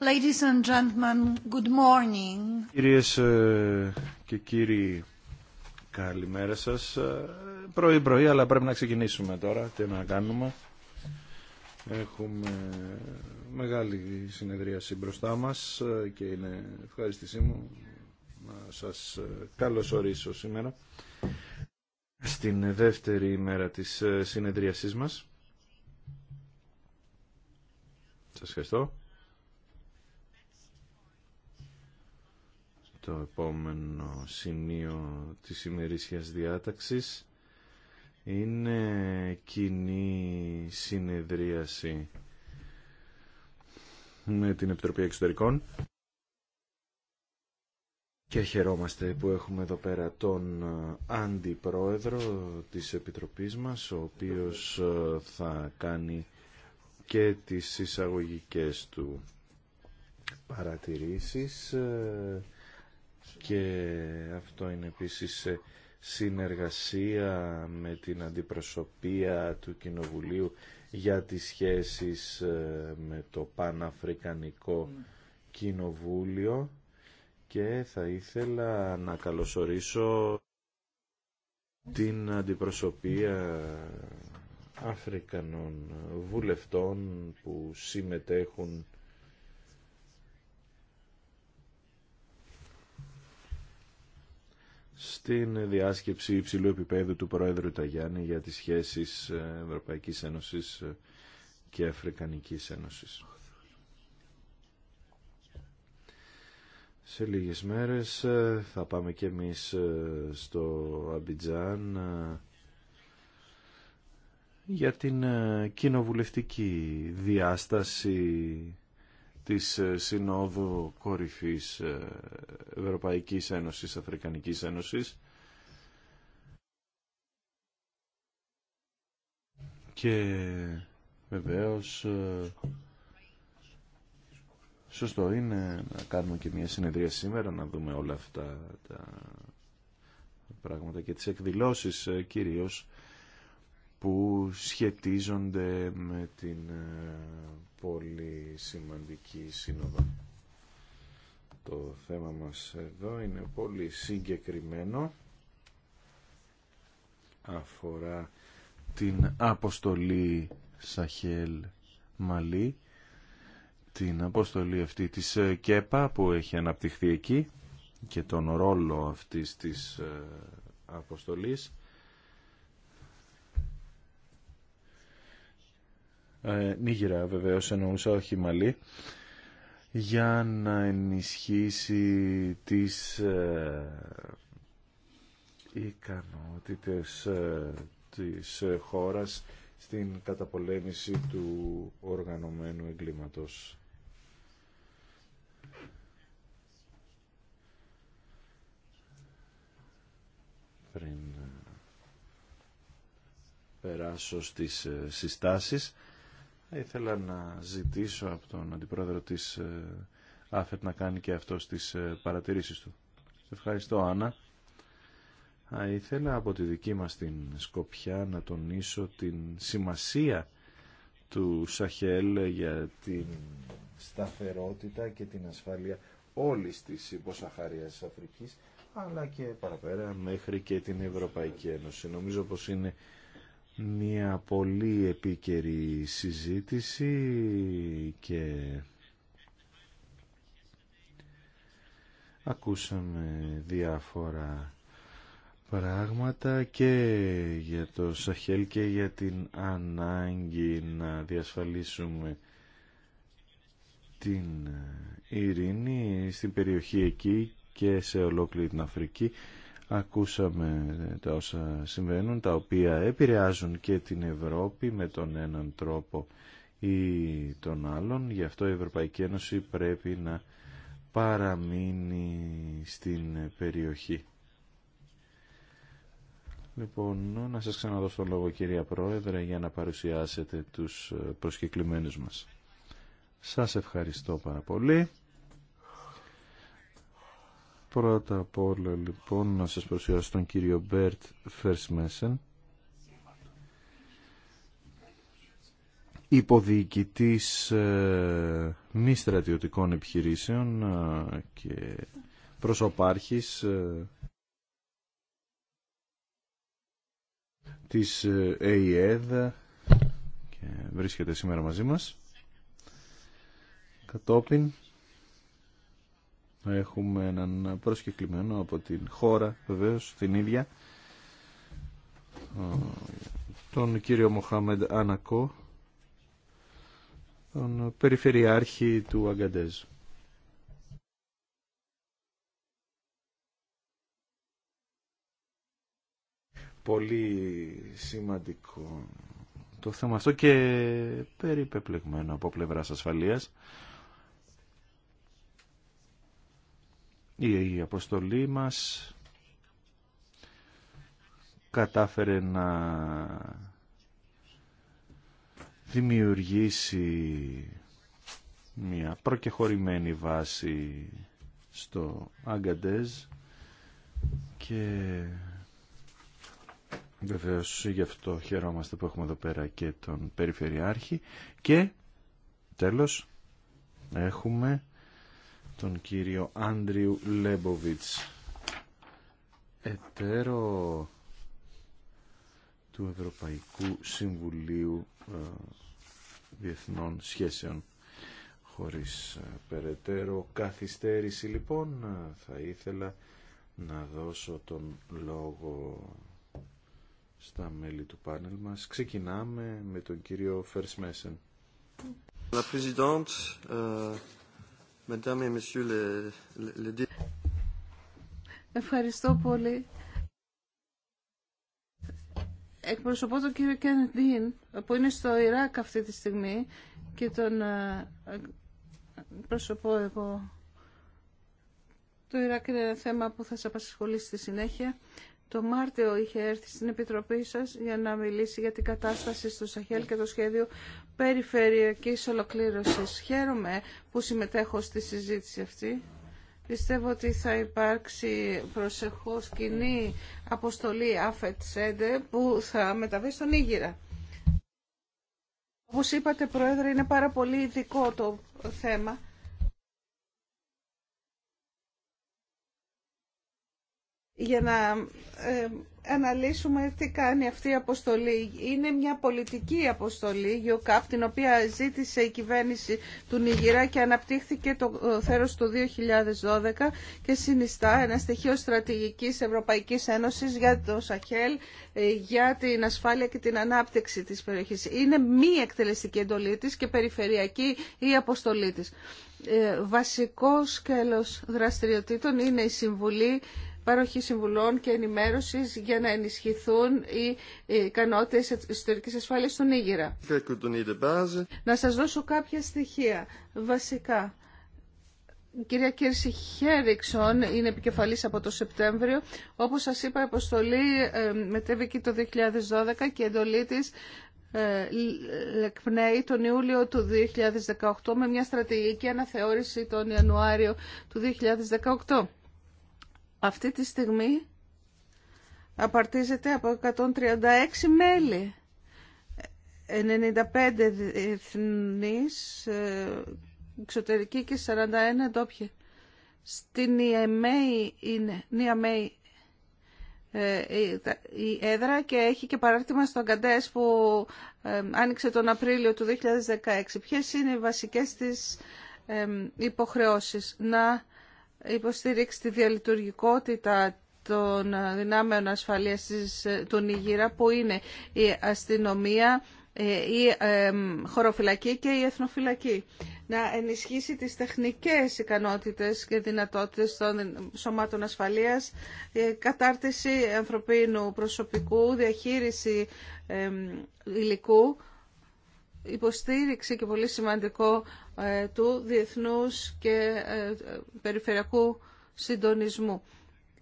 Ladies Κυρίες ε, και κύριοι, καλημέρα σας. Ε, πρωί πρωί, αλλά πρέπει να ξεκινήσουμε τώρα. Τι να κάνουμε. Έχουμε μεγάλη συνεδρίαση μπροστά μας ε, και είναι ευχαριστησή μου να σας καλωσορίσω σήμερα στην δεύτερη ημέρα της συνεδρίασής μας. Σας ευχαριστώ. το επόμενο σημείο της ημερήσιας διάταξης είναι κοινή συνεδρίαση με την Επιτροπή Εξωτερικών και χαιρόμαστε που έχουμε εδώ πέρα τον αντιπρόεδρο της Επιτροπής μας ο οποίος ε, θα κάνει και τις εισαγωγικές του παρατηρήσεις ε, και αυτό είναι επίσης συνεργασία με την αντιπροσωπεία του Κοινοβουλίου για τις σχέσεις ε, με το Παναφρικανικό ναι. Κοινοβούλιο και θα ήθελα να καλωσορίσω την αντιπροσωπεία Αφρικανών βουλευτών που συμμετέχουν στην διάσκεψη υψηλού επίπεδου του Προέδρου Ταγιάννη για τις σχέσεις ε, Ευρωπαϊκής Ένωσης ε, και Αφρικανικής Ένωσης. Σε λίγες μέρες ε, θα πάμε και εμείς στο Αμπιτζάν για την κοινοβουλευτική διάσταση της ε, Συνόδου Κορυφής ε, Ευρωπαϊκής Ένωσης, Αφρικανικής Ένωσης και βεβαίως ε, σωστό είναι να κάνουμε και μια συνεδρία σήμερα να δούμε όλα αυτά τα πράγματα και τις εκδηλώσεις κυρίως που σχετίζονται με την ε, πολύ σημαντική σύνοδο. Το θέμα μας εδώ είναι πολύ συγκεκριμένο. Αφορά την αποστολή Σαχέλ Μαλή, την αποστολή αυτή της ε, ΚΕΠΑ που έχει αναπτυχθεί εκεί και τον ρόλο αυτής της ε, αποστολής Νίγηρα ε, βεβαίως εννοούσα όχι Μαλή για να ενισχύσει τις ε, ικανότητες ε, της χώρας στην καταπολέμηση του οργανωμένου εγκλήματος. Πριν περάσω στις συστάσεις θα ήθελα να ζητήσω από τον αντιπρόεδρο της ε, ΑΦΕΤ να κάνει και αυτό στις ε, παρατηρήσεις του. ευχαριστώ Άννα. Θα ήθελα από τη δική μας την Σκοπιά να τονίσω την σημασία του Σαχέλ για την σταθερότητα και την ασφάλεια όλης της υποσαχαρίας Αφρικής αλλά και παραπέρα μέχρι και την Ευρωπαϊκή Ένωση. Νομίζω πως είναι μια πολύ επίκαιρη συζήτηση και ακούσαμε διάφορα πράγματα και για το Σαχέλ και για την ανάγκη να διασφαλίσουμε την ειρήνη στην περιοχή εκεί και σε ολόκληρη την Αφρική Ακούσαμε τα όσα συμβαίνουν, τα οποία επηρεάζουν και την Ευρώπη με τον έναν τρόπο ή τον άλλον. Γι' αυτό η Ευρωπαϊκή Ένωση πρέπει να παραμείνει στην περιοχή. Λοιπόν, να σας ξαναδώ στον λόγο κυρία Πρόεδρε για να παρουσιάσετε τους προσκεκλημένους μας. Σας ευχαριστώ πάρα πολύ. Πρώτα απ' όλα λοιπόν να σας παρουσιάσω τον κύριο Μπέρτ Φερσμέσεν υποδιοικητής ε, μη στρατιωτικών επιχειρήσεων ε, και προσωπάρχης ε, της ΕΙΕΔ και βρίσκεται σήμερα μαζί μας κατόπιν Έχουμε έναν προσκεκλημένο από την χώρα, βεβαίω την ίδια, τον κύριο Μοχάμεντ Ανακό, τον περιφερειάρχη του Αγκαντέζ. Πολύ σημαντικό το θέμα αυτό και περιπεπλεγμένο από πλευράς ασφαλείας. Η αποστολή μας κατάφερε να δημιουργήσει μια προκεχωρημένη βάση στο Αγκαντέζ και βεβαίω γι' αυτό χαιρόμαστε που έχουμε εδώ πέρα και τον Περιφερειάρχη και τέλος έχουμε τον κύριο Άντριου Λέμποβιτς, εταίρο του Ευρωπαϊκού Συμβουλίου ε, Διεθνών Σχέσεων. Χωρίς ε, περαιτέρω καθυστέρηση λοιπόν ε, θα ήθελα να δώσω τον λόγο στα μέλη του πάνελ μας. Ξεκινάμε με τον κύριο Φερσμέσεν. La euh, Ευχαριστώ πολύ. Εκπροσωπώ τον κύριο Κέντιν που είναι στο Ιράκ αυτή τη στιγμή και τον ε, εκπροσωπώ εγώ. Το Ιράκ είναι ένα θέμα που θα σας απασχολήσει στη συνέχεια. Το Μάρτιο είχε έρθει στην Επιτροπή σας για να μιλήσει για την κατάσταση στο Σαχέλ και το σχέδιο περιφερειακής ολοκλήρωσης. Χαίρομαι που συμμετέχω στη συζήτηση αυτή. Πιστεύω ότι θα υπάρξει προσεχώς κοινή αποστολή ΑΦΕΤ που θα μεταβεί στον Ήγηρα. Όπως είπατε, Πρόεδρε, είναι πάρα πολύ ειδικό το θέμα για να ε, αναλύσουμε τι κάνει αυτή η αποστολή. Είναι μια πολιτική αποστολή, ΟΚΑΠ, την οποία ζήτησε η κυβέρνηση του Νιγηρά και αναπτύχθηκε το ε, θέρος του 2012 και συνιστά ένα στοιχείο στρατηγικής Ευρωπαϊκής Ένωσης για το Σαχέλ, ε, για την ασφάλεια και την ανάπτυξη της περιοχής. Είναι μη εκτελεστική εντολή της και περιφερειακή η αποστολή της. Βασικό σκέλος δραστηριοτήτων είναι η Συμβουλή παροχή συμβουλών και ενημέρωσης για να ενισχυθούν οι ικανότητε ιστορικής ασφάλειας στον Ήγηρα. Να σας δώσω κάποια στοιχεία βασικά. Η κυρία Κίρση Χέριξον είναι επικεφαλής από το Σεπτέμβριο. Όπως σας είπα, η αποστολή ε, μετέβηκε το 2012 και η εντολή της ε, λεκπνέει τον Ιούλιο του 2018 με μια στρατηγική αναθεώρηση τον Ιανουάριο του 2018 αυτή τη στιγμή απαρτίζεται από 136 μέλη. 95 διεθνείς, ε, εξωτερικοί και 41 ντόπιοι. Στην ΙΕΜΕΗ είναι, ε, η έδρα και έχει και παράρτημα στο Καντές που ε, άνοιξε τον Απρίλιο του 2016. Ποιες είναι οι βασικές της υποχρεώσεις. Να υποστηρίξει τη διαλειτουργικότητα των δυνάμεων ασφαλείας ε, του Νιγήρα που είναι η αστυνομία, ε, η χωροφυλακή και η εθνοφυλακή. Να ενισχύσει τις τεχνικές ικανότητες και δυνατότητες των σωμάτων ασφαλείας, ε, κατάρτιση ανθρωπίνου προσωπικού, διαχείριση υλικού, υποστήριξη και πολύ σημαντικό ε, του διεθνούς και ε, περιφερειακού συντονισμού.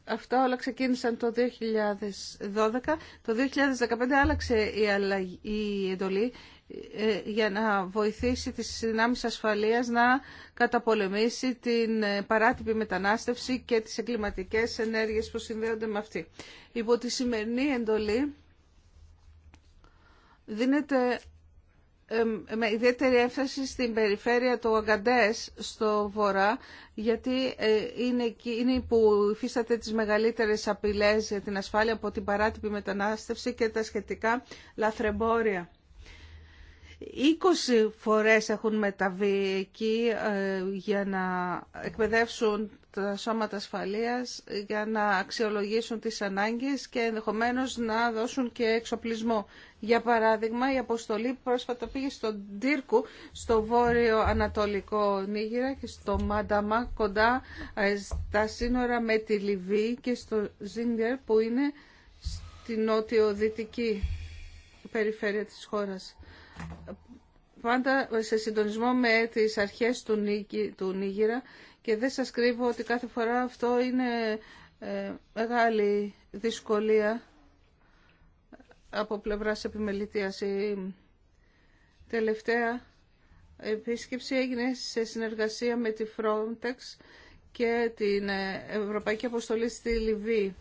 Αυτά όλα ξεκίνησαν το 2012. Το 2015 άλλαξε η, η εντολή ε, για να βοηθήσει τις δυνάμεις ασφαλείας να καταπολεμήσει την παράτυπη μετανάστευση και τις εγκληματικές ενέργειες που συνδέονται με αυτή. Υπό τη σημερινή εντολή δίνεται με ιδιαίτερη έμφαση στην περιφέρεια του Αγκαντές στο βορρά γιατί ε, είναι εκείνη που υφίσταται τις μεγαλύτερες απειλές για την ασφάλεια από την παράτυπη μετανάστευση και τα σχετικά λαθρεμπόρια. 20 φορές έχουν μεταβεί εκεί ε, για να εκπαιδεύσουν τα σώματα ασφαλείας, για να αξιολογήσουν τις ανάγκες και ενδεχομένως να δώσουν και εξοπλισμό. Για παράδειγμα, η αποστολή πρόσφατα πήγε στον Τύρκου, στο βόρειο ανατολικό Νίγηρα και στο Μάνταμα, κοντά ε, στα σύνορα με τη Λιβύη και στο Ζίνγκερ που είναι στη νότιο-δυτική περιφέρεια της χώρας πάντα σε συντονισμό με τις αρχές του, Νίκη, του Νίγηρα και δεν σας κρύβω ότι κάθε φορά αυτό είναι ε, μεγάλη δυσκολία από πλευράς επιμελητίας. Η τελευταία επίσκεψη έγινε σε συνεργασία με τη Frontex και την ε, Ευρωπαϊκή Αποστολή στη Λιβύη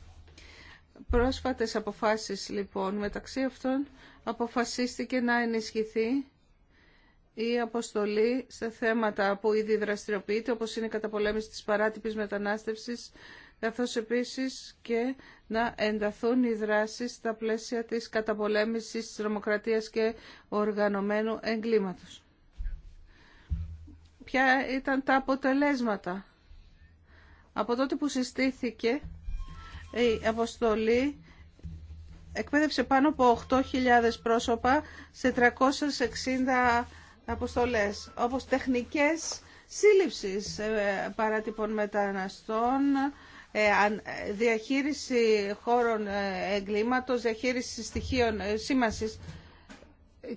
πρόσφατες αποφάσεις λοιπόν μεταξύ αυτών αποφασίστηκε να ενισχυθεί η αποστολή στα θέματα που ήδη δραστηριοποιείται όπως είναι η καταπολέμηση της παράτυπης μετανάστευσης καθώς επίσης και να ενταθούν οι δράσεις στα πλαίσια της καταπολέμησης της δημοκρατίας και οργανωμένου εγκλήματος. Ποια ήταν τα αποτελέσματα. Από τότε που συστήθηκε η αποστολή εκπαίδευσε πάνω από 8.000 πρόσωπα σε 360 αποστολές, όπως τεχνικές σύλληψης ε, παράτυπων μεταναστών, ε, ε, διαχείριση χώρων εγκλήματος, διαχείριση στοιχείων σήμασης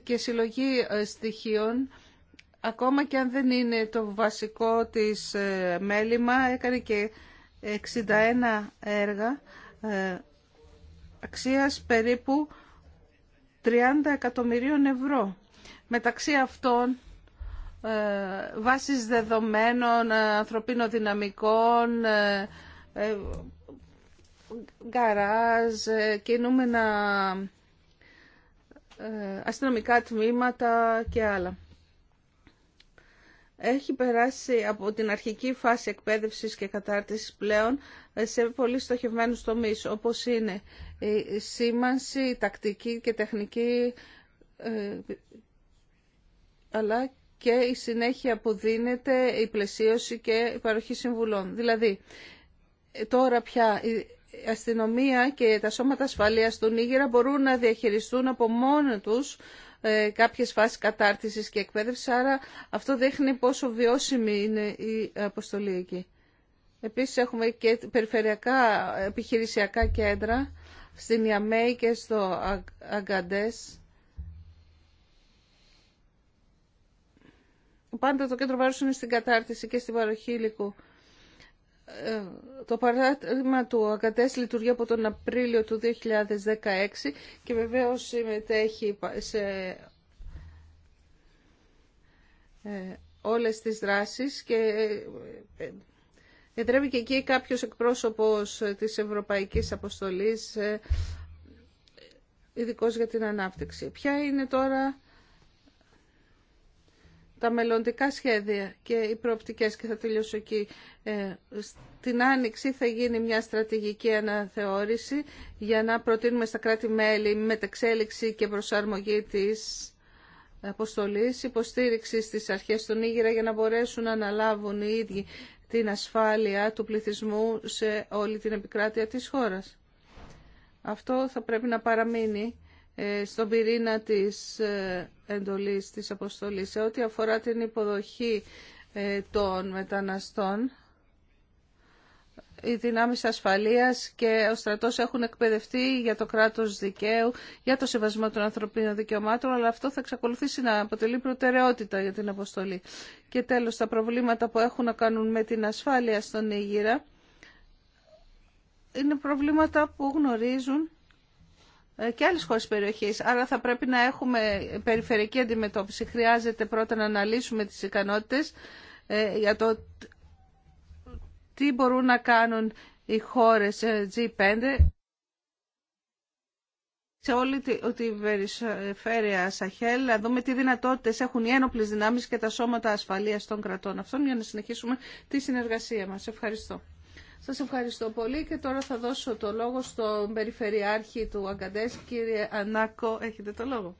και συλλογή στοιχείων. Ακόμα και αν δεν είναι το βασικό της μέλημα, έκανε και 61 έργα ε, αξίας περίπου 30 εκατομμυρίων ευρώ. Μεταξύ αυτών ε, βάσεις δεδομένων, ε, ανθρωπίνων δυναμικών, γκαράζ, κινούμενα αστυνομικά τμήματα και άλλα έχει περάσει από την αρχική φάση εκπαίδευσης και κατάρτισης πλέον σε πολύ στοχευμένους τομείς, όπως είναι η σήμανση, η τακτική και τεχνική, ε, αλλά και η συνέχεια που δίνεται, η πλαισίωση και η παροχή συμβουλών. Δηλαδή, τώρα πια η αστυνομία και τα σώματα ασφαλείας του Νίγηρα μπορούν να διαχειριστούν από μόνο τους ε, κάποιες φάσεις κατάρτισης και εκπαίδευση άρα αυτό δείχνει πόσο βιώσιμη είναι η αποστολή εκεί. Επίσης έχουμε και περιφερειακά επιχειρησιακά κέντρα στην Ιαμέη και στο Αγκαντές. Πάντα το κέντρο βάρους στην κατάρτιση και στην παροχή υλικού. Ε, το παράδειγμα του ΑΚΑΤΕΣ λειτουργεί από τον Απρίλιο του 2016 και βεβαίως συμμετέχει σε ε, όλες τις δράσεις και ε, εδρεύει και εκεί κάποιος εκπρόσωπος της Ευρωπαϊκής Αποστολής ειδικός για την ανάπτυξη. Ποια είναι τώρα τα μελλοντικά σχέδια και οι προοπτικές και θα τελειώσω εκεί. Ε, στην Άνοιξη θα γίνει μια στρατηγική αναθεώρηση για να προτείνουμε στα κράτη-μέλη μεταξέλιξη και προσαρμογή της αποστολής, υποστήριξη στις αρχές των ήγυρα για να μπορέσουν να αναλάβουν οι ίδιοι την ασφάλεια του πληθυσμού σε όλη την επικράτεια της χώρας. Αυτό θα πρέπει να παραμείνει ε, στον πυρήνα της ε, εντολής της αποστολής. Σε ό,τι αφορά την υποδοχή ε, των μεταναστών, οι δυνάμεις ασφαλείας και ο στρατός έχουν εκπαιδευτεί για το κράτος δικαίου, για το σεβασμό των ανθρωπίνων δικαιωμάτων, αλλά αυτό θα εξακολουθήσει να αποτελεί προτεραιότητα για την αποστολή. Και τέλος, τα προβλήματα που έχουν να κάνουν με την ασφάλεια στον Ήγυρα είναι προβλήματα που γνωρίζουν ε, και άλλες χώρες περιοχής. Άρα θα πρέπει να έχουμε περιφερειακή αντιμετώπιση. Χρειάζεται πρώτα να αναλύσουμε τις ικανότητες ε, για το τι μπορούν να κάνουν οι χώρες G5 ε, σε όλη τη περιφέρεια Σαχέλ, να δούμε τι δυνατότητες έχουν οι ένοπλες δυνάμεις και τα σώματα ασφαλείας των κρατών αυτών για να συνεχίσουμε τη συνεργασία μας. Ευχαριστώ. Σας ευχαριστώ πολύ και τώρα θα δώσω το λόγο στον Περιφερειάρχη του Αγκαντές. Κύριε Ανάκο, έχετε το λόγο.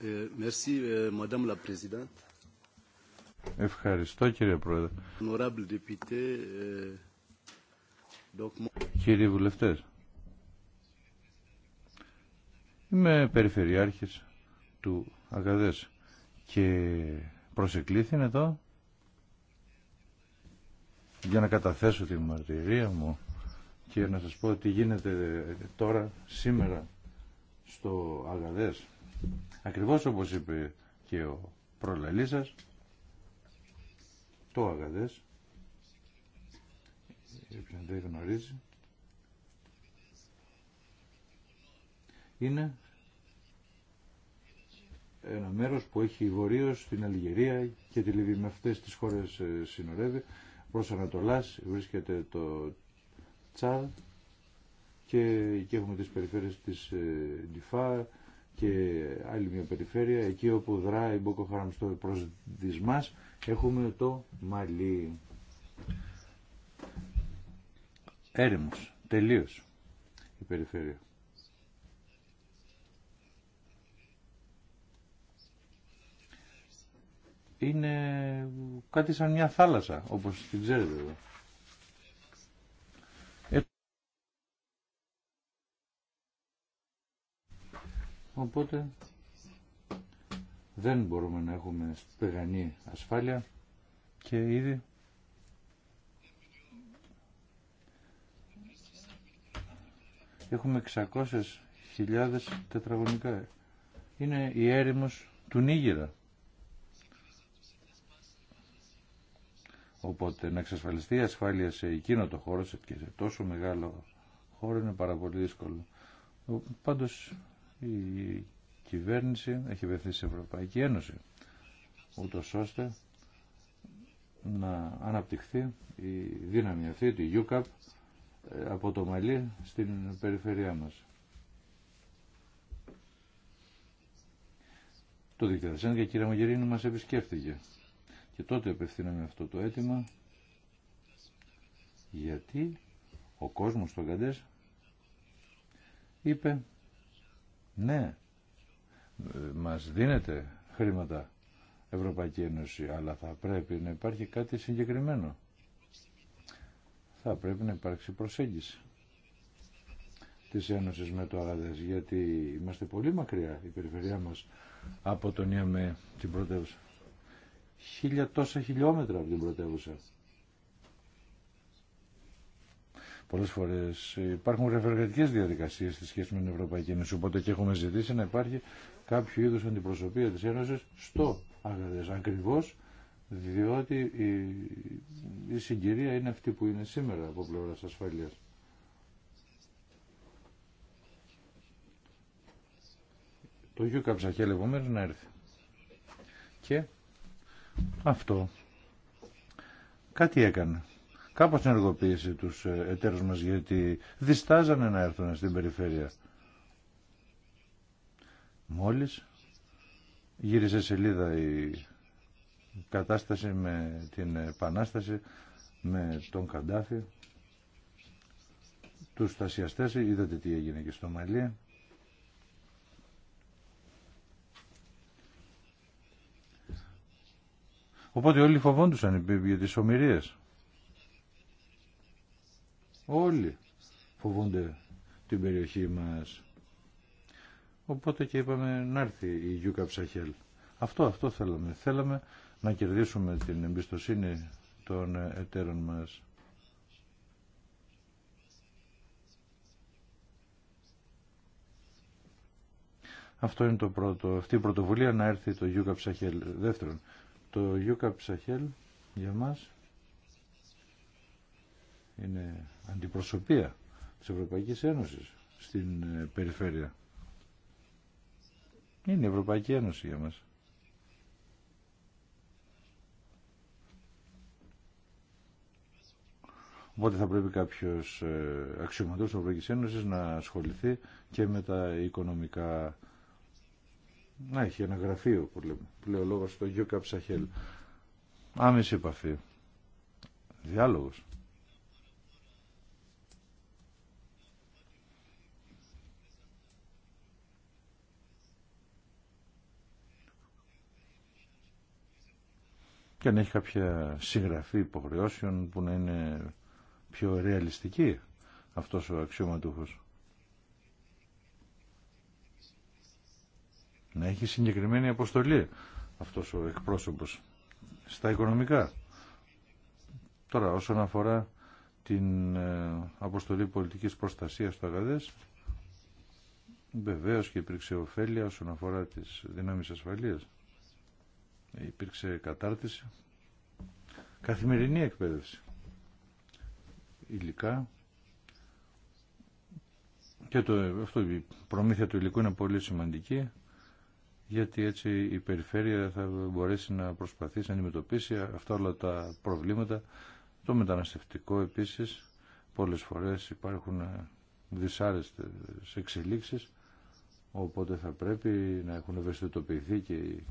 Ε, ε, ευχαριστώ κύριε Πρόεδρε. Ε, κύριε βουλευτές, είμαι περιφερειάρχης του Ακαδέσ και προσεκλήθηνε εδώ για να καταθέσω τη μαρτυρία μου και να σας πω τι γίνεται τώρα, σήμερα, στο Αγαδές. Ακριβώς όπως είπε και ο προλαλής σας, το Αγαδές, δεν γνωρίζει, είναι ένα μέρος που έχει βορείως την Αλγερία και τη Λιβύη. Με αυτές τις χώρες ε, συνορεύει. Προς Ανατολάς βρίσκεται το Τσάρ και εκεί έχουμε τις περιφέρειες της ε, Ντιφά και άλλη μια περιφέρεια. Εκεί όπου δράει η χαραμστό στο προς έχουμε το Μαλί. Έρημος. Τελείως η περιφέρεια. είναι κάτι σαν μια θάλασσα, όπως την ξέρετε εδώ. Ε, οπότε δεν μπορούμε να έχουμε στεγανή ασφάλεια και ήδη έχουμε 600.000 τετραγωνικά. Είναι η έρημος του Νίγηρα. Οπότε να εξασφαλιστεί η ασφάλεια σε εκείνο το χώρο και σε τόσο μεγάλο χώρο είναι πάρα πολύ δύσκολο. Πάντως η κυβέρνηση έχει βρεθεί σε Ευρωπαϊκή Ένωση ούτω ώστε να αναπτυχθεί η δύναμη αυτή, τη UCAP, ε, από το Μαλί στην περιφερειά μας. Το 2011 η κυρία Μαγερίνη μας επισκέφθηκε και τότε απευθύναμε αυτό το αίτημα γιατί ο κόσμος στον Καντές είπε ναι, ε, μας δίνεται χρήματα Ευρωπαϊκή Ένωση, αλλά θα πρέπει να υπάρχει κάτι συγκεκριμένο. Θα πρέπει να υπάρξει προσέγγιση της Ένωσης με το Αγαδές, γιατί είμαστε πολύ μακριά η περιφερειά μας από τον ΙΑΜΕ την πρωτεύουσα χίλια τόσα χιλιόμετρα από την πρωτεύουσα. Πολλέ φορέ υπάρχουν ρευεργατικέ διαδικασίε στη σχέση με την Ευρωπαϊκή Ένωση. Οπότε και έχουμε ζητήσει να υπάρχει κάποιο είδου αντιπροσωπεία τη Ένωση στο Αγαδέ. Ακριβώ διότι η, συγκυρία είναι αυτή που είναι σήμερα από πλευρά ασφαλεία. Το Γιούκα να έρθει. Και αυτό κάτι έκανε. Κάπως ενεργοποίησε τους ε, εταίρους μας γιατί διστάζανε να έρθουν στην περιφέρεια. Μόλις γύρισε σελίδα η κατάσταση με την επανάσταση με τον Καντάφη τους στασιαστές είδατε τι έγινε και στο Μαλία. Οπότε όλοι φοβόντουσαν για τις ομοιρίες. Όλοι φοβούνται την περιοχή μας. Οπότε και είπαμε να έρθει η Γιούκα Ψαχέλ. Αυτό, αυτό θέλαμε. Θέλαμε να κερδίσουμε την εμπιστοσύνη των εταίρων μας. Αυτό είναι το πρώτο. Αυτή η πρωτοβουλία να έρθει το Γιούκα Ψαχέλ. Δεύτερον, το ucap Ψαχέλ για μας είναι αντιπροσωπεία της Ευρωπαϊκής Ένωσης στην ε, περιφέρεια. Είναι η Ευρωπαϊκή Ένωση για μας. Οπότε θα πρέπει κάποιος ε, αξιωματός της Ευρωπαϊκής Ένωσης να ασχοληθεί και με τα οικονομικά να έχει ένα γραφείο που λέμε, λέει ο λόγος στο Γιώκα Ψαχέλ. Άμεση επαφή. Διάλογος. και να έχει κάποια συγγραφή υποχρεώσεων που να είναι πιο ρεαλιστική αυτός ο αξιωματούχος. να έχει συγκεκριμένη αποστολή αυτός ο εκπρόσωπος στα οικονομικά. Τώρα όσον αφορά την ε, αποστολή πολιτικής προστασίας στο ΑΓΑΔΕΣ βεβαίω και υπήρξε ωφέλεια όσον αφορά τις δυνάμεις ασφαλείας. Υπήρξε κατάρτιση, καθημερινή εκπαίδευση, υλικά και το, αυτό, η προμήθεια του υλικού είναι πολύ σημαντική γιατί έτσι η περιφέρεια θα μπορέσει να προσπαθήσει να αντιμετωπίσει αυτά όλα τα προβλήματα. Το μεταναστευτικό επίσης, πολλές φορές υπάρχουν δυσάρεστες εξελίξεις, οπότε θα πρέπει να έχουν ευαισθητοποιηθεί και οι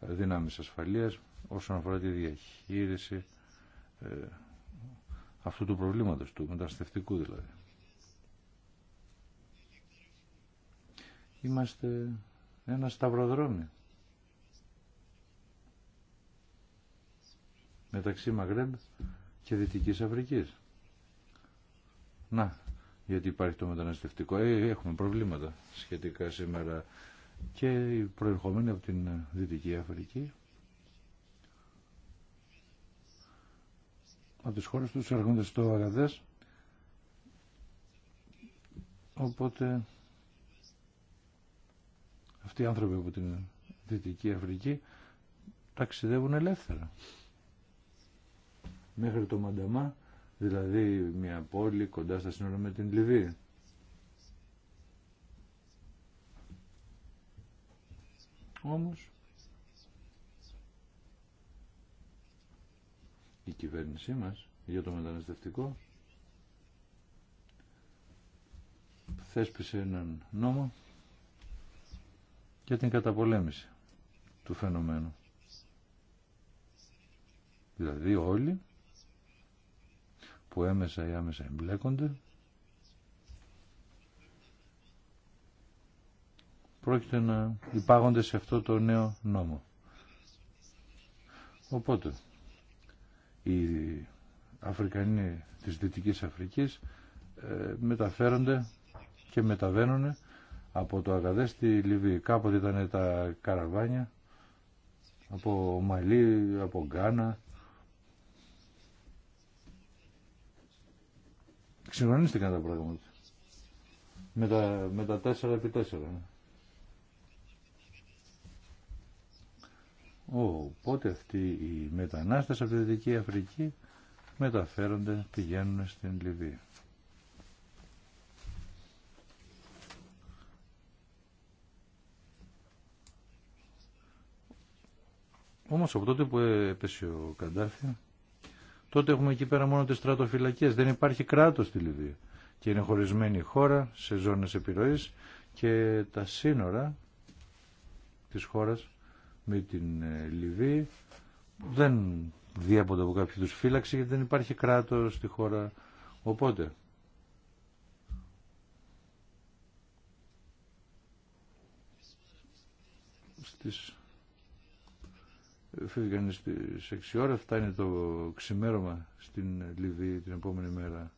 δυνάμεις ασφαλείας όσον αφορά τη διαχείριση ε, αυτού του προβλήματος, του μεταναστευτικού δηλαδή. Είμαστε ένα σταυροδρόμι. Μεταξύ Μαγρέμπ και Δυτικής Αφρικής. Να, γιατί υπάρχει το μεταναστευτικό. Ε, έχουμε προβλήματα σχετικά σήμερα και οι προερχόμενοι από την Δυτική Αφρική. Από τις χώρες τους έρχονται στο Αγαδές. Οπότε αυτοί οι άνθρωποι από την Δυτική Αφρική ταξιδεύουν ελεύθερα. Μέχρι το Μανταμά, δηλαδή μια πόλη κοντά στα σύνορα με την Λιβύη. Όμως, η κυβέρνησή μας για το μεταναστευτικό θέσπισε έναν νόμο για την καταπολέμηση του φαινομένου. Δηλαδή όλοι που έμεσα ή άμεσα εμπλέκονται πρόκειται να υπάγονται σε αυτό το νέο νόμο. Οπότε, οι Αφρικανοί της Δυτικής Αφρικής ε, μεταφέρονται και μεταβαίνουν από το Αγαδέ στη Λιβύη. Κάποτε ήταν τα καραβάνια από Μαλή, από Γκάνα. Συγχρονίστηκαν τα πράγματα. Με τα, με τα 4x4. Οπότε ναι. αυτοί οι μετανάστες από τη Δυτική Αφρική μεταφέρονται, πηγαίνουν στην Λιβύη. Όμως από τότε που έπεσε ο Καντάφη, τότε έχουμε εκεί πέρα μόνο τις στρατοφυλακές. Δεν υπάρχει κράτος στη Λιβύη. Και είναι χωρισμένη η χώρα σε ζώνες επιρροής και τα σύνορα της χώρας με την ε, Λιβύη δεν διέπονται από κάποιους φύλαξη γιατί δεν υπάρχει κράτος στη χώρα. Οπότε στις Φύγανε κανεί στις 6 ώρα, φτάνει το ξημέρωμα στην Λιβύη την επόμενη μέρα,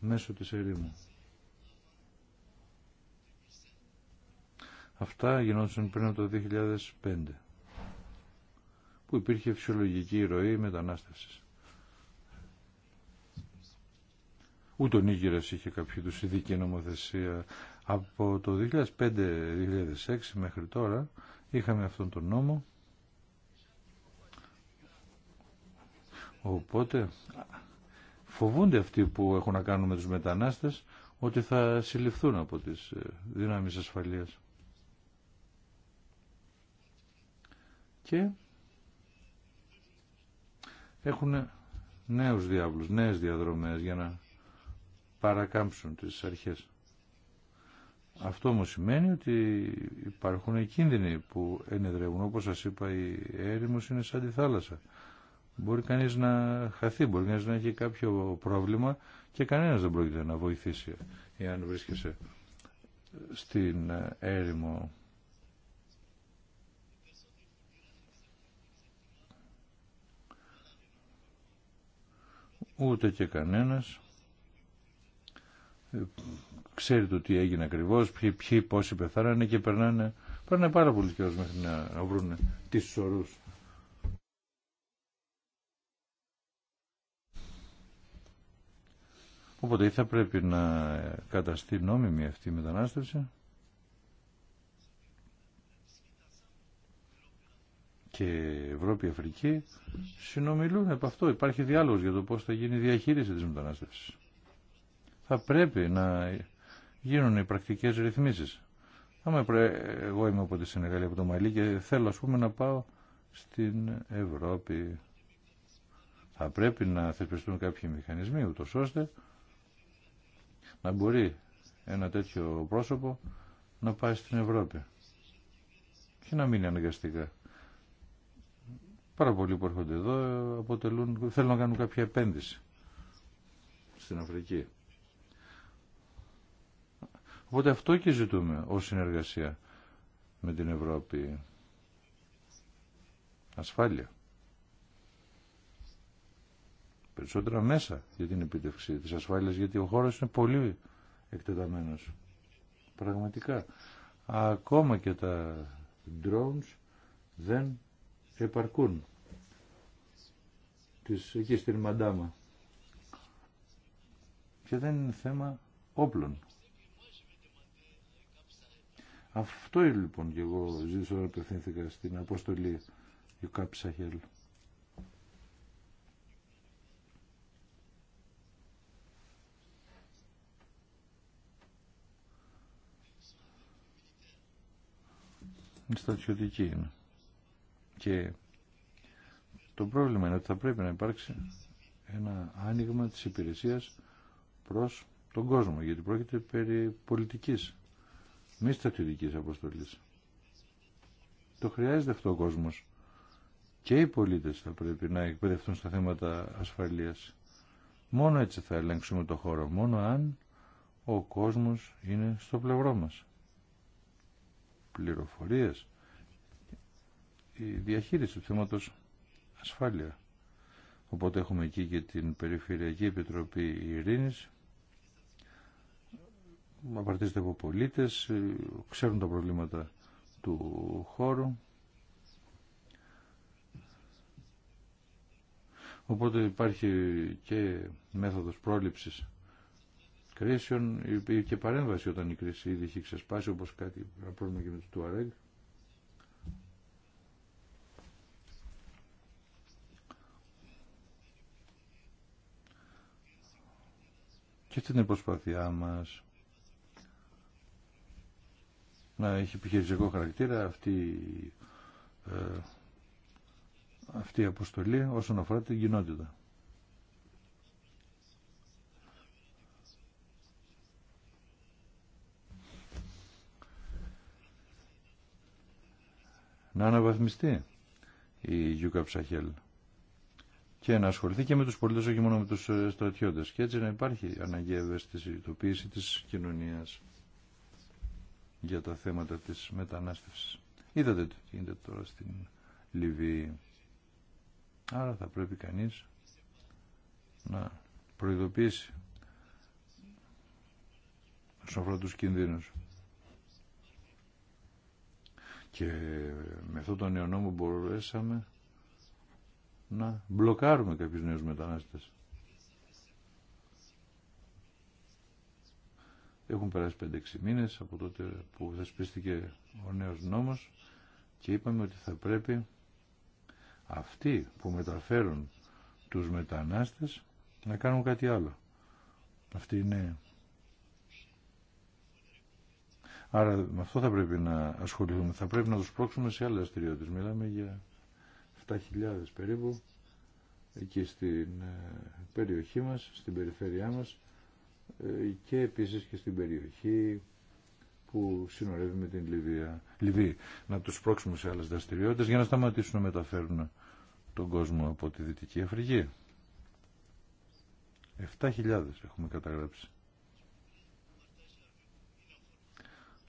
μέσω της ερήμου. Αυτά γινόντουσαν πριν από το 2005, που υπήρχε φυσιολογική ροή μετανάστευσης. Ούτε ο Νίγηρας είχε κάποιο του ειδική νομοθεσία. Από το 2005-2006 μέχρι τώρα είχαμε αυτόν τον νόμο Οπότε φοβούνται αυτοί που έχουν να κάνουν με τους μετανάστες ότι θα συλληφθούν από τις ε, δυνάμεις ασφαλείας. Και έχουν νέους διάβλους, νέες διαδρομές για να παρακάμψουν τις αρχές. Αυτό όμω σημαίνει ότι υπάρχουν κίνδυνοι που ενεδρεύουν. Όπως σας είπα, η έρημος είναι σαν τη θάλασσα. Μπορεί κανείς να χαθεί, μπορεί κανείς να έχει κάποιο πρόβλημα και κανένας δεν πρόκειται να βοηθήσει εάν βρίσκεσαι στην ε, έρημο. Ούτε και κανένας ε, ξέρει το τι έγινε ακριβώς, ποιοι, ποιοι πόσοι πεθαράνε και περνάνε, περνάνε πάρα πολύ καιρός μέχρι να βρουν τις σωρούς. Οπότε ή θα πρέπει να καταστεί νόμιμη αυτή η μετανάστευση και Ευρώπη-Αφρική συνομιλούν από αυτό. Υπάρχει διάλογος για το πώς θα γίνει η διαχείριση της μετανάστευσης. Θα πρέπει να γίνουν οι πρακτικές ρυθμίσεις. Άμα εγώ είμαι από τη Σενεγάλη, από το Μαλί και θέλω ας πούμε να πάω στην Ευρώπη. Θα πρέπει να θεσπιστούν κάποιοι μηχανισμοί ούτως ώστε να μπορεί ένα τέτοιο πρόσωπο να πάει στην Ευρώπη και να μείνει αναγκαστικά. Πάρα πολλοί που έρχονται εδώ αποτελούν, θέλουν να κάνουν κάποια επένδυση στην Αφρική. Οπότε αυτό και ζητούμε ως συνεργασία με την Ευρώπη. Ασφάλεια περισσότερα μέσα για την επίτευξη της ασφάλειας γιατί ο χώρος είναι πολύ εκτεταμένος. Πραγματικά. Ακόμα και τα drones δεν επαρκούν. Τις, εκεί στην Μαντάμα. Και δεν είναι θέμα όπλων. Αυτό λοιπόν και εγώ ζήτησα να απευθύνθηκα στην αποστολή του κάπισα Σαχέλ. στρατιωτική Και το πρόβλημα είναι ότι θα πρέπει να υπάρξει ένα άνοιγμα της υπηρεσίας προς τον κόσμο, γιατί πρόκειται περί πολιτικής, μη στρατιωτικής αποστολής. Το χρειάζεται αυτό ο κόσμος. Και οι πολίτες θα πρέπει να εκπαιδευτούν στα θέματα ασφαλείας. Μόνο έτσι θα ελέγξουμε το χώρο, μόνο αν ο κόσμος είναι στο πλευρό μας πληροφορίες, η διαχείριση του θέματος ασφάλεια. Οπότε έχουμε εκεί και την Περιφερειακή Επιτροπή Ειρήνης. Απαρτίζεται από πολίτες, ξέρουν τα προβλήματα του χώρου. Οπότε υπάρχει και μέθοδος πρόληψης κρίσεων υπήρχε και παρέμβαση όταν η κρίση ήδη είχε ξεσπάσει όπως κάτι πρόβλημα και με του Αρέγ. Και αυτή είναι η προσπάθειά μας να έχει επιχειρησιακό χαρακτήρα αυτή, ε, αυτή η αποστολή όσον αφορά την κοινότητα. να αναβαθμιστεί η Γιούκα Ψαχέλ και να ασχοληθεί και με τους πολίτες, όχι μόνο με τους ε, στρατιώτες. Και έτσι να υπάρχει αναγκαία ευαισθητοποίηση της κοινωνίας για τα θέματα της μετανάστευσης. Είδατε τι γίνεται τώρα στην Λιβύη. Άρα θα πρέπει κανείς να προειδοποιήσει όσον αφορά τους κινδύνους. Και με αυτόν τον νέο νόμο μπορέσαμε να μπλοκάρουμε κάποιους νέους μετανάστες. Έχουν περάσει 5-6 μήνες από τότε που θεσπίστηκε ο νέος νόμος και είπαμε ότι θα πρέπει αυτοί που μεταφέρουν τους μετανάστες να κάνουν κάτι άλλο. Αυτή είναι Άρα με αυτό θα πρέπει να ασχοληθούμε. Θα πρέπει να τους πρόξουμε σε άλλες δραστηριότητε. Μιλάμε για 7.000 περίπου εκεί στην ε, περιοχή μας, στην περιφέρειά μας ε, και επίσης και στην περιοχή που συνορεύει με την Λιβύα. Λιβύη. Να τους πρόξουμε σε άλλες δραστηριότητε για να σταματήσουν να μεταφέρουν τον κόσμο από τη Δυτική Αφρική. 7.000 έχουμε καταγράψει.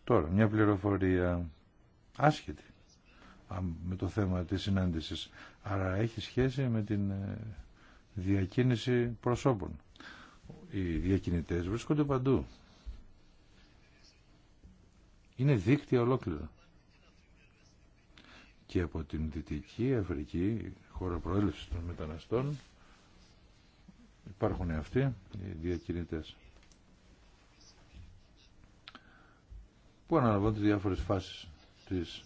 Τώρα, μια πληροφορία άσχετη με το θέμα της συνάντησης. Άρα έχει σχέση με την ε, διακίνηση προσώπων. Οι διακινητές βρίσκονται παντού. Είναι δίκτυα ολόκληρα. Και από την Δυτική Αφρική, χώρα προέλευσης των μεταναστών, υπάρχουν αυτοί οι διακινητές. που αναλαμβάνουν τις διάφορες φάσεις της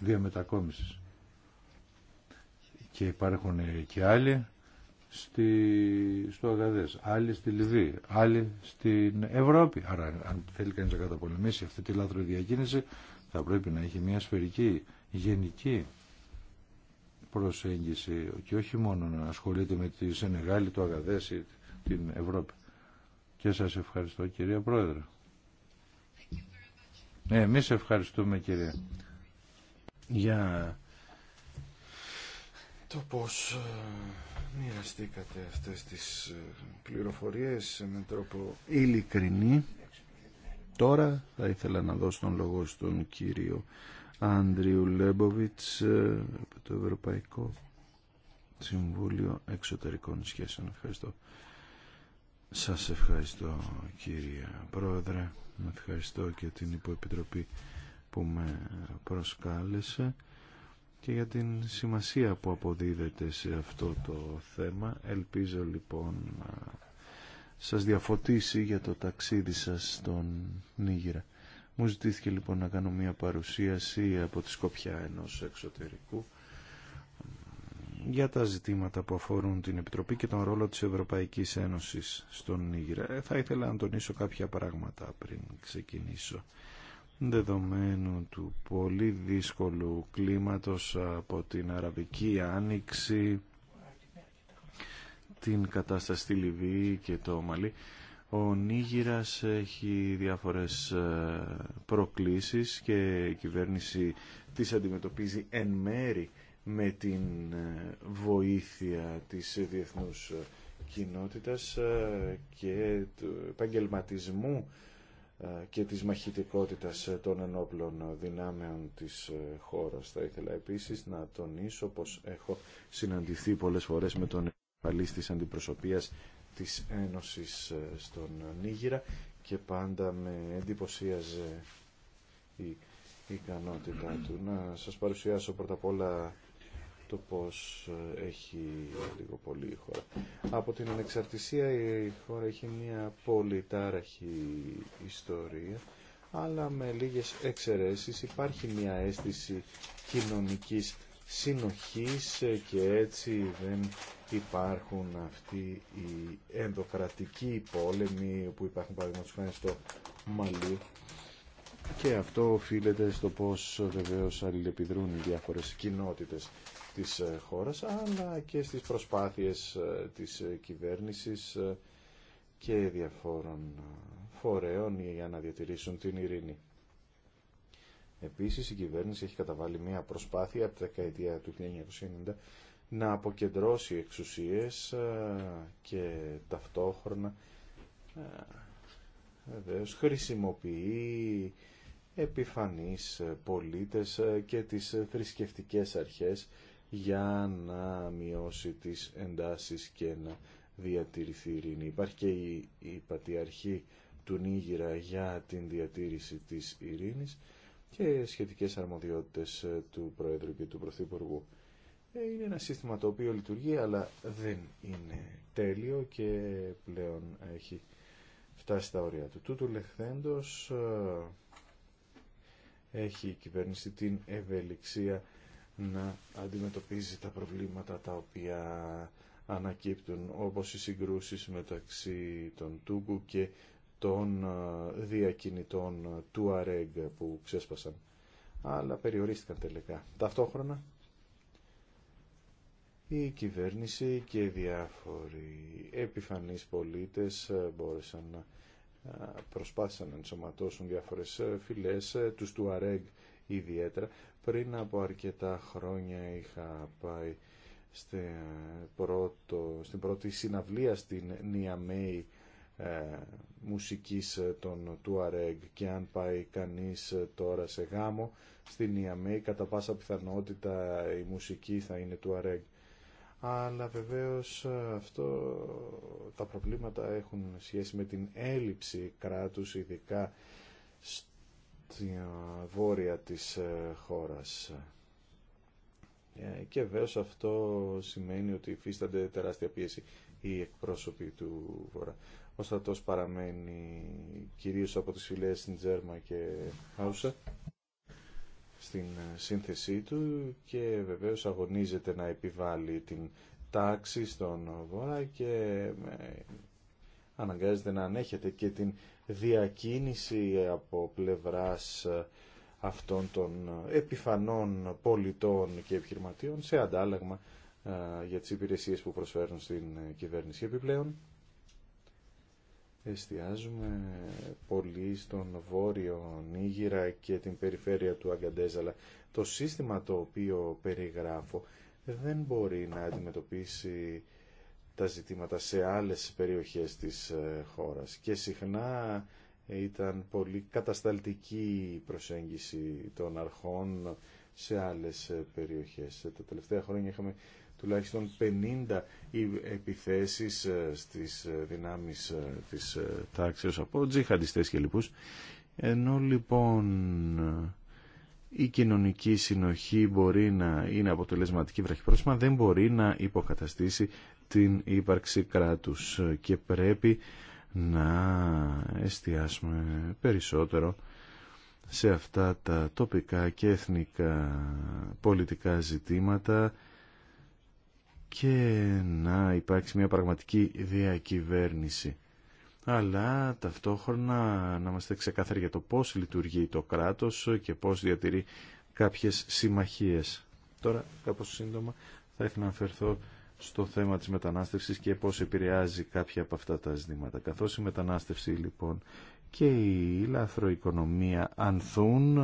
διαμετακόμισης. Και υπάρχουν και άλλοι στο Αγαδές, άλλοι στη Λιβύη, άλλοι στην Ευρώπη. Άρα αν θέλει κανείς να καταπολεμήσει αυτή τη λάθρο διακίνηση θα πρέπει να έχει μια σφαιρική, γενική προσέγγιση και όχι μόνο να ασχολείται με τη Σενεγάλη, το Αγαδές ή την Ευρώπη. Και σας ευχαριστώ κυρία Πρόεδρε. Ναι, εμείς ευχαριστούμε κύριε για το πώς ε, μοιραστήκατε αυτές τις ε, πληροφορίες με τρόπο ειλικρινή. Τώρα θα ήθελα να δώσω τον λόγο στον κύριο Άντριου Λέμποβιτς ε, από το Ευρωπαϊκό Συμβούλιο Εξωτερικών Σχέσεων. Ευχαριστώ. Σας ευχαριστώ κύριε Πρόεδρε, ευχαριστώ και την Υποεπιτροπή που με προσκάλεσε και για την σημασία που αποδίδεται σε αυτό το θέμα. Ελπίζω λοιπόν να σας διαφωτίσει για το ταξίδι σας στον Νίγηρα. Μου ζητήθηκε λοιπόν να κάνω μια παρουσίαση από τη σκοπιά ενός εξωτερικού για τα ζητήματα που αφορούν την Επιτροπή και τον ρόλο της Ευρωπαϊκής Ένωσης στον Ήγηρα. Ε, θα ήθελα να τονίσω κάποια πράγματα πριν ξεκινήσω. Δεδομένου του πολύ δύσκολου κλίματος από την Αραβική Άνοιξη, την κατάσταση στη Λιβύη και το μαλη. ο Νίγηρας έχει διάφορες ε, προκλήσεις και η κυβέρνηση τις αντιμετωπίζει εν μέρη με την ε, βοήθεια της διεθνούς ε, κοινότητας ε, και του επαγγελματισμού και της μαχητικότητας των ενόπλων δυνάμεων της χώρας. Θα ήθελα επίσης να τονίσω πως έχω συναντηθεί πολλές φορές με τον παλίστης της αντιπροσωπείας της Ένωσης στον Νίγηρα και πάντα με εντυπωσίαζε η ικανότητά του. Να σας παρουσιάσω πρώτα απ' όλα το πώς ε, έχει λίγο πολύ η χώρα. Από την ανεξαρτησία η χώρα έχει μια πολυτάραχη ιστορία, αλλά με λίγες εξαιρέσεις υπάρχει μια αίσθηση κοινωνικής συνοχής ε, και έτσι δεν υπάρχουν αυτοί οι ενδοκρατικοί πόλεμοι που υπάρχουν παραδείγματος χάρη στο Μαλί και αυτό οφείλεται στο πώς ε, βεβαίως αλληλεπιδρούν οι διάφορες κοινότητες της ε, χώρας αλλά και στις προσπάθειες ε, της ε, κυβέρνησης και διαφόρων φορέων για να διατηρήσουν την ειρήνη. Επίσης η κυβέρνηση έχει καταβάλει μια προσπάθεια από τα δεκαετία του 1990 να αποκεντρώσει εξουσίες και ταυτόχρονα βεβαίως χρησιμοποιεί επιφανείς πολίτες και τις θρησκευτικές αρχές για να μειώσει τις εντάσεις και να διατηρηθεί η ειρήνη. Υπάρχει και η, η πατιαρχή του Νίγηρα για την διατήρηση της ειρήνης και σχετικές αρμοδιότητες ε, του Προέδρου και του Πρωθυπουργού. Ε, είναι ένα σύστημα το οποίο λειτουργεί αλλά δεν είναι τέλειο και πλέον έχει φτάσει στα όρια του. Τούτου λεχθέντος ε, έχει η κυβέρνηση την ευελιξία να αντιμετωπίζει τα προβλήματα τα οποία ανακύπτουν όπως οι συγκρούσεις μεταξύ των Τούγκου και των ε, διακινητών ε, του ΑΡΕΓ που ξέσπασαν αλλά περιορίστηκαν τελικά. Ταυτόχρονα η κυβέρνηση και διάφοροι επιφανείς πολίτες ε, μπόρεσαν να προσπάθησαν να ενσωματώσουν διάφορες φυλές, τους του ΑΡΕΓ ιδιαίτερα, πριν από αρκετά χρόνια είχα πάει στην, πρώτη συναυλία στην Νιαμέη ε, μουσικής των Τουαρέγ και αν πάει κανείς τώρα σε γάμο στην Νιαμέη κατά πάσα πιθανότητα η μουσική θα είναι Τουαρέγ αλλά βεβαίως αυτό τα προβλήματα έχουν σχέση με την έλλειψη κράτους ειδικά τη ε, βόρεια της ε, χώρας. Ε, και βέβαια αυτό σημαίνει ότι υφίστανται τεράστια πίεση οι εκπρόσωποι του Βορρά. Ο στρατός παραμένει κυρίως από τις φυλές στην Τζέρμα και Χάουσα στην σύνθεσή του και βεβαίως αγωνίζεται να επιβάλλει την τάξη στον Βορρά και αναγκάζεται να ανέχετε και την διακίνηση από πλευράς αυτών των επιφανών πολιτών και επιχειρηματίων σε αντάλλαγμα για τις υπηρεσίες που προσφέρουν στην κυβέρνηση. Επιπλέον, εστιάζουμε πολύ στον Βόρειο Νίγηρα και την περιφέρεια του Αγκαντέζα, αλλά το σύστημα το οποίο περιγράφω δεν μπορεί να αντιμετωπίσει τα ζητήματα σε άλλες περιοχές της ε, χώρας και συχνά ήταν πολύ κατασταλτική η προσέγγιση των αρχών σε άλλες ε, περιοχές. Ε, τα τελευταία χρόνια είχαμε τουλάχιστον 50 επιθέσεις στις δυνάμεις της τάξης από τζιχαντιστές και λοιπούς. Ενώ λοιπόν η κοινωνική συνοχή μπορεί να είναι αποτελεσματική βραχυπρόσφατα, δεν μπορεί να υποκαταστήσει την ύπαρξη κράτους και πρέπει να εστιάσουμε περισσότερο σε αυτά τα τοπικά και εθνικά πολιτικά ζητήματα και να υπάρξει μια πραγματική διακυβέρνηση. Αλλά ταυτόχρονα να είμαστε ξεκάθαροι για το πώς λειτουργεί το κράτος και πώς διατηρεί κάποιες συμμαχίες. Τώρα, κάπως σύντομα, θα ήθελα να αναφερθώ στο θέμα της μετανάστευσης και πώς επηρεάζει κάποια από αυτά τα ζητήματα. Καθώς η μετανάστευση λοιπόν και η λαθροοικονομία ανθούν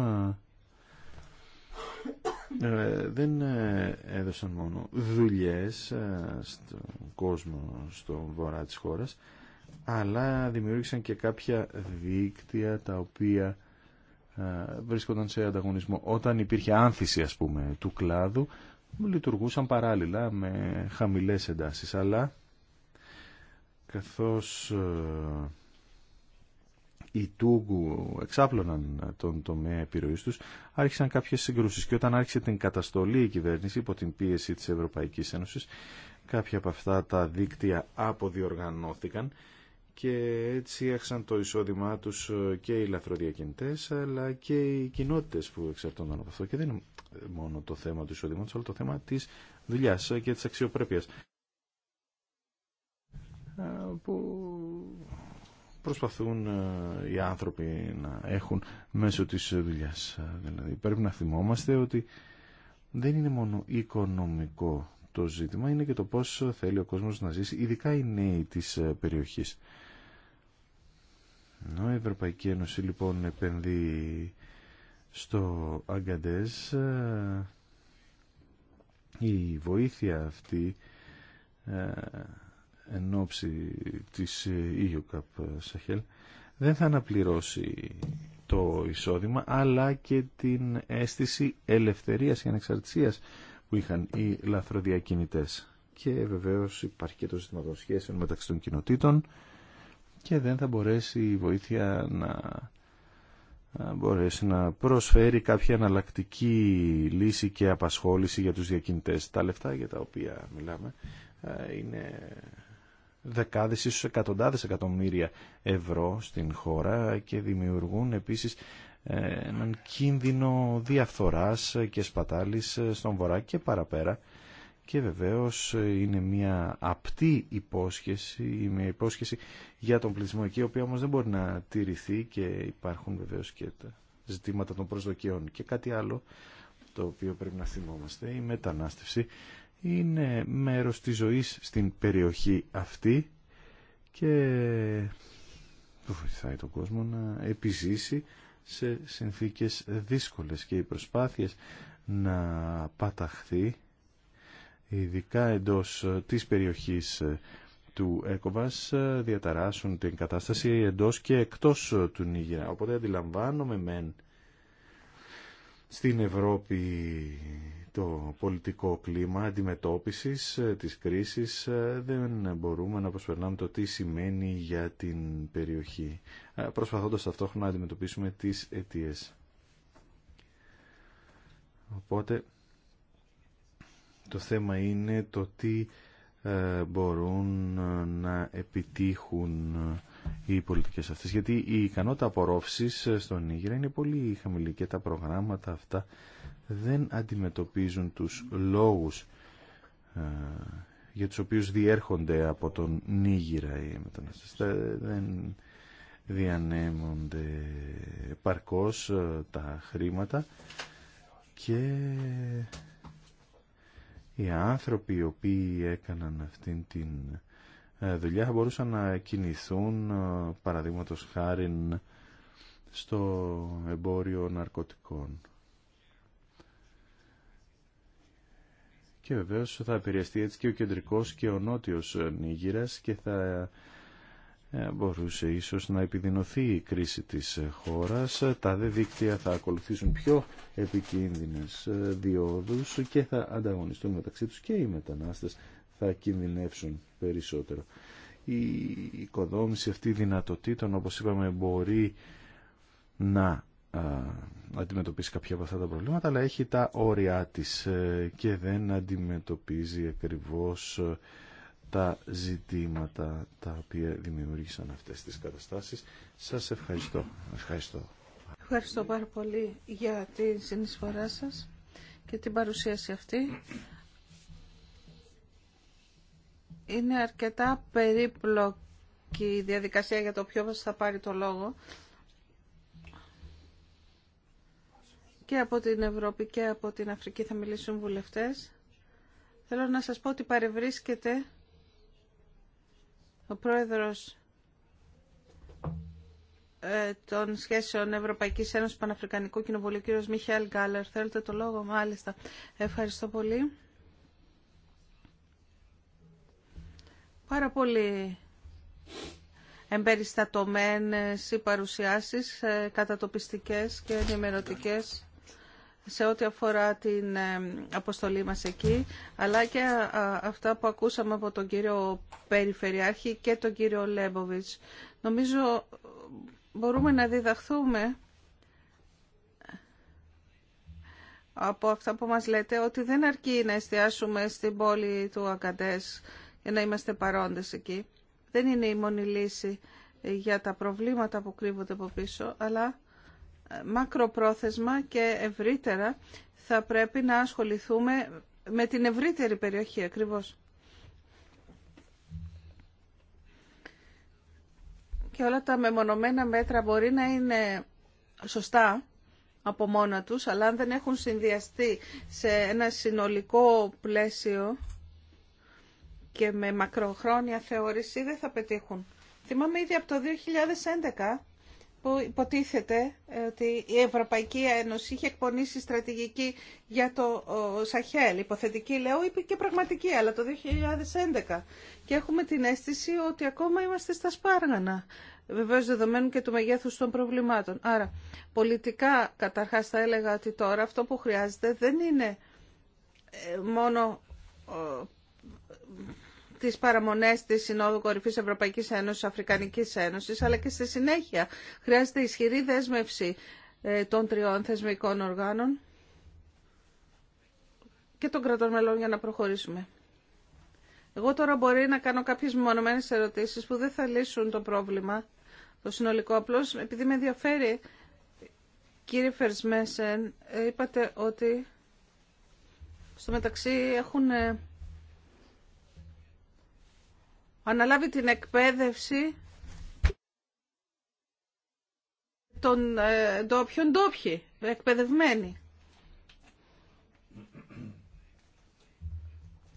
ε, ε, δεν ε, έδωσαν μόνο δουλειές στον κόσμο στον βορρά της χώρας αλλά δημιούργησαν και κάποια δίκτυα τα οποία βρίσκονταν σε ανταγωνισμό. Όταν υπήρχε άνθηση ας πούμε του κλάδου λειτουργούσαν παράλληλα με χαμηλές εντάσεις, αλλά καθώς ε, οι Τούγκου εξάπλωναν τον τομέα επιρροής τους, άρχισαν κάποιες συγκρούσεις και όταν άρχισε την καταστολή η κυβέρνηση υπό την πίεση της Ευρωπαϊκής Ένωσης, κάποια από αυτά τα δίκτυα αποδιοργανώθηκαν και έτσι έχασαν το εισόδημά τους ε, και οι λαθροδιακινητές αλλά και οι κοινότητες που εξαρτώνταν από αυτό και δεν είναι μόνο το θέμα του εισόδηματος αλλά το θέμα της δουλειάς ε, και της αξιοπρέπειας ε, που προσπαθούν οι άνθρωποι να έχουν μέσω της δουλειάς δηλαδή πρέπει να θυμόμαστε ότι δεν είναι μόνο οικονομικό το ζήτημα είναι και το πώς θέλει ο κόσμος να ζήσει, ειδικά οι νέοι της περιοχής. Ενώ η Ευρωπαϊκή Ένωση λοιπόν επενδύει στο Αγκαντές ε, η βοήθεια αυτή ε, εν ώψη της ε, EUCAP Σαχέλ δεν θα αναπληρώσει το εισόδημα αλλά και την αίσθηση ελευθερίας και ανεξαρτησίας που είχαν οι λαθροδιακινητές. Και βεβαίως υπάρχει και το ζήτημα των σχέσεων μεταξύ των κοινοτήτων και δεν θα μπορέσει η βοήθεια να μπορέσει να προσφέρει κάποια αναλλακτική λύση και απασχόληση για τους διακινητές. Τα λεφτά για τα οποία μιλάμε ε, είναι δεκάδες ίσως εκατοντάδες εκατομμύρια ευρώ στην χώρα και δημιουργούν επίσης ε, έναν κίνδυνο διαφθοράς και σπατάλης ε, στον Βορρά και παραπέρα και βεβαίως ε, είναι μια απτή υπόσχεση, μια υπόσχεση για τον πληθυσμό εκεί, η οποία όμως δεν μπορεί να τηρηθεί και υπάρχουν βεβαίως και τα ζητήματα των προσδοκιών. Και κάτι άλλο το οποίο πρέπει να θυμόμαστε, η μετανάστευση είναι μέρος της ζωής στην περιοχή αυτή και βοηθάει τον κόσμο να επιζήσει σε συνθήκες δύσκολες και οι προσπάθειες να παταχθεί ειδικά εντός ε, της περιοχής ε, του ΕΚΟΒΑΣ ε, διαταράσσουν την κατάσταση εντός και εκτός του Νίγηρα. Οπότε αντιλαμβάνομαι μεν στην Ευρώπη το πολιτικό κλίμα αντιμετώπισης της κρίσης δεν μπορούμε να προσπερνάμε το τι σημαίνει για την περιοχή προσπαθώντας ταυτόχρονα να αντιμετωπίσουμε τις αιτίες. Οπότε το θέμα είναι το τι ε, μπορούν ε, να επιτύχουν ε, οι πολιτικές αυτές. Γιατί η ικανότητα απορρόφησης στον Νίγηρα είναι πολύ χαμηλή και τα προγράμματα αυτά δεν αντιμετωπίζουν τους λόγους για τους οποίους διέρχονται από τον Νίγηρα οι μεταναστές. Δεν διανέμονται παρκώς τα χρήματα και οι άνθρωποι οι οποίοι έκαναν αυτήν την ε, δουλειά θα μπορούσαν να κινηθούν ε, παραδείγματος χάρη στο εμπόριο ναρκωτικών. Και βεβαίως θα επηρεαστεί έτσι και ο κεντρικός και ο νότιος ε, Νίγηρας και θα ε, μπορούσε ίσως να επιδεινωθεί η κρίση της ε, χώρας. Τα δε δίκτυα θα ακολουθήσουν πιο επικίνδυνες ε, διόδους και θα ανταγωνιστούν μεταξύ τους και οι μετανάστες θα κινδυνεύσουν περισσότερο. Η οικοδόμηση αυτή δυνατοτήτων, όπως είπαμε, μπορεί να αντιμετωπίσει κάποια από αυτά τα προβλήματα, αλλά έχει τα όρια της και δεν αντιμετωπίζει ακριβώς τα ζητήματα τα οποία δημιούργησαν αυτές τις καταστάσεις. Σας ευχαριστώ. Ευχαριστώ. Ευχαριστώ πάρα πολύ για την συνεισφορά σας και την παρουσίαση αυτή. Είναι αρκετά περίπλοκη η διαδικασία για το ποιο θα πάρει το λόγο. Και από την Ευρώπη και από την Αφρική θα μιλήσουν βουλευτές. Θέλω να σας πω ότι παρευρίσκεται ο πρόεδρος ε, των σχέσεων Ευρωπαϊκής Ένωσης Παναφρικανικού Κοινοβουλίου, κύριος Μιχαήλ Γκάλερ. Θέλετε το λόγο, μάλιστα. Ευχαριστώ πολύ. Πάρα πολύ εμπεριστατωμένες οι παρουσιάσεις ε, κατατοπιστικές και ενημερωτικές σε ό,τι αφορά την αποστολή μας εκεί, αλλά και αυτά που ακούσαμε από τον κύριο Περιφερειάρχη και τον κύριο Λέμποβιτς. Νομίζω ε, μπορούμε να διδαχθούμε ε, από αυτά που μας λέτε ότι δεν αρκεί να εστιάσουμε στην πόλη του Αγκαντές και να είμαστε παρόντες εκεί. Δεν είναι η μόνη λύση ε, για τα προβλήματα που κρύβονται από πίσω, αλλά μακροπρόθεσμα και ευρύτερα θα πρέπει να ασχοληθούμε με την ευρύτερη περιοχή ακριβώς. Και όλα τα μεμονωμένα μέτρα μπορεί να είναι σωστά από μόνα τους, αλλά αν δεν έχουν συνδυαστεί σε ένα συνολικό πλαίσιο και με μακροχρόνια θεώρηση δεν θα πετύχουν. Θυμάμαι ήδη από το 2011 που υποτίθεται ε, ότι η Ευρωπαϊκή Ένωση είχε εκπονήσει στρατηγική για το Σαχέλ. Υποθετική λέω, είπε και πραγματική, αλλά το 2011. Και έχουμε την αίσθηση ότι ακόμα είμαστε στα σπάργανα. Βεβαίως δεδομένου και του μεγέθους των προβλημάτων. Άρα, πολιτικά καταρχάς θα έλεγα ότι τώρα αυτό που χρειάζεται δεν είναι ε, μόνο τις παραμονές της Συνόδου Κορυφής Ευρωπαϊκής Ένωσης, Αφρικανικής Ένωσης, αλλά και στη συνέχεια χρειάζεται ισχυρή δέσμευση ε, των τριών θεσμικών οργάνων και των κρατών μελών για να προχωρήσουμε. Εγώ τώρα μπορεί να κάνω κάποιες μονομένες ερωτήσεις που δεν θα λύσουν το πρόβλημα, το συνολικό. Απλώς επειδή με ενδιαφέρει, κύριε Φερσμέσεν, είπατε ότι στο μεταξύ έχουν ε, αναλάβει την εκπαίδευση των ε, ντόπιων ντόπιοι, εκπαιδευμένοι.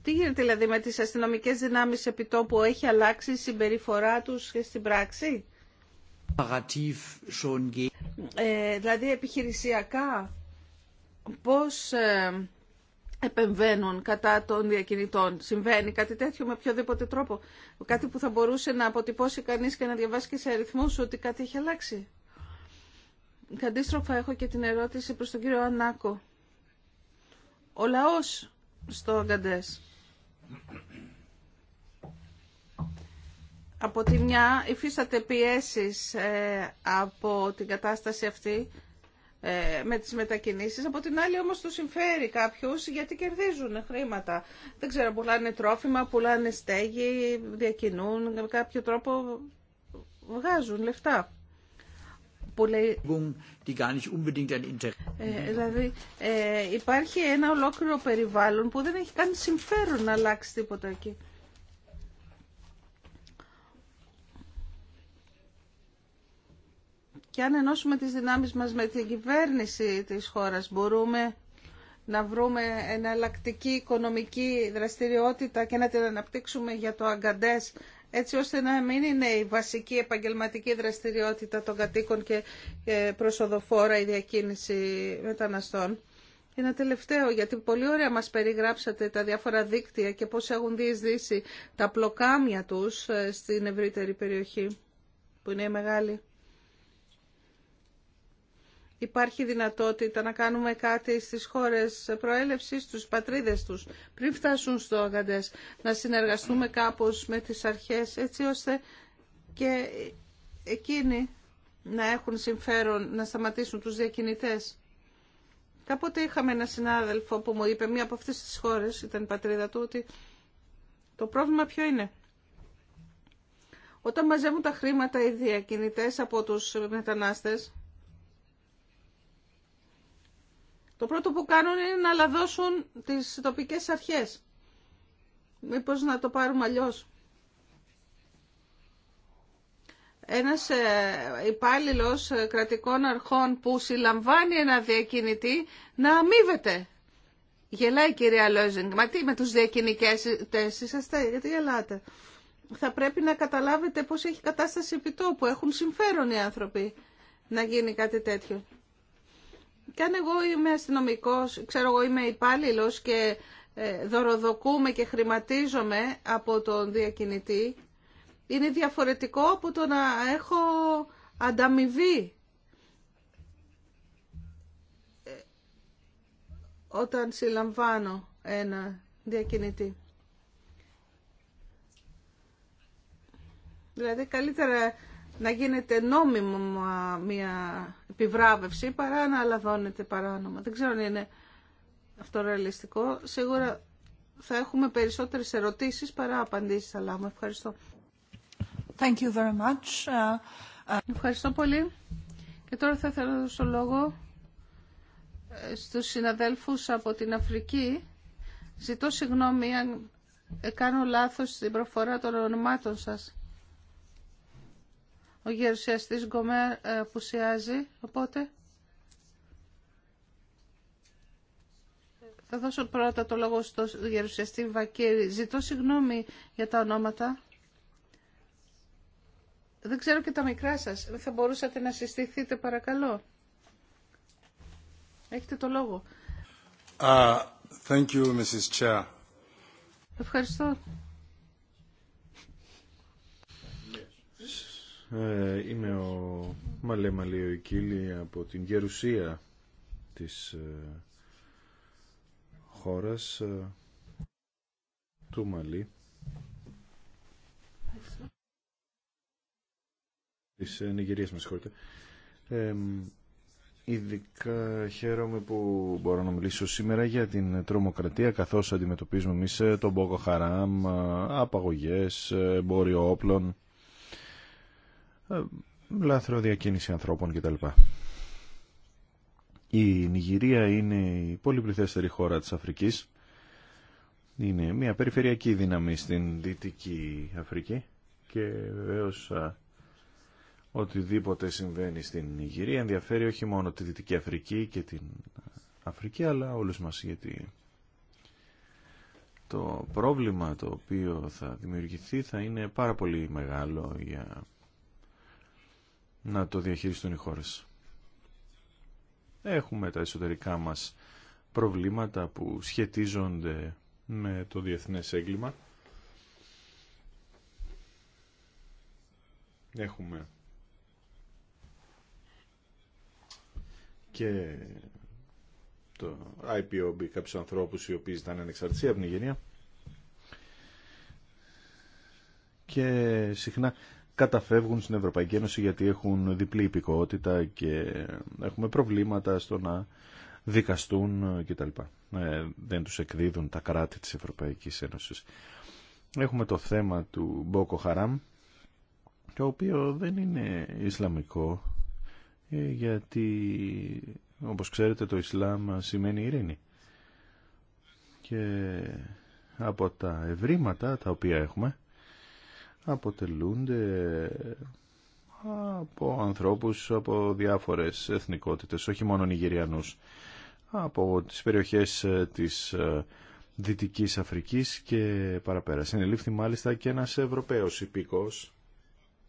Τι γίνεται δηλαδή με τις αστυνομικές δυνάμεις επιτόπου, έχει αλλάξει η συμπεριφορά τους και στην πράξη. Ε, δηλαδή επιχειρησιακά, πώς ε, επεμβαίνουν κατά των διακινητών. Συμβαίνει κάτι τέτοιο με οποιοδήποτε τρόπο. Κάτι που θα μπορούσε να αποτυπώσει κανείς και να διαβάσει και σε αριθμούς ότι κάτι έχει αλλάξει. Καντίστροφα έχω και την ερώτηση προς τον κύριο Ανάκο. Ο λαός στο Αγκαντές. Από τη μια υφίσταται πιέσεις ε, από την κατάσταση αυτή ε, με τις μετακινήσεις. Από την άλλη όμως τους συμφέρει κάποιους γιατί κερδίζουν χρήματα. Δεν ξέρω, πουλάνε τρόφιμα, πουλάνε στέγη, διακινούν, με κάποιο τρόπο βγάζουν λεφτά. ε, δηλαδή ε, υπάρχει ένα ολόκληρο περιβάλλον που δεν έχει καν συμφέρον να αλλάξει τίποτα εκεί. Και αν ενώσουμε τις δυνάμεις μας με την κυβέρνηση της χώρας, μπορούμε να βρούμε εναλλακτική οικονομική δραστηριότητα και να την αναπτύξουμε για το αγκαντές, έτσι ώστε να μην είναι η βασική επαγγελματική δραστηριότητα των κατοίκων και προσοδοφόρα η διακίνηση μεταναστών. Ένα τελευταίο, γιατί πολύ ωραία μας περιγράψατε τα διάφορα δίκτυα και πώς έχουν διεισδύσει τα πλοκάμια τους ε, στην ευρύτερη περιοχή, που είναι η μεγάλη υπάρχει δυνατότητα να κάνουμε κάτι στις χώρες προέλευσης τους, πατρίδες τους, πριν φτάσουν στο Αγκαντές, να συνεργαστούμε κάπως με τις αρχές, έτσι ώστε και εκείνοι να έχουν συμφέρον να σταματήσουν τους διακινητές. Κάποτε είχαμε ένα συνάδελφο που μου είπε, μία από αυτές τις χώρες, ήταν η πατρίδα του, ότι το πρόβλημα ποιο είναι. Όταν μαζεύουν τα χρήματα οι διακινητές από τους μετανάστες, Το πρώτο που κάνουν είναι να λαδώσουν τις τοπικές αρχές. Μήπως να το πάρουμε αλλιώς. Ένας ε, υπάλληλος ε, κρατικών αρχών που συλλαμβάνει ένα διακινητή να αμείβεται. Γελάει η κυρία Λόζινγκ. Μα τι με τους διακινητές είσαστε, γιατί γελάτε. Θα πρέπει να καταλάβετε πώς έχει κατάσταση επιτόπου. Έχουν συμφέρον οι άνθρωποι να γίνει κάτι τέτοιο. Και αν εγώ είμαι αστυνομικό, ξέρω εγώ είμαι υπάλληλο και ε, δωροδοκούμε και χρηματίζομαι από τον διακινητή, είναι διαφορετικό από το να έχω ανταμοιβή. Ε, όταν συλλαμβάνω ένα διακινητή. Δηλαδή καλύτερα να γίνεται νόμιμο μια επιβράβευση παρά να αλλαδώνεται παράνομα. Δεν ξέρω αν είναι αυτό ρεαλιστικό. Σίγουρα θα έχουμε περισσότερες ερωτήσεις παρά απαντήσεις αλλά μου Ευχαριστώ. Thank you very much. Ε, ευχαριστώ πολύ. Και τώρα θα ήθελα να δώσω λόγο ε, στους συναδέλφους από την Αφρική. Ζητώ συγγνώμη αν κάνω λάθος στην προφορά των ονομάτων σας. Ο γερουσιαστής Γκομέρ ε, απουσιάζει, οπότε θα δώσω πρώτα το λόγο στο γερουσιαστή Βακύρη. Ζητώ συγγνώμη για τα ονόματα. Δεν ξέρω και τα μικρά σας. Θα μπορούσατε να συστηθείτε παρακαλώ. Έχετε το λόγο. Uh, thank you, Mrs. Chair. Ευχαριστώ, Ε, είμαι ο Μαλέ ο Οικίλη από την Γερουσία της ε, χώρας ε, του Μαλή της Νιγηρίας με συγχωρείτε ειδικά χαίρομαι που μπορώ να μιλήσω σήμερα για την τρομοκρατία καθώς αντιμετωπίζουμε εμείς τον Μπόκο Χαράμ απαγωγές, εμπόριο όπλων ε, λάθρο διακίνηση ανθρώπων κτλ. Η Νιγηρία είναι η πολυπληθέστερη χώρα της Αφρικής. Είναι μια περιφερειακή δύναμη στην Δυτική Αφρική και βεβαίω οτιδήποτε συμβαίνει στην Νιγηρία ενδιαφέρει όχι μόνο τη Δυτική Αφρική και την Αφρική αλλά όλους μας γιατί το πρόβλημα το οποίο θα δημιουργηθεί θα είναι πάρα πολύ μεγάλο για να το διαχειριστούν οι χώρες. Έχουμε τα εσωτερικά μας προβλήματα που σχετίζονται με το διεθνές έγκλημα. Έχουμε και το IPOB κάποιους ανθρώπους οι οποίοι ζητάνε ανεξαρτησία από την γενία και συχνά καταφεύγουν στην Ευρωπαϊκή Ένωση γιατί έχουν διπλή υπηκότητα και έχουμε προβλήματα στο να δικαστούν κτλ. Ε, δεν τους εκδίδουν τα κράτη της Ευρωπαϊκής Ένωσης. Έχουμε το θέμα του Μπόκο Χαράμ, το οποίο δεν είναι Ισλαμικό, ε, γιατί όπως ξέρετε το Ισλάμ σημαίνει ειρήνη. Και από τα ευρήματα τα οποία έχουμε, αποτελούνται από ανθρώπους από διάφορες εθνικότητες, όχι μόνο Νιγηριανούς, από τις περιοχές ε, της ε, Δυτικής Αφρικής και παραπέρα. Συνελήφθη μάλιστα και ένας Ευρωπαίος υπήκος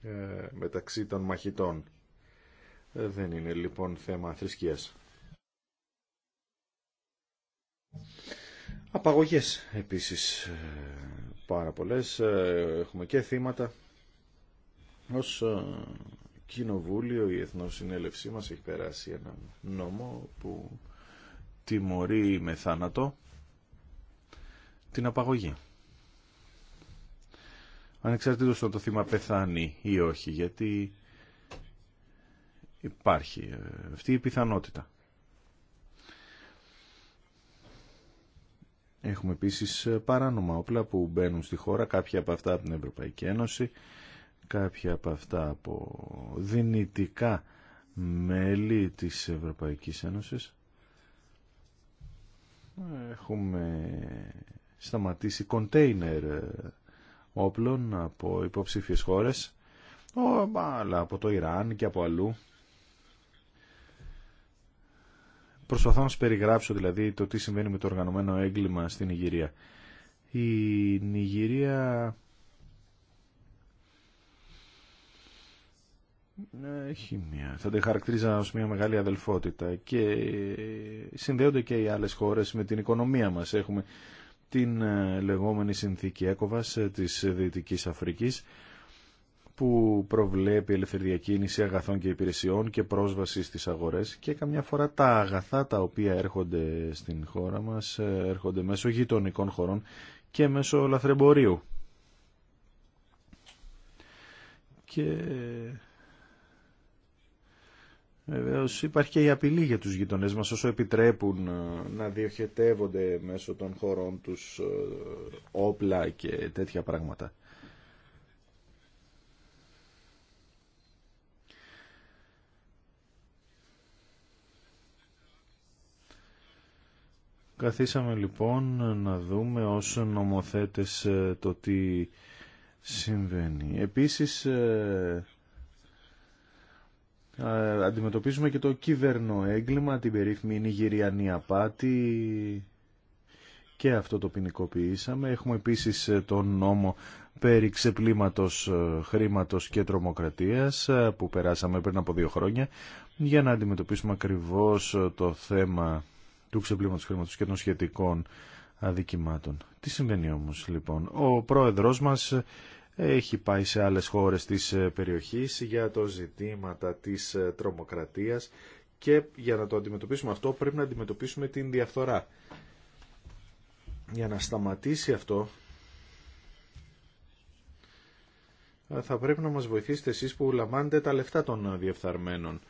ε, μεταξύ των μαχητών. Δεν είναι λοιπόν θέμα θρησκείας. Απαγωγές επίσης πάρα πολλές. Ε, έχουμε και θύματα. Ως ε, κοινοβούλιο η Εθνοσυνέλευσή μας έχει περάσει ένα νόμο που τιμωρεί με θάνατο την απαγωγή. Ανεξαρτήτως αν το θύμα πεθάνει ή όχι, γιατί υπάρχει ε, αυτή η πιθανότητα. Έχουμε επίσης ε, παράνομα όπλα που μπαίνουν στη χώρα, κάποια από αυτά από την Ευρωπαϊκή Ένωση, κάποια από αυτά από δυνητικά μέλη της Ευρωπαϊκής Ένωσης. Έχουμε σταματήσει κοντέινερ ε, όπλων από υποψήφιες χώρες, αλλά από το Ιράν και από αλλού. Προσπαθώ να σας περιγράψω δηλαδή το τι συμβαίνει με το οργανωμένο έγκλημα στην Ιγυρία. Η Ιγυρία ε, Έχει μια. Θα τη χαρακτηρίζα ως μια μεγάλη αδελφότητα και συνδέονται και οι άλλες χώρες με την οικονομία μας. Έχουμε την ε, λεγόμενη συνθήκη Έκοβας ε, της Δυτικής Αφρικής που προβλέπει ελευθεριακή διακίνηση αγαθών και υπηρεσιών και πρόσβαση στις αγορές και καμιά φορά τα αγαθά τα οποία έρχονται στην χώρα μας ε, έρχονται μέσω γειτονικών χωρών και μέσω λαθρεμπορίου. Και Βεβαίω υπάρχει και η απειλή για τους γειτονές μας όσο επιτρέπουν ε, να διοχετεύονται μέσω των χωρών τους ε, όπλα και τέτοια πράγματα. Καθίσαμε λοιπόν να δούμε ως νομοθέτες ε, το τι συμβαίνει. Επίσης ε, ε, αντιμετωπίζουμε και το κυβερνό έγκλημα, την περίφημη Νιγηριανή απάτη και αυτό το ποινικοποιήσαμε. Έχουμε επίσης τον νόμο περί ξεπλήματος χρήματος και τρομοκρατίας που περάσαμε πριν από δύο χρόνια για να αντιμετωπίσουμε ακριβώς το θέμα του ξεπλήματος χρήματος και των σχετικών αδικημάτων. Τι συμβαίνει όμως λοιπόν. Ο πρόεδρός μας έχει πάει σε άλλες χώρες της ε, περιοχής για το ζητήματα της ε, τρομοκρατίας και για να το αντιμετωπίσουμε αυτό πρέπει να αντιμετωπίσουμε την διαφθορά. Για να σταματήσει αυτό ε, θα πρέπει να μας βοηθήσετε εσείς που λαμβάνετε τα λεφτά των διεφθαρμένων.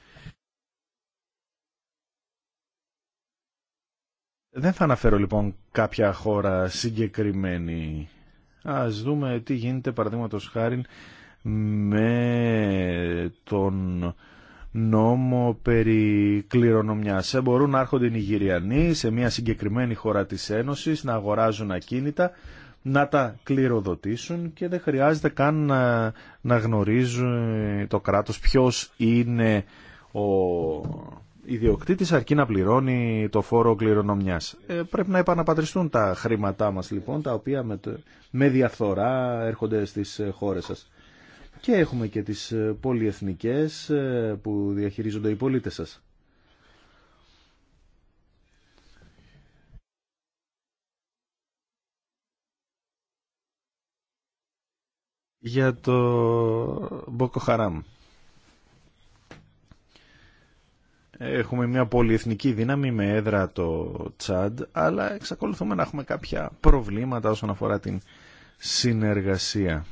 Δεν θα αναφέρω λοιπόν κάποια χώρα συγκεκριμένη. Ας δούμε τι γίνεται παραδείγματο χάρη με τον νόμο περί κληρονομιάς. Ε, μπορούν να έρχονται οι Νιγηριανοί σε μια συγκεκριμένη χώρα της Ένωσης να αγοράζουν ακίνητα, να τα κληροδοτήσουν και δεν χρειάζεται καν να, να γνωρίζουν το κράτος ποιος είναι ο ιδιοκτήτης αρκεί να πληρώνει το φόρο κληρονομιάς. Ε, πρέπει να επαναπατριστούν τα χρήματά μας λοιπόν, τα οποία με, με διαφθορά έρχονται στις ε, χώρες σας. Και έχουμε και τις ε, πολυεθνικές που διαχειρίζονται οι πολίτες σας. Για το Μποκοχαράμ. Έχουμε μια πολυεθνική δύναμη με έδρα το Τσάντ, αλλά εξακολουθούμε να έχουμε κάποια προβλήματα όσον αφορά την συνεργασία.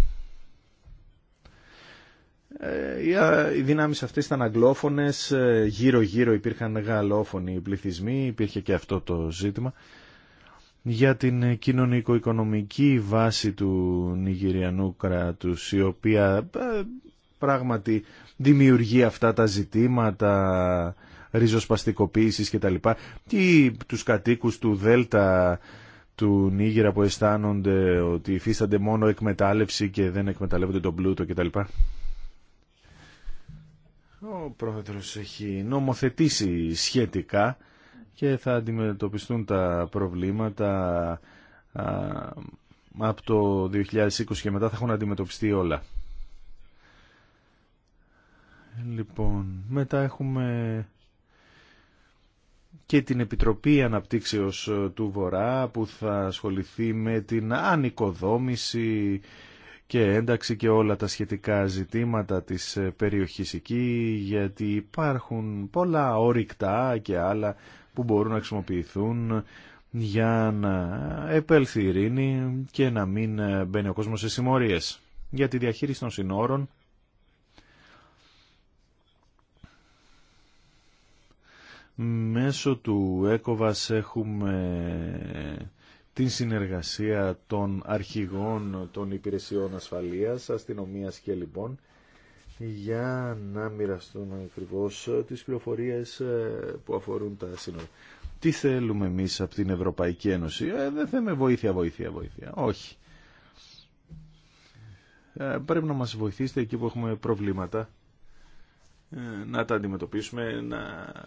Ε, οι δυνάμεις αυτές ήταν αγγλόφωνες, ε, γύρω-γύρω υπήρχαν γαλλόφωνοι πληθυσμοί, υπήρχε και αυτό το ζήτημα. Για την κοινωνικο-οικονομική βάση του Νιγηριανού κράτους, η οποία ε, πράγματι δημιουργεί αυτά τα ζητήματα ριζοσπαστικοποίησης κτλ. Τι τους κατοίκους του Δέλτα του Νίγηρα που αισθάνονται ότι υφίστανται μόνο εκμετάλλευση και δεν εκμεταλλεύονται τον πλούτο κτλ. Ο πρόεδρος έχει νομοθετήσει σχετικά και θα αντιμετωπιστούν τα προβλήματα από το 2020 και μετά θα έχουν αντιμετωπιστεί όλα. Λοιπόν, μετά έχουμε και την Επιτροπή Αναπτύξεως ε, του Βορρά που θα ασχοληθεί με την ανοικοδόμηση και ένταξη και όλα τα σχετικά ζητήματα της ε, περιοχής εκεί γιατί υπάρχουν πολλά ορυκτά και άλλα που μπορούν να χρησιμοποιηθούν για να επέλθει η ειρήνη και να μην ε, μπαίνει ο κόσμος σε συμμορίες για τη διαχείριση των συνόρων Μέσω του ΕΚΟΒΑΣ έχουμε την συνεργασία των αρχηγών των υπηρεσιών ασφαλείας, αστυνομίας και λοιπόν, για να μοιραστούν ακριβώ τις πληροφορίες ε, που αφορούν τα σύνορα. Τι θέλουμε εμείς από την Ευρωπαϊκή Ένωση. Ε, δεν θέλουμε βοήθεια, βοήθεια, βοήθεια. Όχι. Ε, πρέπει να μας βοηθήσετε εκεί που έχουμε προβλήματα ε, να τα αντιμετωπίσουμε, να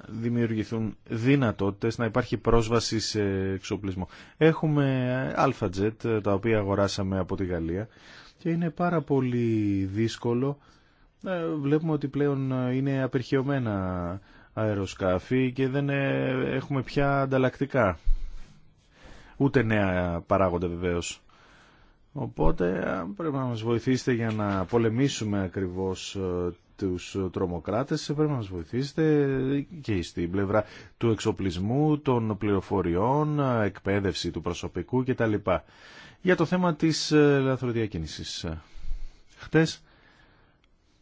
δημιουργηθούν δυνατότητες, να υπάρχει πρόσβαση σε εξοπλισμό. Έχουμε αλφατζετ, τα οποία αγοράσαμε από τη Γαλλία και είναι πάρα πολύ δύσκολο. Ε, βλέπουμε ότι πλέον είναι απερχαιωμένα αεροσκάφη και δεν ε, έχουμε πια ανταλλακτικά. Ούτε νέα παράγονται βεβαίως. Οπότε πρέπει να μας βοηθήσετε για να πολεμήσουμε ακριβώς του τρομοκράτε πρέπει να μα βοηθήσετε και στην πλευρά του εξοπλισμού, των πληροφοριών, εκπαίδευση του προσωπικού κτλ. Για το θέμα της ε, λαθροδιακίνησης. Χτες,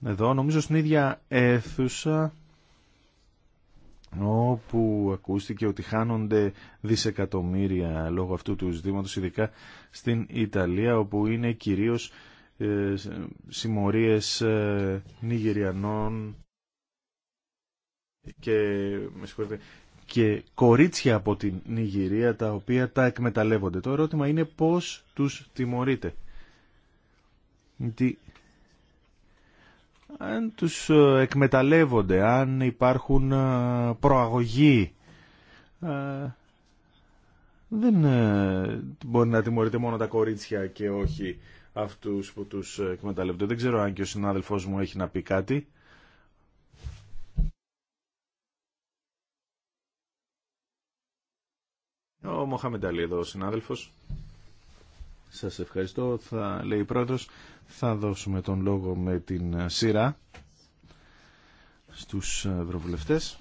εδώ νομίζω στην ίδια αίθουσα όπου ακούστηκε ότι χάνονται δισεκατομμύρια λόγω αυτού του ζητήματος, ειδικά στην Ιταλία, όπου είναι κυρίως ε, συμμορίες ε, Νιγηριανών και, με και κορίτσια από την Νιγηρία τα οποία τα εκμεταλλεύονται. Το ερώτημα είναι πώς τους τιμωρείτε. Γιατί αν τους ε, εκμεταλλεύονται, αν υπάρχουν προαγωγή, δεν μπορεί να τιμωρείται μόνο τα κορίτσια και όχι αυτούς που τους εκμεταλλεύονται. Δεν ξέρω αν και ο συνάδελφός μου έχει να πει κάτι. Ο Μοχαμενταλή εδώ ο συνάδελφος. Σας ευχαριστώ. Θα λέει πρώτος. θα δώσουμε τον λόγο με την σειρά στους ευρωβουλευτές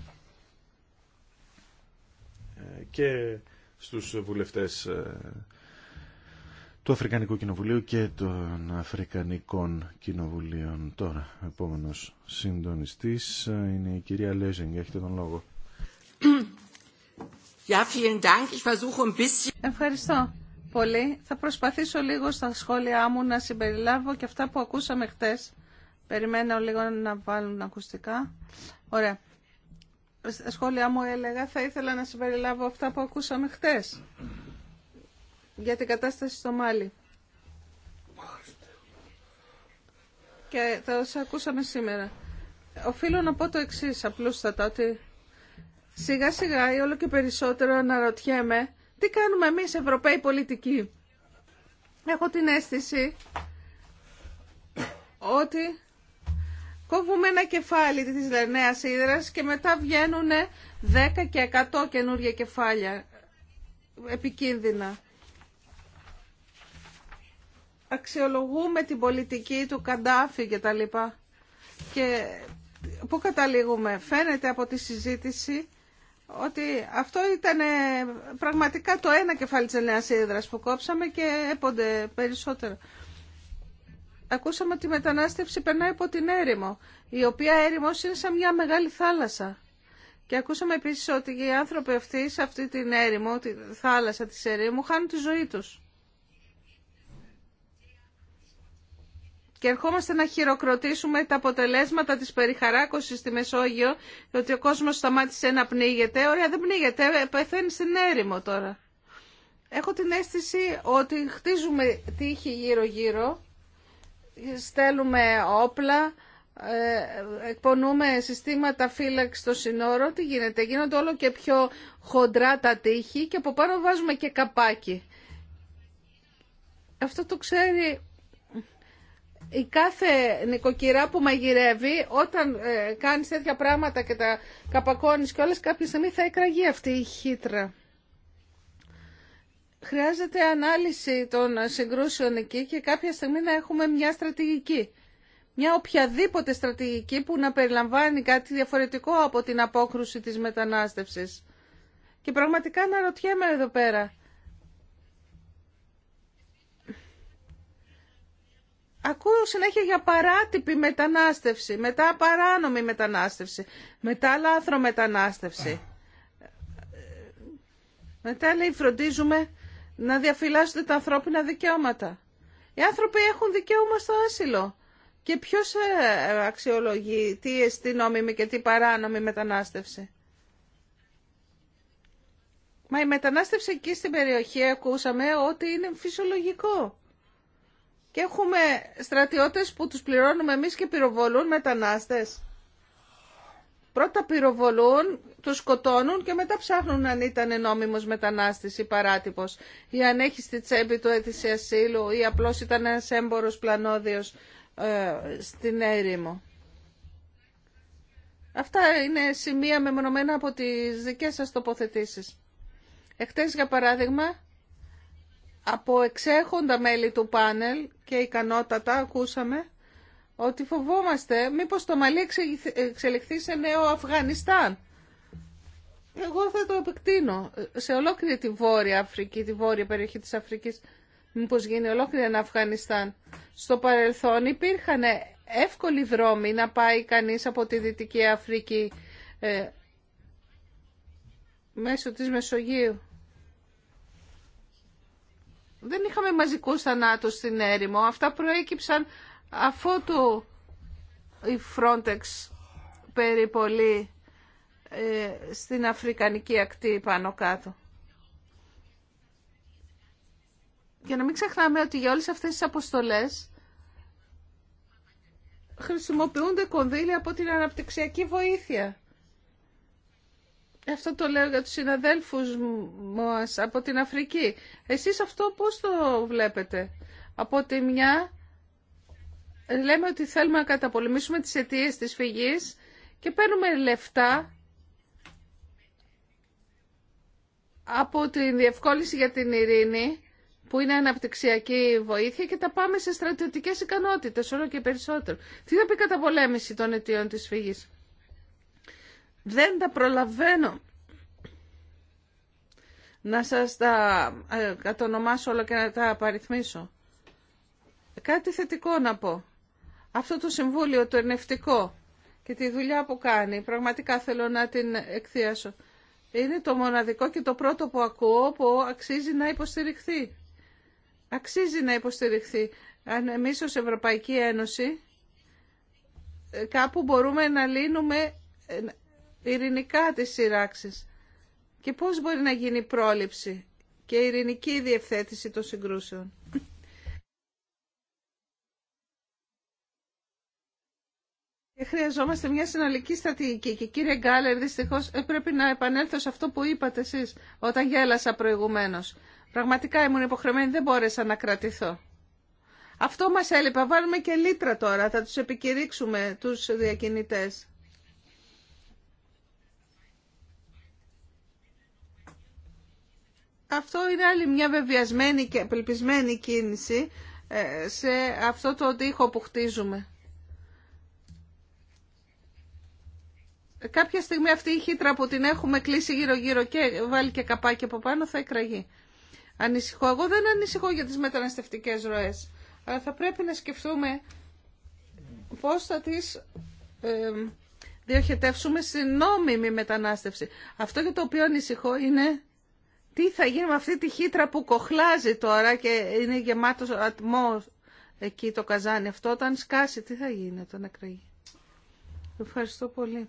ε, και στους βουλευτές ε, του Αφρικανικού Κοινοβουλίου και των Αφρικανικών Κοινοβουλίων. Τώρα, επόμενος συντονιστή. είναι η κυρία Λέζινγκ. Έχετε τον λόγο. Ευχαριστώ πολύ. Θα προσπαθήσω λίγο στα σχόλιά μου να συμπεριλάβω και αυτά που ακούσαμε χτες. Περιμένω λίγο να βάλουν ακουστικά. Ωραία. Στα σχόλιά μου έλεγα θα ήθελα να συμπεριλάβω αυτά που ακούσαμε χτες για την κατάσταση στο Μάλι. Και θα όσα ακούσαμε σήμερα. Οφείλω να πω το εξή απλούστατα, ότι σιγά σιγά ή όλο και περισσότερο αναρωτιέμαι τι κάνουμε εμείς Ευρωπαίοι πολιτικοί. Έχω την αίσθηση ότι κόβουμε ένα κεφάλι της Λερναίας Ήδρας και μετά βγαίνουν 10 και 100 καινούργια κεφάλια επικίνδυνα αξιολογούμε την πολιτική του Καντάφη και τα λοιπά. Και πού καταλήγουμε. Φαίνεται από τη συζήτηση ότι αυτό ήταν πραγματικά το ένα κεφάλι της νέας ίδρας που καταληγουμε φαινεται απο τη συζητηση οτι αυτο ηταν πραγματικα το ενα κεφαλι της νεας που κοψαμε και έπονται περισσότερο. Ακούσαμε ότι η μετανάστευση περνάει από την έρημο, η οποία έρημος είναι σαν μια μεγάλη θάλασσα. Και ακούσαμε επίσης ότι οι άνθρωποι αυτοί σε αυτή την έρημο, τη θάλασσα της έρημου, χάνουν τη ζωή τους. Και ερχόμαστε να χειροκροτήσουμε τα αποτελέσματα της περιχαράκωσης στη Μεσόγειο, ότι ο κόσμος σταμάτησε να πνίγεται. Ωραία, δεν πνίγεται, ε, πεθαίνει στην έρημο τώρα. Έχω την αίσθηση ότι χτίζουμε τείχη γύρω-γύρω, στέλνουμε όπλα, ε, εκπονούμε συστήματα φύλαξη στο σύνορο. Τι γίνεται, γίνονται όλο και πιο χοντρά τα τείχη και από πάνω βάζουμε και καπάκι. Αυτό το ξέρει η κάθε νοικοκυρά που μαγειρεύει, όταν ε, κάνει τέτοια πράγματα και τα καπακώνει και όλες, κάποια στιγμή θα εκραγεί αυτή η χύτρα. Χρειάζεται ανάλυση των συγκρούσεων εκεί και κάποια στιγμή να έχουμε μια στρατηγική. Μια οποιαδήποτε στρατηγική που να περιλαμβάνει κάτι διαφορετικό από την απόκρουση της μετανάστευσης. Και πραγματικά ρωτιέμαι εδώ πέρα. Ακούω συνέχεια για παράτυπη μετανάστευση, μετά παράνομη μετανάστευση, μετά λάθρο μετανάστευση. Μετά λέει φροντίζουμε να διαφυλάσσονται τα ανθρώπινα δικαιώματα. Οι άνθρωποι έχουν δικαίωμα στο άσυλο. Και ποιος ε, αξιολογεί τι εστί νόμιμη και τι παράνομη μετανάστευση. Μα η μετανάστευση εκεί στην περιοχή ακούσαμε ότι είναι φυσιολογικό. Και έχουμε στρατιώτες που τους πληρώνουμε εμείς και πυροβολούν μετανάστες. Πρώτα πυροβολούν, τους σκοτώνουν και μετά ψάχνουν αν ήταν νόμιμος μετανάστης ή παράτυπος ή αν έχει στη τσέπη του αίτηση ασύλου ή απλώς ήταν ένας έμπορος πλανόδιος ε, στην έρημο. Αυτά είναι σημεία μεμονωμένα από τις δικές σας τοποθετήσεις. Εχθές, για παράδειγμα, από εξέχοντα μέλη του πάνελ και ικανότατα ακούσαμε ότι φοβόμαστε μήπως το Μαλί εξελιχθεί σε νέο Αφγανιστάν. Εγώ θα το επεκτείνω σε ολόκληρη τη Βόρεια Αφρική, τη Βόρεια περιοχή της Αφρικής, μήπως γίνει ολόκληρη ένα Αφγανιστάν. Στο παρελθόν υπήρχαν εύκολοι δρόμοι να πάει κανείς από τη Δυτική Αφρική ε, μέσω της Μεσογείου δεν είχαμε μαζικού θανάτου στην έρημο. Αυτά προέκυψαν αφότου η Frontex περίπολη ε, στην Αφρικανική ακτή πάνω κάτω. Και να μην ξεχνάμε ότι για όλες αυτές τις αποστολές χρησιμοποιούνται κονδύλια από την αναπτυξιακή βοήθεια. Αυτό το λέω για τους συναδέλφους μας από την Αφρική. Εσείς αυτό πώς το βλέπετε. Από τη μια λέμε ότι θέλουμε να καταπολεμήσουμε τις αιτίες της φυγής και παίρνουμε λεφτά από την διευκόλυνση για την ειρήνη που είναι αναπτυξιακή βοήθεια και τα πάμε σε στρατιωτικές ικανότητες όλο και περισσότερο. Τι θα πει καταπολέμηση των αιτίων της φυγής. Δεν τα προλαβαίνω να σας τα ε, κατονομάσω όλα και να τα απαριθμίσω. Κάτι θετικό να πω. Αυτό το συμβούλιο, το ερνευτικό και τη δουλειά που κάνει, πραγματικά θέλω να την εκθίασω. Είναι το μοναδικό και το πρώτο που ακούω που αξίζει να υποστηριχθεί. Αξίζει να υποστηριχθεί. Αν εμείς ως Ευρωπαϊκή Ένωση ε, κάπου μπορούμε να λύνουμε ε, ειρηνικά τις σειράξεις και πώς μπορεί να γίνει πρόληψη και ειρηνική διευθέτηση των συγκρούσεων. Και χρειαζόμαστε μια συνολική στρατηγική. Και κύριε Γκάλερ, δυστυχώς ε, πρέπει να επανέλθω σε αυτό που είπατε εσείς όταν γέλασα προηγουμένως. Πραγματικά ήμουν υποχρεωμένη, δεν μπόρεσα να κρατηθώ. Αυτό μας έλειπα. Βάλουμε και λίτρα τώρα. Θα τους επικηρύξουμε τους διακινητές. Αυτό είναι άλλη μια βεβαιασμένη και απελπισμένη κίνηση ε, σε αυτό το τοίχο που χτίζουμε. Κάποια στιγμή αυτή η χύτρα που την έχουμε κλείσει γύρω-γύρω και βάλει και καπάκι από πάνω θα εκραγεί. Ανησυχώ. Εγώ δεν ανησυχώ για τις μεταναστευτικές ροές. Αλλά θα πρέπει να σκεφτούμε πώς θα τις ε, διοχετεύσουμε στην νόμιμη μετανάστευση. Αυτό για το οποίο ανησυχώ είναι τι θα γίνει με αυτή τη χύτρα που κοχλάζει τώρα και είναι γεμάτος ατμός εκεί το καζάνι αυτό. Όταν σκάσει, τι θα γίνει όταν εκραγεί. Ευχαριστώ πολύ.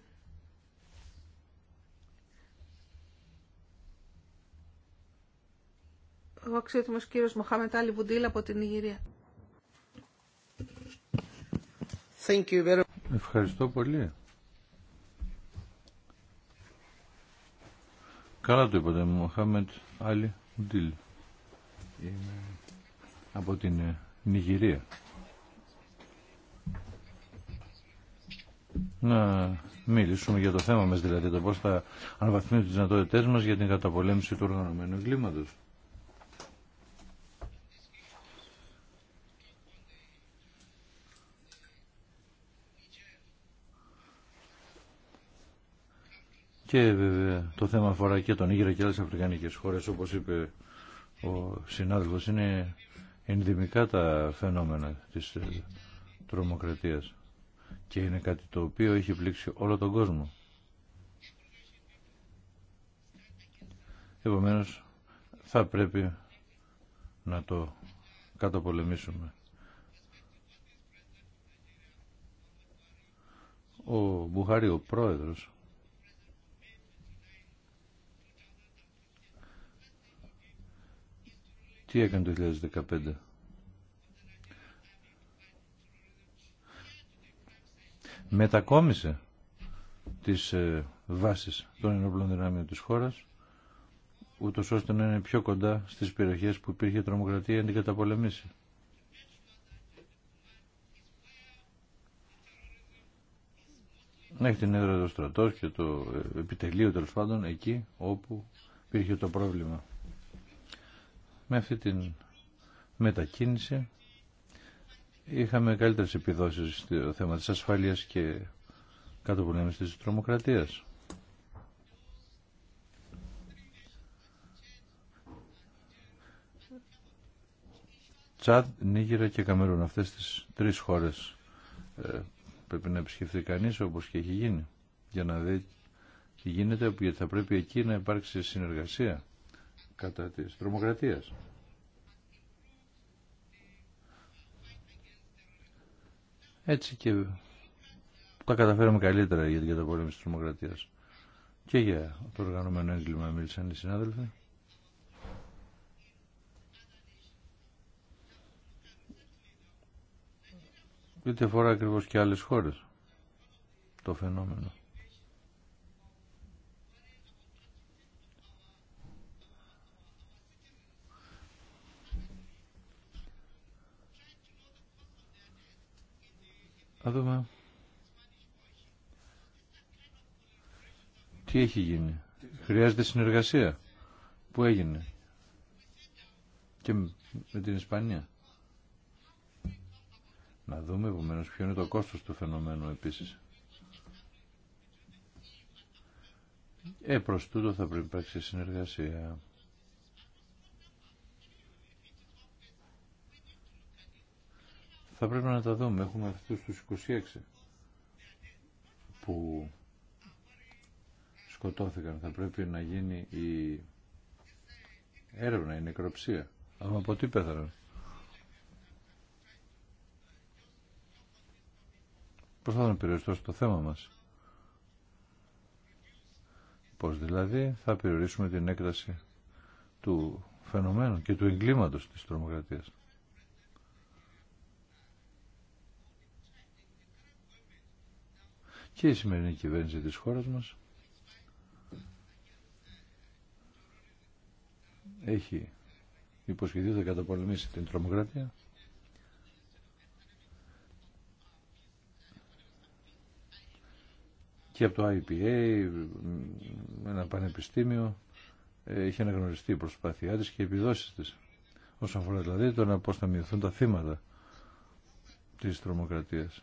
Ο αξιότιμος κύριος Μοχάμετ Άλλη από την Ιγυρία. Thank Ευχαριστώ πολύ. Καλά το είπατε, Μοχάμετ Άλλη Ντίλ. Είμαι από την ε, Νιγηρία. Να μιλήσουμε για το θέμα μας, δηλαδή το πώς θα αναβαθμίσουμε τις δυνατότητές μας για την καταπολέμηση του οργανωμένου εγκλήματος. Και βέβαια το θέμα αφορά και τον Ήγερα και άλλες αφρικανικές χώρες, όπως είπε ο συνάδελφος, είναι ενδυμικά τα φαινόμενα της ε, τρομοκρατίας και είναι κάτι το οποίο έχει πλήξει όλο τον κόσμο. Επομένως, θα πρέπει να το καταπολεμήσουμε. Ο Μπουχάρη, ο πρόεδρος Τι έκανε το 2015. Μετακόμισε τις ε, βάσεις των ενόπλων δυνάμεων της χώρας ούτως ώστε να είναι πιο κοντά στις περιοχές που υπήρχε τρομοκρατία να την καταπολεμήσει. Να έχει την έδρα του στρατό και το ε, επιτελείο τέλο πάντων εκεί όπου υπήρχε το πρόβλημα με αυτή την μετακίνηση είχαμε καλύτερες επιδόσεις στο θέμα της ασφαλείας και κάτω τη της τρομοκρατίας. Τσάντ, Νίγηρα και Καμερούν. Αυτές τις τρεις χώρες ε, πρέπει να επισκεφθεί κανείς όπως και έχει γίνει για να δει τι γίνεται γιατί θα πρέπει εκεί να υπάρξει συνεργασία κατά της τρομοκρατίας. Έτσι και τα καταφέραμε καλύτερα για την καταπολέμηση της τρομοκρατίας. Και για το οργανωμένο έγκλημα μίλησαν οι συνάδελφοι. Διότι αφορά ακριβώ και άλλες χώρες το φαινόμενο. να δούμε τι έχει γίνει. Χρειάζεται συνεργασία που έγινε και με την Ισπανία. Να δούμε επομένως ποιο είναι το κόστος του φαινομένου επίσης. Ε, προς τούτο θα πρέπει να υπάρξει συνεργασία. θα πρέπει να τα δούμε. Έχουμε αυτού τους 26 που σκοτώθηκαν. Θα πρέπει να γίνει η έρευνα, η νεκροψία. Αλλά από τι πέθαναν. θα τον περιοριστώ στο θέμα μας. Πώς δηλαδή θα περιορίσουμε την έκταση του φαινομένου και του εγκλήματος της τρομοκρατίας. και η σημερινή κυβέρνηση της χώρας μας έχει υποσχεθεί ότι θα καταπολεμήσει την τρομοκρατία και από το IPA, ένα πανεπιστήμιο, έχει ε, αναγνωριστεί η προσπάθειά της και οι επιδόσεις της. Όσον αφορά δηλαδή το να πώς θα μειωθούν τα θύματα της τρομοκρατίας.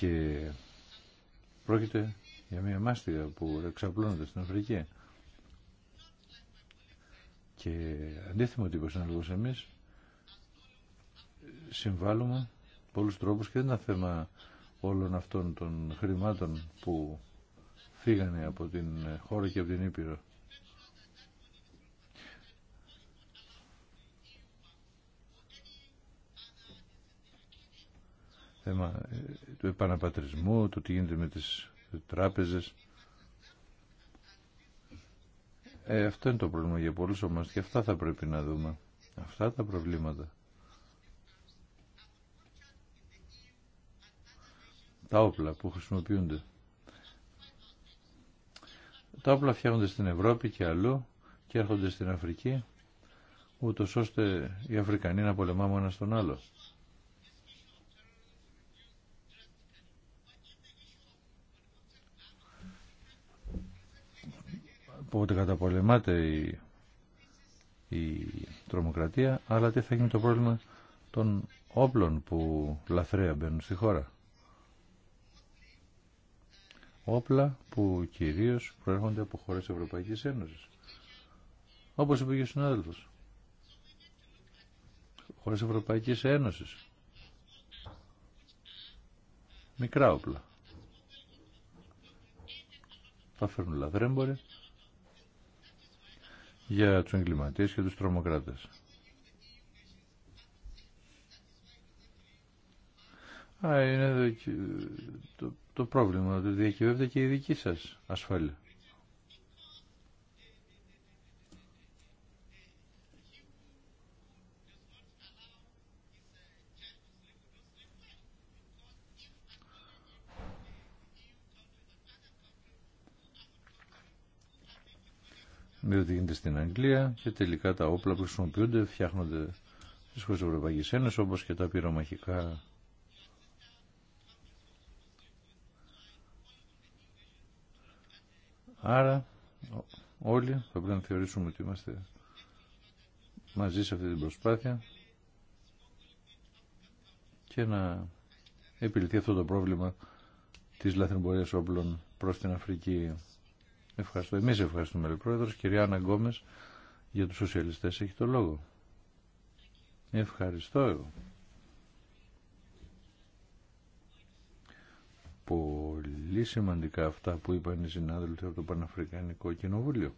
και πρόκειται για μια μάστιγα που εξαπλώνονται στην Αφρική. Και αντίθεμα ότι είπα εμείς, συμβάλλουμε πολλούς τρόπους και δεν είναι θέμα όλων αυτών των χρημάτων που φύγανε από την χώρα και από την Ήπειρο. θέμα ε, του επαναπατρισμού, του τι γίνεται με τις τράπεζες. Ε, αυτό είναι το πρόβλημα για πολλούς όμως και αυτά θα πρέπει να δούμε. Αυτά τα προβλήματα. Τα όπλα που χρησιμοποιούνται. Τα όπλα φτιάχνονται στην Ευρώπη και αλλού και έρχονται στην Αφρική ούτω ώστε οι Αφρικανοί να πολεμάμε ένα στον άλλο. Οπότε καταπολεμάται η, η τρομοκρατία, αλλά τι θα γίνει το πρόβλημα των όπλων που λαθρέα μπαίνουν στη χώρα. Όπλα που κυρίως προέρχονται από χώρες Ευρωπαϊκής Ένωσης. Όπως είπε και ο συνάδελφος. Χώρες Ευρωπαϊκής Ένωσης. Μικρά όπλα. Θα φέρνουν για τους εγκληματίες και τους τρομοκράτες. Α, είναι το, το πρόβλημα ότι διακυβεύεται και η δική σας ασφάλεια. με γίνεται στην Αγγλία και τελικά τα όπλα που χρησιμοποιούνται φτιάχνονται στις χώρες της Ευρωπαϊκής Ένωσης όπως και τα πυρομαχικά Άρα όλοι θα πρέπει να θεωρήσουμε ότι είμαστε μαζί σε αυτή την προσπάθεια και να επιληθεί αυτό το πρόβλημα της λαθρεμπορίας όπλων προς την Αφρική. Ευχαριστώ. Εμείς ευχαριστούμε, λέει Πρόεδρος. Κυρία Άννα για τους σοσιαλιστές έχει το λόγο. Ευχαριστώ εγώ. Πολύ σημαντικά αυτά που είπαν οι συνάδελφοι από το Παναφρικανικό Κοινοβούλιο.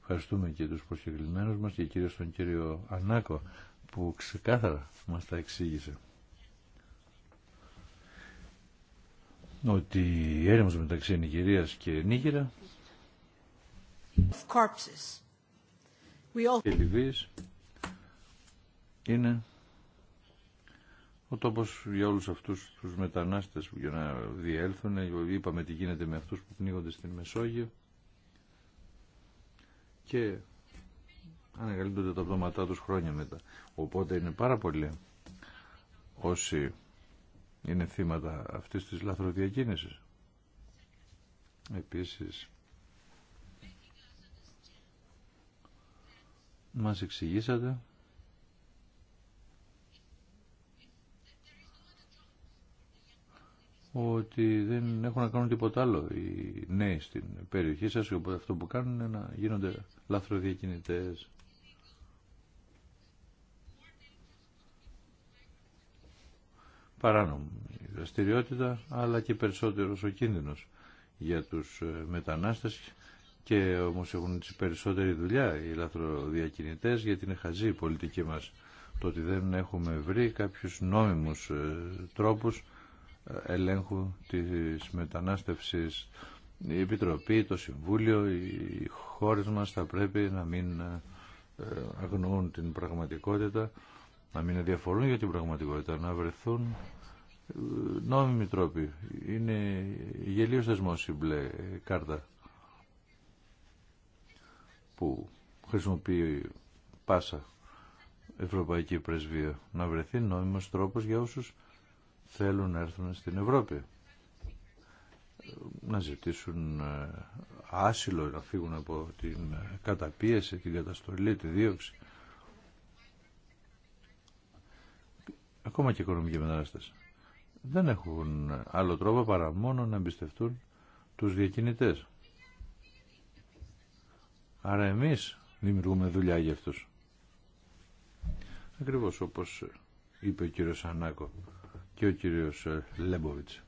Ευχαριστούμε και τους προσκεκλημένους μας και κυρίως τον κύριο Ανάκο που ξεκάθαρα μας τα εξήγησε. ότι η έρευνα μεταξύ Νιγηρίας και Νίγηρα και Λιβύης είναι ο τόπος για όλους αυτούς τους μετανάστες που για να διέλθουν είπαμε τι γίνεται με αυτούς που πνίγονται στην Μεσόγειο και ανακαλύπτονται τα πτώματά τους χρόνια μετά οπότε είναι πάρα πολλοί όσοι είναι θύματα αυτής της λαθροδιακίνησης. Επίσης, μας εξηγήσατε ότι δεν έχουν να κάνουν τίποτα άλλο οι νέοι στην περιοχή σας, οπότε αυτό που κάνουν είναι να γίνονται λαθροδιακινητές. παράνομη δραστηριότητα αλλά και περισσότερος ο κίνδυνος για τους ε, μετανάστες και όμως έχουν τις περισσότερη δουλειά οι λαθροδιακινητές γιατί είναι χαζή η πολιτική μας το ότι δεν έχουμε βρει κάποιους νόμιμους ε, τρόπους ε, ελέγχου της μετανάστευσης η Επιτροπή, το Συμβούλιο, οι χώρες μας θα πρέπει να μην αγνοούν την πραγματικότητα να μην διαφορούν για την πραγματικότητα, να βρεθούν ε, νόμιμοι τρόποι. Είναι γελίος θεσμός η μπλε κάρτα που χρησιμοποιεί πάσα Ευρωπαϊκή Πρεσβεία. Να βρεθεί νόμιμος τρόπος για όσους θέλουν να έρθουν στην Ευρώπη. Να ζητήσουν ε, άσυλο, να φύγουν από την καταπίεση, την καταστολή, τη δίωξη. ακόμα και οικονομικοί μετανάστες, δεν έχουν άλλο τρόπο παρά μόνο να εμπιστευτούν τους διακινητές. Άρα εμείς δημιουργούμε δουλειά για αυτούς. Ακριβώς όπως είπε ο κύριος Ανάκο και ο κύριος ε, Λέμποβιτς.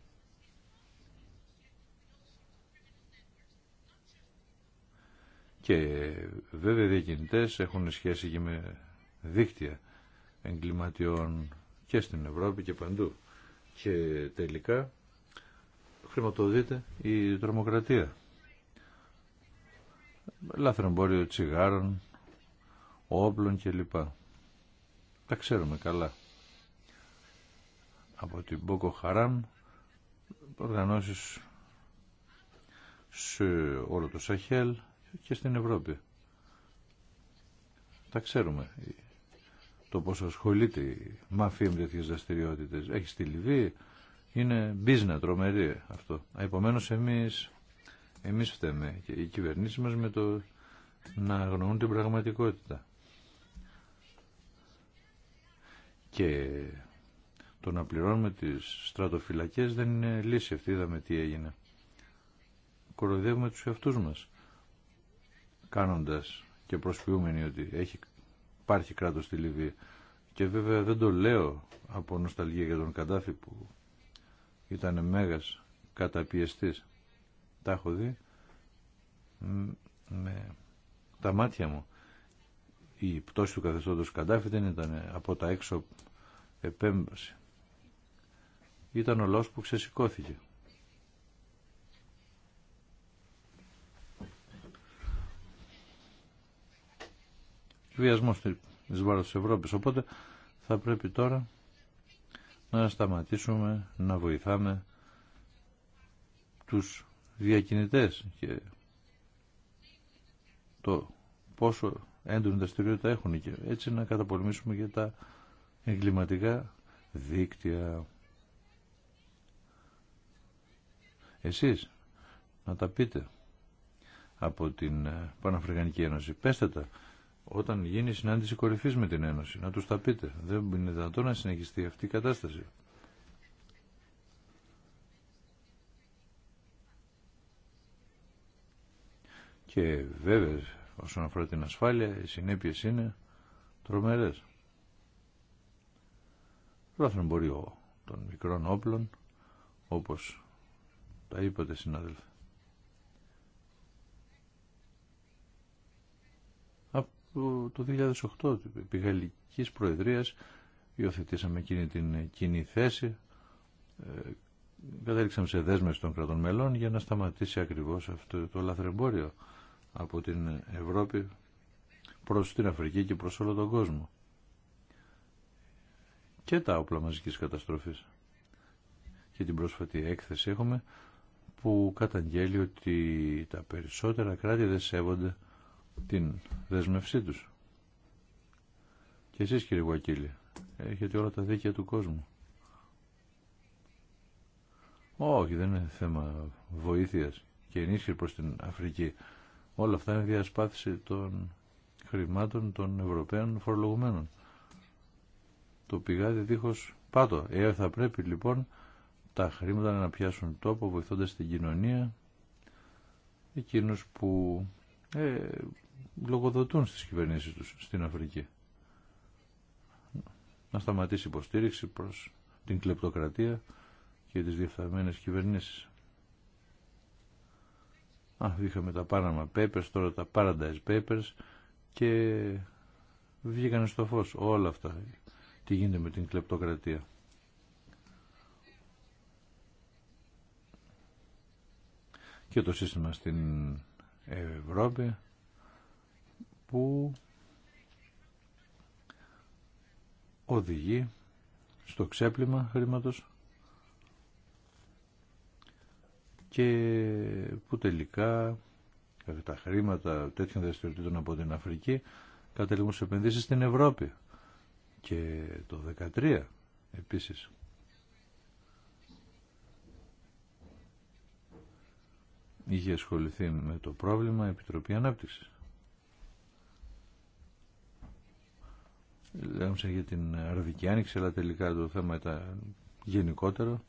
Και βέβαια οι διακινητές έχουν σχέση και με δίκτυα εγκληματιών και στην Ευρώπη και παντού. Και τελικά χρηματοδοτείται η τρομοκρατία. Λάθρο εμπόριο τσιγάρων, όπλων κλπ. Τα ξέρουμε καλά. Από την Μπόκο Χαράμ οργανώσεις σε όλο το Σαχέλ και στην Ευρώπη. Τα ξέρουμε το πόσο ασχολείται η μαφία με τέτοιε δραστηριότητε. Έχει στη Λιβύη, είναι business, τρομερή αυτό. Επομένω εμείς, εμείς φταίμε και οι κυβερνήσει μα με το να αγνοούν την πραγματικότητα. Και το να πληρώνουμε τις στρατοφυλακές δεν είναι λύση αυτή, είδαμε τι έγινε. Κοροϊδεύουμε τους εαυτούς μας, κάνοντας και προσποιούμενοι ότι έχει υπάρχει κράτος στη Λιβύη. Και βέβαια δεν το λέω από νοσταλγία για τον Καντάφη που ήταν μέγας καταπιεστής. Τα έχω δει με τα μάτια μου. Η πτώση του καθεστώτος Καντάφη δεν ήταν από τα έξω επέμβαση. Ήταν ο λαός που ξεσηκώθηκε. βιασμό της βάρος της Ευρώπης. Οπότε θα πρέπει τώρα να σταματήσουμε να βοηθάμε τους διακινητές και το πόσο έντονη δραστηριότητα έχουν και έτσι να καταπολεμήσουμε και τα εγκληματικά δίκτυα. Εσείς να τα πείτε από την ε, Παναφρικανική Ένωση. Πέστε τα όταν γίνει η συνάντηση κορυφή με την Ένωση. Να τους τα πείτε. Δεν είναι δυνατόν να συνεχιστεί αυτή η κατάσταση. Και βέβαια όσον αφορά την ασφάλεια οι συνέπειες είναι τρομερές. Πρόθυμο μπορεί των μικρών όπλων όπως τα είπατε συνάδελφοι. το 2008 επί Γαλλικής Προεδρίας υιοθετήσαμε εκείνη την κοινή θέση ε, κατάληξαμε σε δέσμευση των κρατών μελών για να σταματήσει ακριβώς αυτό το λαθρεμπόριο από την Ευρώπη προς την Αφρική και προς όλο τον κόσμο και τα όπλα μαζικής καταστροφής και την πρόσφατη έκθεση έχουμε που καταγγέλει ότι τα περισσότερα κράτη δεν σέβονται την δεσμευσή τους. Και εσείς κύριε Γουακίλη, έχετε όλα τα δίκαια του κόσμου. Όχι, δεν είναι θέμα βοήθειας και ενίσχυση προς την Αφρική. Όλα αυτά είναι διασπάθηση των χρημάτων των Ευρωπαίων φορολογουμένων. Το πηγάδι δίχως πάτο. Ε, θα πρέπει λοιπόν τα χρήματα να πιάσουν τόπο βοηθώντας την κοινωνία εκείνους που ε, λογοδοτούν στις κυβερνήσεις τους στην Αφρική. Να σταματήσει υποστήριξη προς την κλεπτοκρατία και τις διεφθαρμένες κυβερνήσεις. Α, είχαμε τα Panama Papers, τώρα τα Paradise Papers και βγήκαν στο φως όλα αυτά. Τι γίνεται με την κλεπτοκρατία. Και το σύστημα στην Ευρώπη που οδηγεί στο ξέπλυμα χρήματος και που τελικά τα χρήματα τέτοιων δραστηριοτήτων από την Αφρική κατελήγουν σε επενδύσεις στην Ευρώπη και το 2013 επίσης είχε ασχοληθεί με το πρόβλημα Επιτροπή Ανάπτυξης. Λέγαμε για την Αραβική Άνοιξη, αλλά τελικά το θέμα ήταν γενικότερο.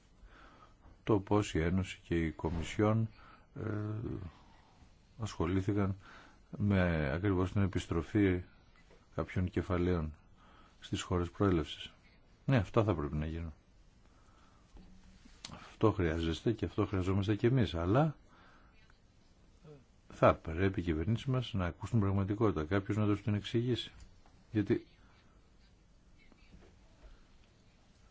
Το πώς η Ένωση και η Κομισιόν ε, ασχολήθηκαν με ακριβώς την επιστροφή κάποιων κεφαλαίων στις χώρες προέλευσης. Ναι, αυτά θα πρέπει να γίνουν. Αυτό χρειάζεστε και αυτό χρειαζόμαστε και εμείς. Αλλά θα πρέπει οι κυβερνήσει μα να ακούσουν πραγματικότητα. Κάποιο να του την εξηγήσει. Γιατί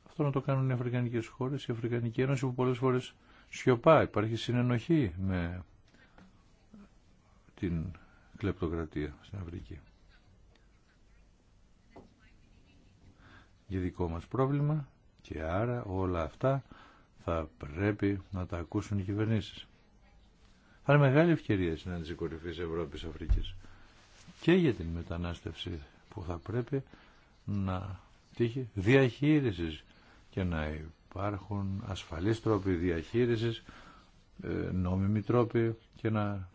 αυτό να το κάνουν οι Αφρικανικέ χώρε, η Αφρικανική Ένωση που πολλέ φορέ σιωπά. Υπάρχει συνενοχή με την κλεπτοκρατία στην Αφρική. Για δικό μας πρόβλημα και άρα όλα αυτά θα πρέπει να τα ακούσουν οι κυβερνήσεις. Θα είναι μεγάλη ευκαιρία συνάντηση κορυφή Ευρώπη Αφρική και για την μετανάστευση που θα πρέπει να τύχει διαχείριση και να υπάρχουν ασφαλείς τρόποι διαχείρισης, ε, νόμιμοι τρόποι και να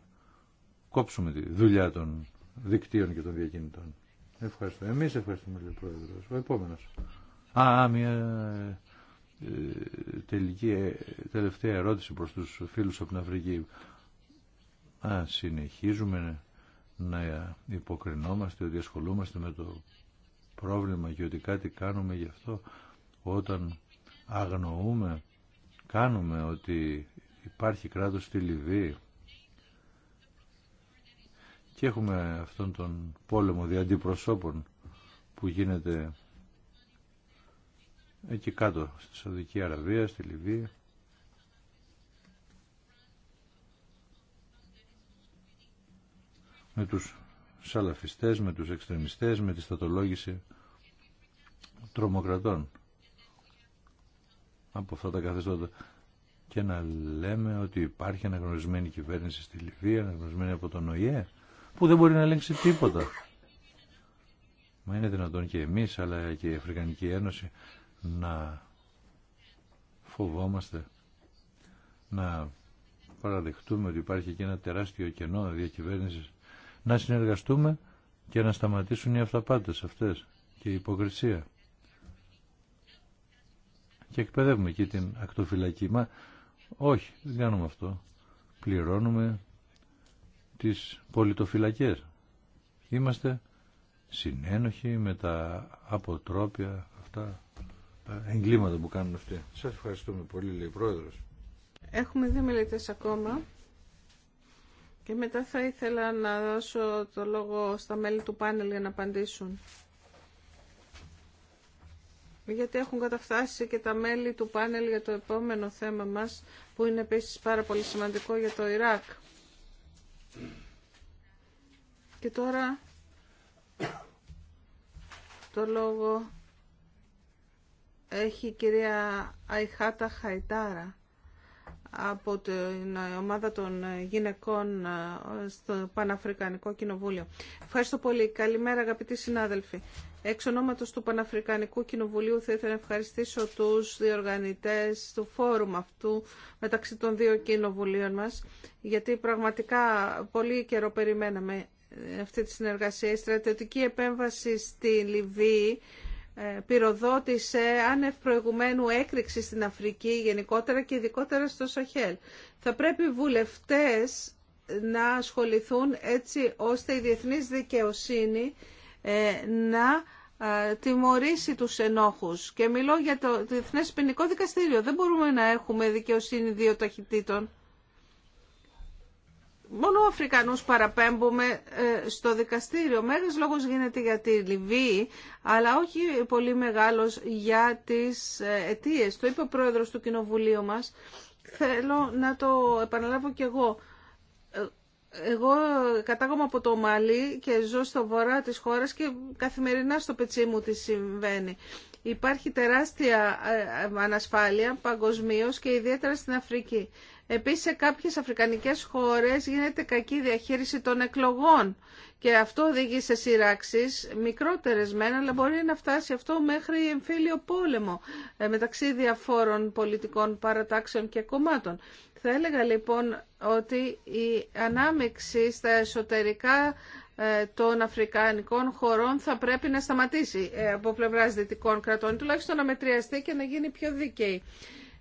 κόψουμε τη δουλειά των δικτύων και των διακινητών. Ευχαριστώ. Εμείς ευχαριστούμε, λέει ο Πρόεδρος. Ο επόμενος. Α, μια ε, ε, τελική, τελευταία ερώτηση προς τους φίλους από την Αφρική. Α, συνεχίζουμε να υποκρινόμαστε ότι ασχολούμαστε με το πρόβλημα και ότι κάτι κάνουμε γι' αυτό όταν αγνοούμε, κάνουμε ότι υπάρχει κράτος στη Λιβύη και έχουμε αυτόν τον πόλεμο δι' που γίνεται εκεί κάτω, στη Σαουδική Αραβία, στη Λιβύη. με τους σαλαφιστές, με τους εξτρεμιστές, με τη στατολόγηση τρομοκρατών από αυτά τα καθεστώτα και να λέμε ότι υπάρχει αναγνωρισμένη κυβέρνηση στη Λιβύη, αναγνωρισμένη από τον ΟΗΕ, που δεν μπορεί να ελέγξει τίποτα. Μα είναι δυνατόν και εμείς, αλλά και η Αφρικανική Ένωση, να φοβόμαστε, να παραδεχτούμε ότι υπάρχει και ένα τεράστιο κενό διακυβέρνησης να συνεργαστούμε και να σταματήσουν οι αυταπάτες αυτές και η υποκρισία. Και εκπαιδεύουμε και την ακτοφυλακή. Μα όχι, δεν κάνουμε αυτό. Πληρώνουμε τις πολιτοφυλακές. Είμαστε συνένοχοι με τα αποτρόπια αυτά τα εγκλήματα που κάνουν αυτοί. Σας ευχαριστούμε πολύ, λέει Πρόεδρος. Έχουμε δύο μελετές ακόμα. Και μετά θα ήθελα να δώσω το λόγο στα μέλη του πάνελ για να απαντήσουν. Γιατί έχουν καταφτάσει και τα μέλη του πάνελ για το επόμενο θέμα μας, που είναι επίσης πάρα πολύ σημαντικό για το Ιράκ. Και τώρα το λόγο έχει η κυρία Αϊχάτα Χαϊτάρα από την ομάδα των γυναικών ε, στο Παναφρικανικό Κοινοβούλιο. Ευχαριστώ πολύ. Καλημέρα αγαπητοί συνάδελφοι. Εξ ονόματος του Παναφρικανικού Κοινοβουλίου θα ήθελα να ευχαριστήσω τους διοργανητές του φόρουμ αυτού μεταξύ των δύο κοινοβουλίων μας γιατί πραγματικά πολύ καιρό περιμέναμε αυτή τη συνεργασία. Η στρατιωτική επέμβαση στη Λιβύη ε, πυροδότησε άνευ προηγουμένου έκρηξη στην Αφρική γενικότερα και ειδικότερα στο Σαχέλ. Θα πρέπει οι βουλευτές να ασχοληθούν έτσι ώστε η διεθνής δικαιοσύνη ε, να ε, τιμωρήσει τους ενόχους. Και μιλώ για το Διεθνές Ποινικό Δικαστήριο. Δεν μπορούμε να έχουμε δικαιοσύνη δύο ταχυτήτων μόνο Αφρικανούς παραπέμπουμε ε, στο δικαστήριο. Μέγας λόγος γίνεται για τη Λιβύη, αλλά όχι πολύ μεγάλος για τις ε, αιτίες. Το είπε ο πρόεδρος του Κοινοβουλίου μας. Θέλω να το επαναλάβω κι εγώ. Ε, εγώ κατάγομαι από το Μαλί και ζω στο βορρά της χώρας και καθημερινά στο πετσί μου τι συμβαίνει. Υπάρχει τεράστια ανασφάλεια παγκοσμίω και ιδιαίτερα στην Αφρική. Επίσης σε κάποιες αφρικανικές χώρες γίνεται κακή διαχείριση των εκλογών και αυτό οδηγεί σε σειράξεις μικρότερες μένα, αλλά μπορεί να φτάσει αυτό μέχρι εμφύλιο πόλεμο ε, μεταξύ διαφόρων πολιτικών παρατάξεων και κομμάτων. Θα έλεγα λοιπόν ότι η ανάμεξη στα εσωτερικά ε, των αφρικανικών χωρών θα πρέπει να σταματήσει ε, από πλευράς δυτικών κρατών, τουλάχιστον να μετριαστεί και να γίνει πιο δίκαιη.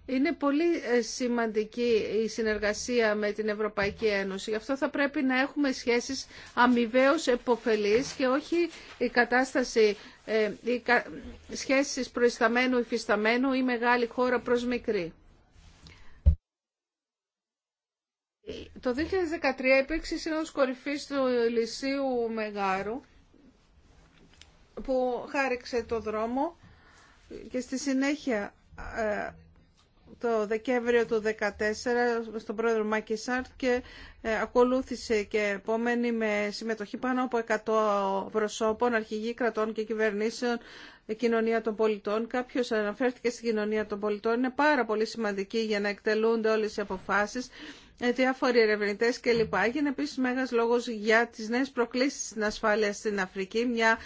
Είναι πολύ ε, σημαντική η συνεργασία με την Ευρωπαϊκή Ένωση. Γι' αυτό θα πρέπει να έχουμε σχέσεις αμοιβαίως αμοιβαίως-εποφελείς και όχι η κατάσταση οι ε, σχέσεις προϊσταμένου υφισταμένου ή μεγάλη χώρα προς μικρή. Το 2013 υπήρξε σύνοδος κορυφής του Λυσίου Μεγάρου που χάριξε το δρόμο και στη συνέχεια ε, το Δεκέμβριο του 2014 στον πρόεδρο Μάκη Σάρτ και ε, ακολούθησε και επόμενη με συμμετοχή πάνω από 100 προσώπων, αρχηγοί κρατών και κυβερνήσεων, ε, κοινωνία των πολιτών. Κάποιο αναφέρθηκε στην κοινωνία των πολιτών. Είναι πάρα πολύ σημαντική για να εκτελούνται όλε οι αποφάσει. Ε, διάφοροι ερευνητέ κλπ. Έγινε επίση μέγα λόγο για τι νέε προκλήσει στην ασφάλεια στην Αφρική, μια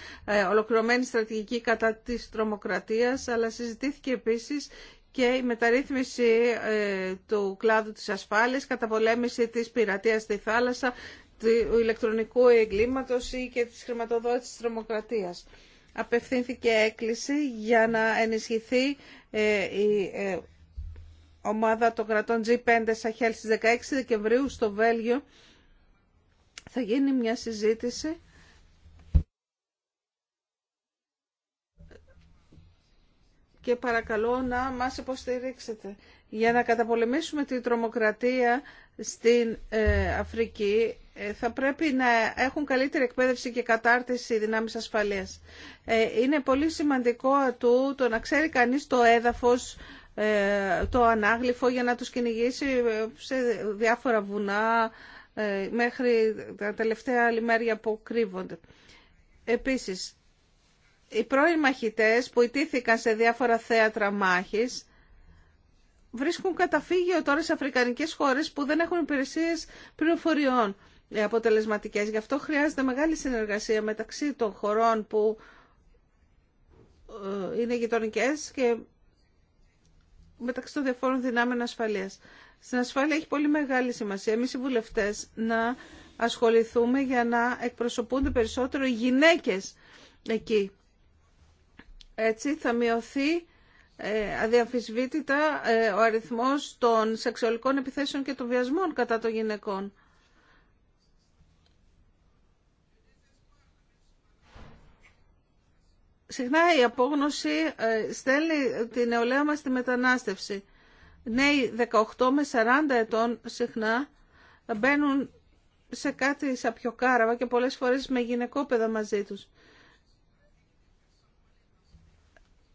ολοκληρωμένη στρατηγική κατά τη τρομοκρατία, αλλά συζητήθηκε επίση και η μεταρρύθμιση ε, του κλάδου της ασφάλειας, καταπολέμηση της πειρατείας στη θάλασσα, του ηλεκτρονικού εγκλήματος ή και της χρηματοδότησης της τρομοκρατίας. Απευθύνθηκε έκκληση για να ενισχυθεί ε, η ε, ομάδα των κρατών G5 Σαχέλ στις 16 Δεκεμβρίου στο Βέλγιο. Θα γίνει μια συζήτηση και παρακαλώ να μας υποστηρίξετε για να καταπολεμήσουμε την τρομοκρατία στην ε, Αφρική ε, θα πρέπει να έχουν καλύτερη εκπαίδευση και κατάρτιση δυνάμεις ασφαλείας. Ε, είναι πολύ σημαντικό ατού το να ξέρει κανείς το έδαφος, το ανάγλυφο για να τους κυνηγήσει σε διάφορα βουνά μέχρι τα τελευταία λιμέρια που κρύβονται. Επίσης, οι πρώοι μαχητές που ιτήθηκαν σε διάφορα θέατρα μάχης βρίσκουν καταφύγιο τώρα σε αφρικανικές χώρες που δεν έχουν υπηρεσίες πληροφοριών ε, αποτελεσματικές. Γι' αυτό χρειάζεται μεγάλη συνεργασία μεταξύ των χωρών που ε, είναι γειτονικέ και μεταξύ των διαφόρων δυνάμεων ασφαλείας. Στην ασφάλεια έχει πολύ μεγάλη σημασία εμείς οι βουλευτές να ασχοληθούμε για να εκπροσωπούνται περισσότερο οι γυναίκες εκεί έτσι θα μειωθεί ε, αδιαμφισβήτητα ε, ο αριθμός των σεξουαλικών επιθέσεων και των βιασμών κατά των γυναικών. Συχνά η απόγνωση ε, στέλνει την νεολαία μας στη μετανάστευση. Νέοι 18 με 40 ετών συχνά μπαίνουν σε κάτι σαπιοκάραβα και πολλές φορές με γυναικόπαιδα μαζί τους.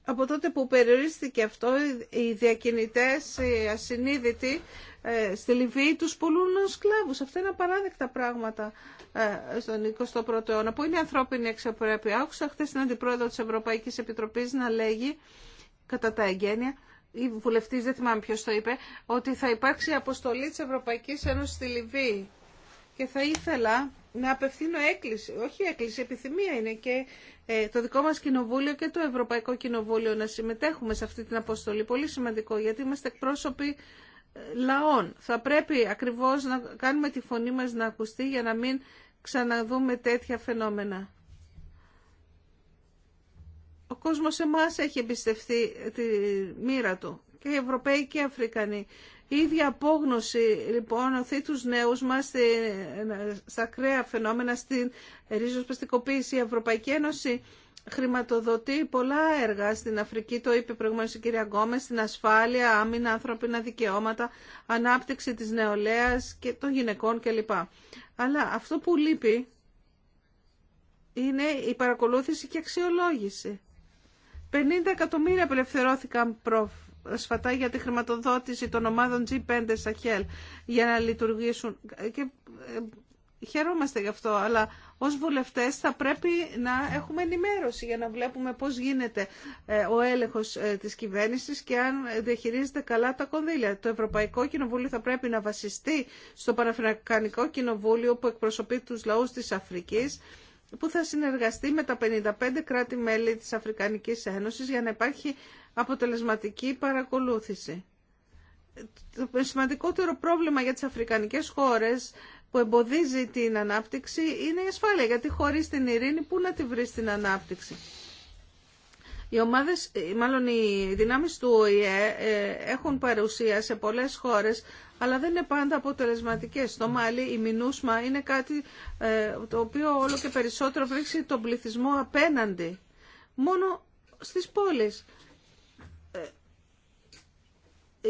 από τότε που περιορίστηκε αυτό, οι διακινητές, οι ασυνείδητοι, ε, στη Λιβύη τους πουλούν ως σκλάβους. Αυτά είναι απαράδεκτα πράγματα ε, στον 21ο αιώνα. Πού είναι η ανθρώπινη αξιοπρέπεια. Άκουσα χθε την αντιπρόεδρο της Ευρωπαϊκής Επιτροπής να λέγει, κατά τα εγγένεια, η βουλευτής, δεν θυμάμαι ποιος το είπε, ότι θα υπάρξει αποστολή της Ευρωπαϊκής Ένωσης στη Λιβύη. Και θα ήθελα να απευθύνω έκκληση, όχι έκκληση, επιθυμία είναι και ε, το δικό μας κοινοβούλιο και το Ευρωπαϊκό Κοινοβούλιο να συμμετέχουμε σε αυτή την αποστολή. Πολύ σημαντικό γιατί είμαστε εκπρόσωποι ε, λαών. Θα πρέπει ακριβώς να κάνουμε τη φωνή μας να ακουστεί για να μην ξαναδούμε τέτοια φαινόμενα. Ο κόσμος εμάς έχει εμπιστευτεί τη μοίρα του και οι Ευρωπαίοι και οι Αφρικανοί. Η ίδια απόγνωση λοιπόν οθεί τους νέους μας στα ακραία φαινόμενα στην ρίζοσπαστικοποίηση. Η Ευρωπαϊκή Ένωση χρηματοδοτεί πολλά έργα στην Αφρική, το είπε προηγουμένως η κυρία Γκόμες, στην ασφάλεια, άμυνα, ανθρώπινα δικαιώματα, ανάπτυξη της νεολαίας και των γυναικών κλπ. Αλλά αυτό που λείπει είναι η παρακολούθηση και αξιολόγηση. 50 εκατομμύρια απελευθερώθηκαν προφ σφατά για τη χρηματοδότηση των ομάδων G5 Σαχέλ για να λειτουργήσουν. Και ε, χαιρόμαστε γι' αυτό, αλλά ως βουλευτές θα πρέπει να έχουμε ενημέρωση για να βλέπουμε πώς γίνεται ε, ο έλεγχος ε, της κυβέρνησης και αν διαχειρίζεται καλά τα κονδύλια. Το Ευρωπαϊκό Κοινοβούλιο θα πρέπει να βασιστεί στο Παναφρικανικό Κοινοβούλιο που εκπροσωπεί τους λαούς της Αφρικής που θα συνεργαστεί με τα 55 κράτη-μέλη της Αφρικανικής Ένωσης για να υπάρχει αποτελεσματική παρακολούθηση. Το σημαντικότερο πρόβλημα για τις αφρικανικές χώρες που εμποδίζει την ανάπτυξη είναι η ασφάλεια, γιατί χωρίς την ειρήνη πού να τη βρει την ανάπτυξη. Οι ομάδες, μάλλον οι δυνάμεις του ΟΗΕ ε, έχουν παρουσία σε πολλές χώρες αλλά δεν είναι πάντα αποτελεσματικές. Το Μάλι η Μινούσμα είναι κάτι ε, το οποίο όλο και περισσότερο βρίσκει τον πληθυσμό απέναντι. Μόνο στις πόλεις ε,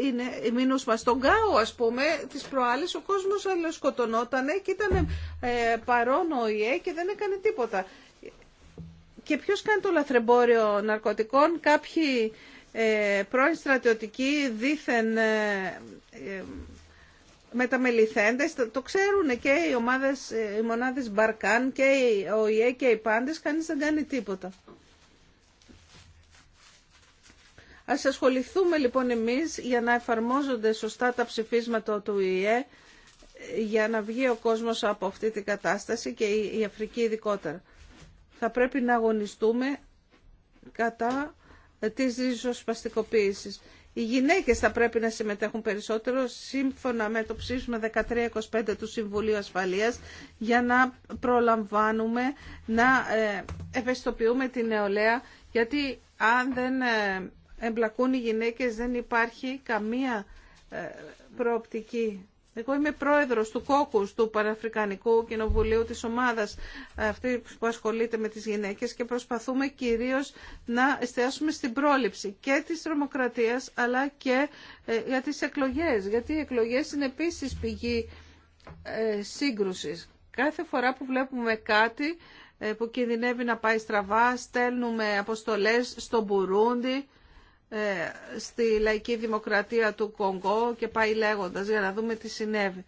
είναι η μήνουσμα στον ΚΑΟ α πούμε τις προάλλες ο κόσμος σκοτωνόταν και ήταν ε, παρόν ο ΙΕ και δεν έκανε τίποτα και ποιος κάνει το λαθρεμπόριο ναρκωτικών κάποιοι ε, πρώην στρατιωτικοί δήθεν ε, με τα μεληθέντες, το ξέρουν και οι, ομάδες, οι μονάδες Μπαρκάν και οι ΙΕ και οι πάντες, κανείς δεν κάνει τίποτα. Ας ασχοληθούμε λοιπόν εμείς για να εφαρμόζονται σωστά τα ψηφίσματα του ΙΕ για να βγει ο κόσμος από αυτή την κατάσταση και η Αφρική ειδικότερα. Θα πρέπει να αγωνιστούμε κατά της ριζοσπαστικοποίησης. Οι γυναίκες θα πρέπει να συμμετέχουν περισσότερο σύμφωνα με το ψήφισμα 1325 του Συμβουλίου Ασφαλείας για να προλαμβάνουμε να ε, ευαισθητοποιούμε τη νεολαία γιατί αν δεν ε, εμπλακούν οι γυναίκες δεν υπάρχει καμία ε, προοπτική εγώ είμαι πρόεδρος του κόκους του Παραφρικανικού Κοινοβουλίου της ομάδας ε, αυτή που ασχολείται με τις γυναίκες και προσπαθούμε κυρίω να εστιάσουμε στην πρόληψη και της τρομοκρατία αλλά και ε, για τι εκλογές. Γιατί οι εκλογές είναι επίση πηγή ε, σύγκρουσης. Κάθε φορά που βλέπουμε κάτι που κινδυνεύει να πάει στραβά στέλνουμε αποστολέ στον Μπουρούντι ε, στη λαϊκή δημοκρατία του Κονγκό και πάει λέγοντας για να δούμε τι συνέβη.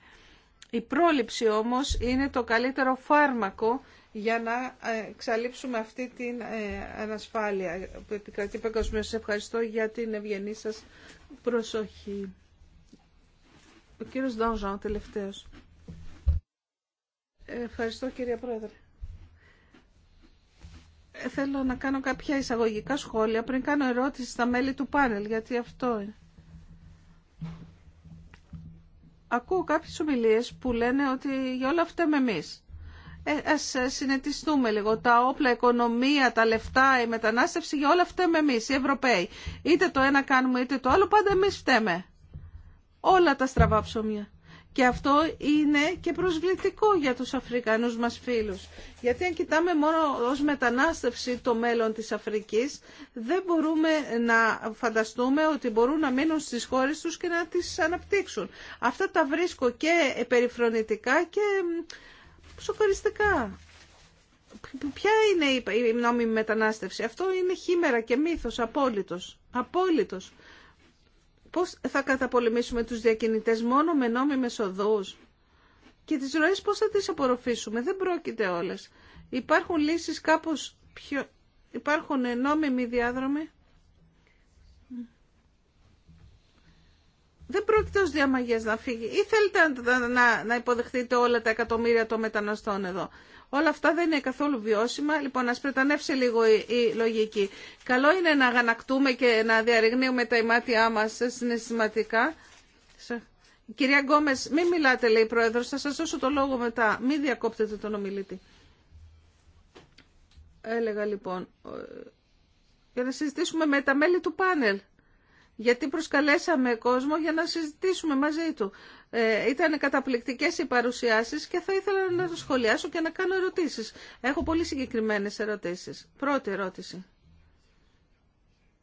Η πρόληψη όμως είναι το καλύτερο φάρμακο για να εξαλείψουμε αυτή την ε, ανασφάλεια που επικρατεί παγκοσμίω. ευχαριστώ για την ευγενή σας προσοχή. Ο κύριος Ντόνζον, τελευταίος. Ε, ευχαριστώ κύριε Πρόεδρε θέλω να κάνω κάποια εισαγωγικά σχόλια πριν κάνω ερώτηση στα μέλη του πάνελ, γιατί αυτό είναι. Ακούω κάποιες ομιλίες που λένε ότι για όλα αυτά με εμείς. Ε, ας συνετιστούμε λίγο. Τα όπλα, η οικονομία, τα λεφτά, η μετανάστευση, για όλα αυτά με εμείς, οι Ευρωπαίοι. Είτε το ένα κάνουμε είτε το άλλο, πάντα εμείς φταίμε. Όλα τα στραβά ψωμιά. Και αυτό είναι και προσβλητικό για τους Αφρικανούς μας φίλους. Γιατί αν κοιτάμε μόνο ως μετανάστευση το μέλλον της Αφρικής, δεν μπορούμε να φανταστούμε ότι μπορούν να μείνουν στις χώρες τους και να τις αναπτύξουν. Αυτά τα βρίσκω και περιφρονητικά και σοκαριστικά. Ποια είναι η νόμιμη μετανάστευση. Αυτό είναι χήμερα και μύθος απόλυτος. Απόλυτος. Πώς θα καταπολεμήσουμε τους διακινητές μόνο με νόμιμες οδούς και τις ροές πώς θα τις απορροφήσουμε. Δεν πρόκειται όλες. Υπάρχουν λύσεις κάπως πιο... Υπάρχουν νόμιμοι διάδρομοι. Δεν πρόκειται ως διαμαγές να φύγει. Ή θέλετε να, να, να υποδεχτείτε όλα τα εκατομμύρια των μεταναστών εδώ. Όλα αυτά δεν είναι καθόλου βιώσιμα. Λοιπόν, α πρετανεύσει λίγο η, λογική. Καλό είναι να αγανακτούμε και να διαρριγνύουμε τα ημάτια μα συναισθηματικά. Κυρία Γκόμες, μην μιλάτε, λέει η Πρόεδρο, θα σας δώσω το λόγο μετά. Μην διακόπτετε τον ομιλήτη. Έλεγα λοιπόν, για να συζητήσουμε με τα μέλη του πάνελ. Γιατί προσκαλέσαμε κόσμο για να συζητήσουμε μαζί του. Ε, ήταν καταπληκτικές οι παρουσιάσεις και θα ήθελα να το σχολιάσω και να κάνω ερωτήσεις. Έχω πολύ συγκεκριμένες ερωτήσεις. Πρώτη ερώτηση.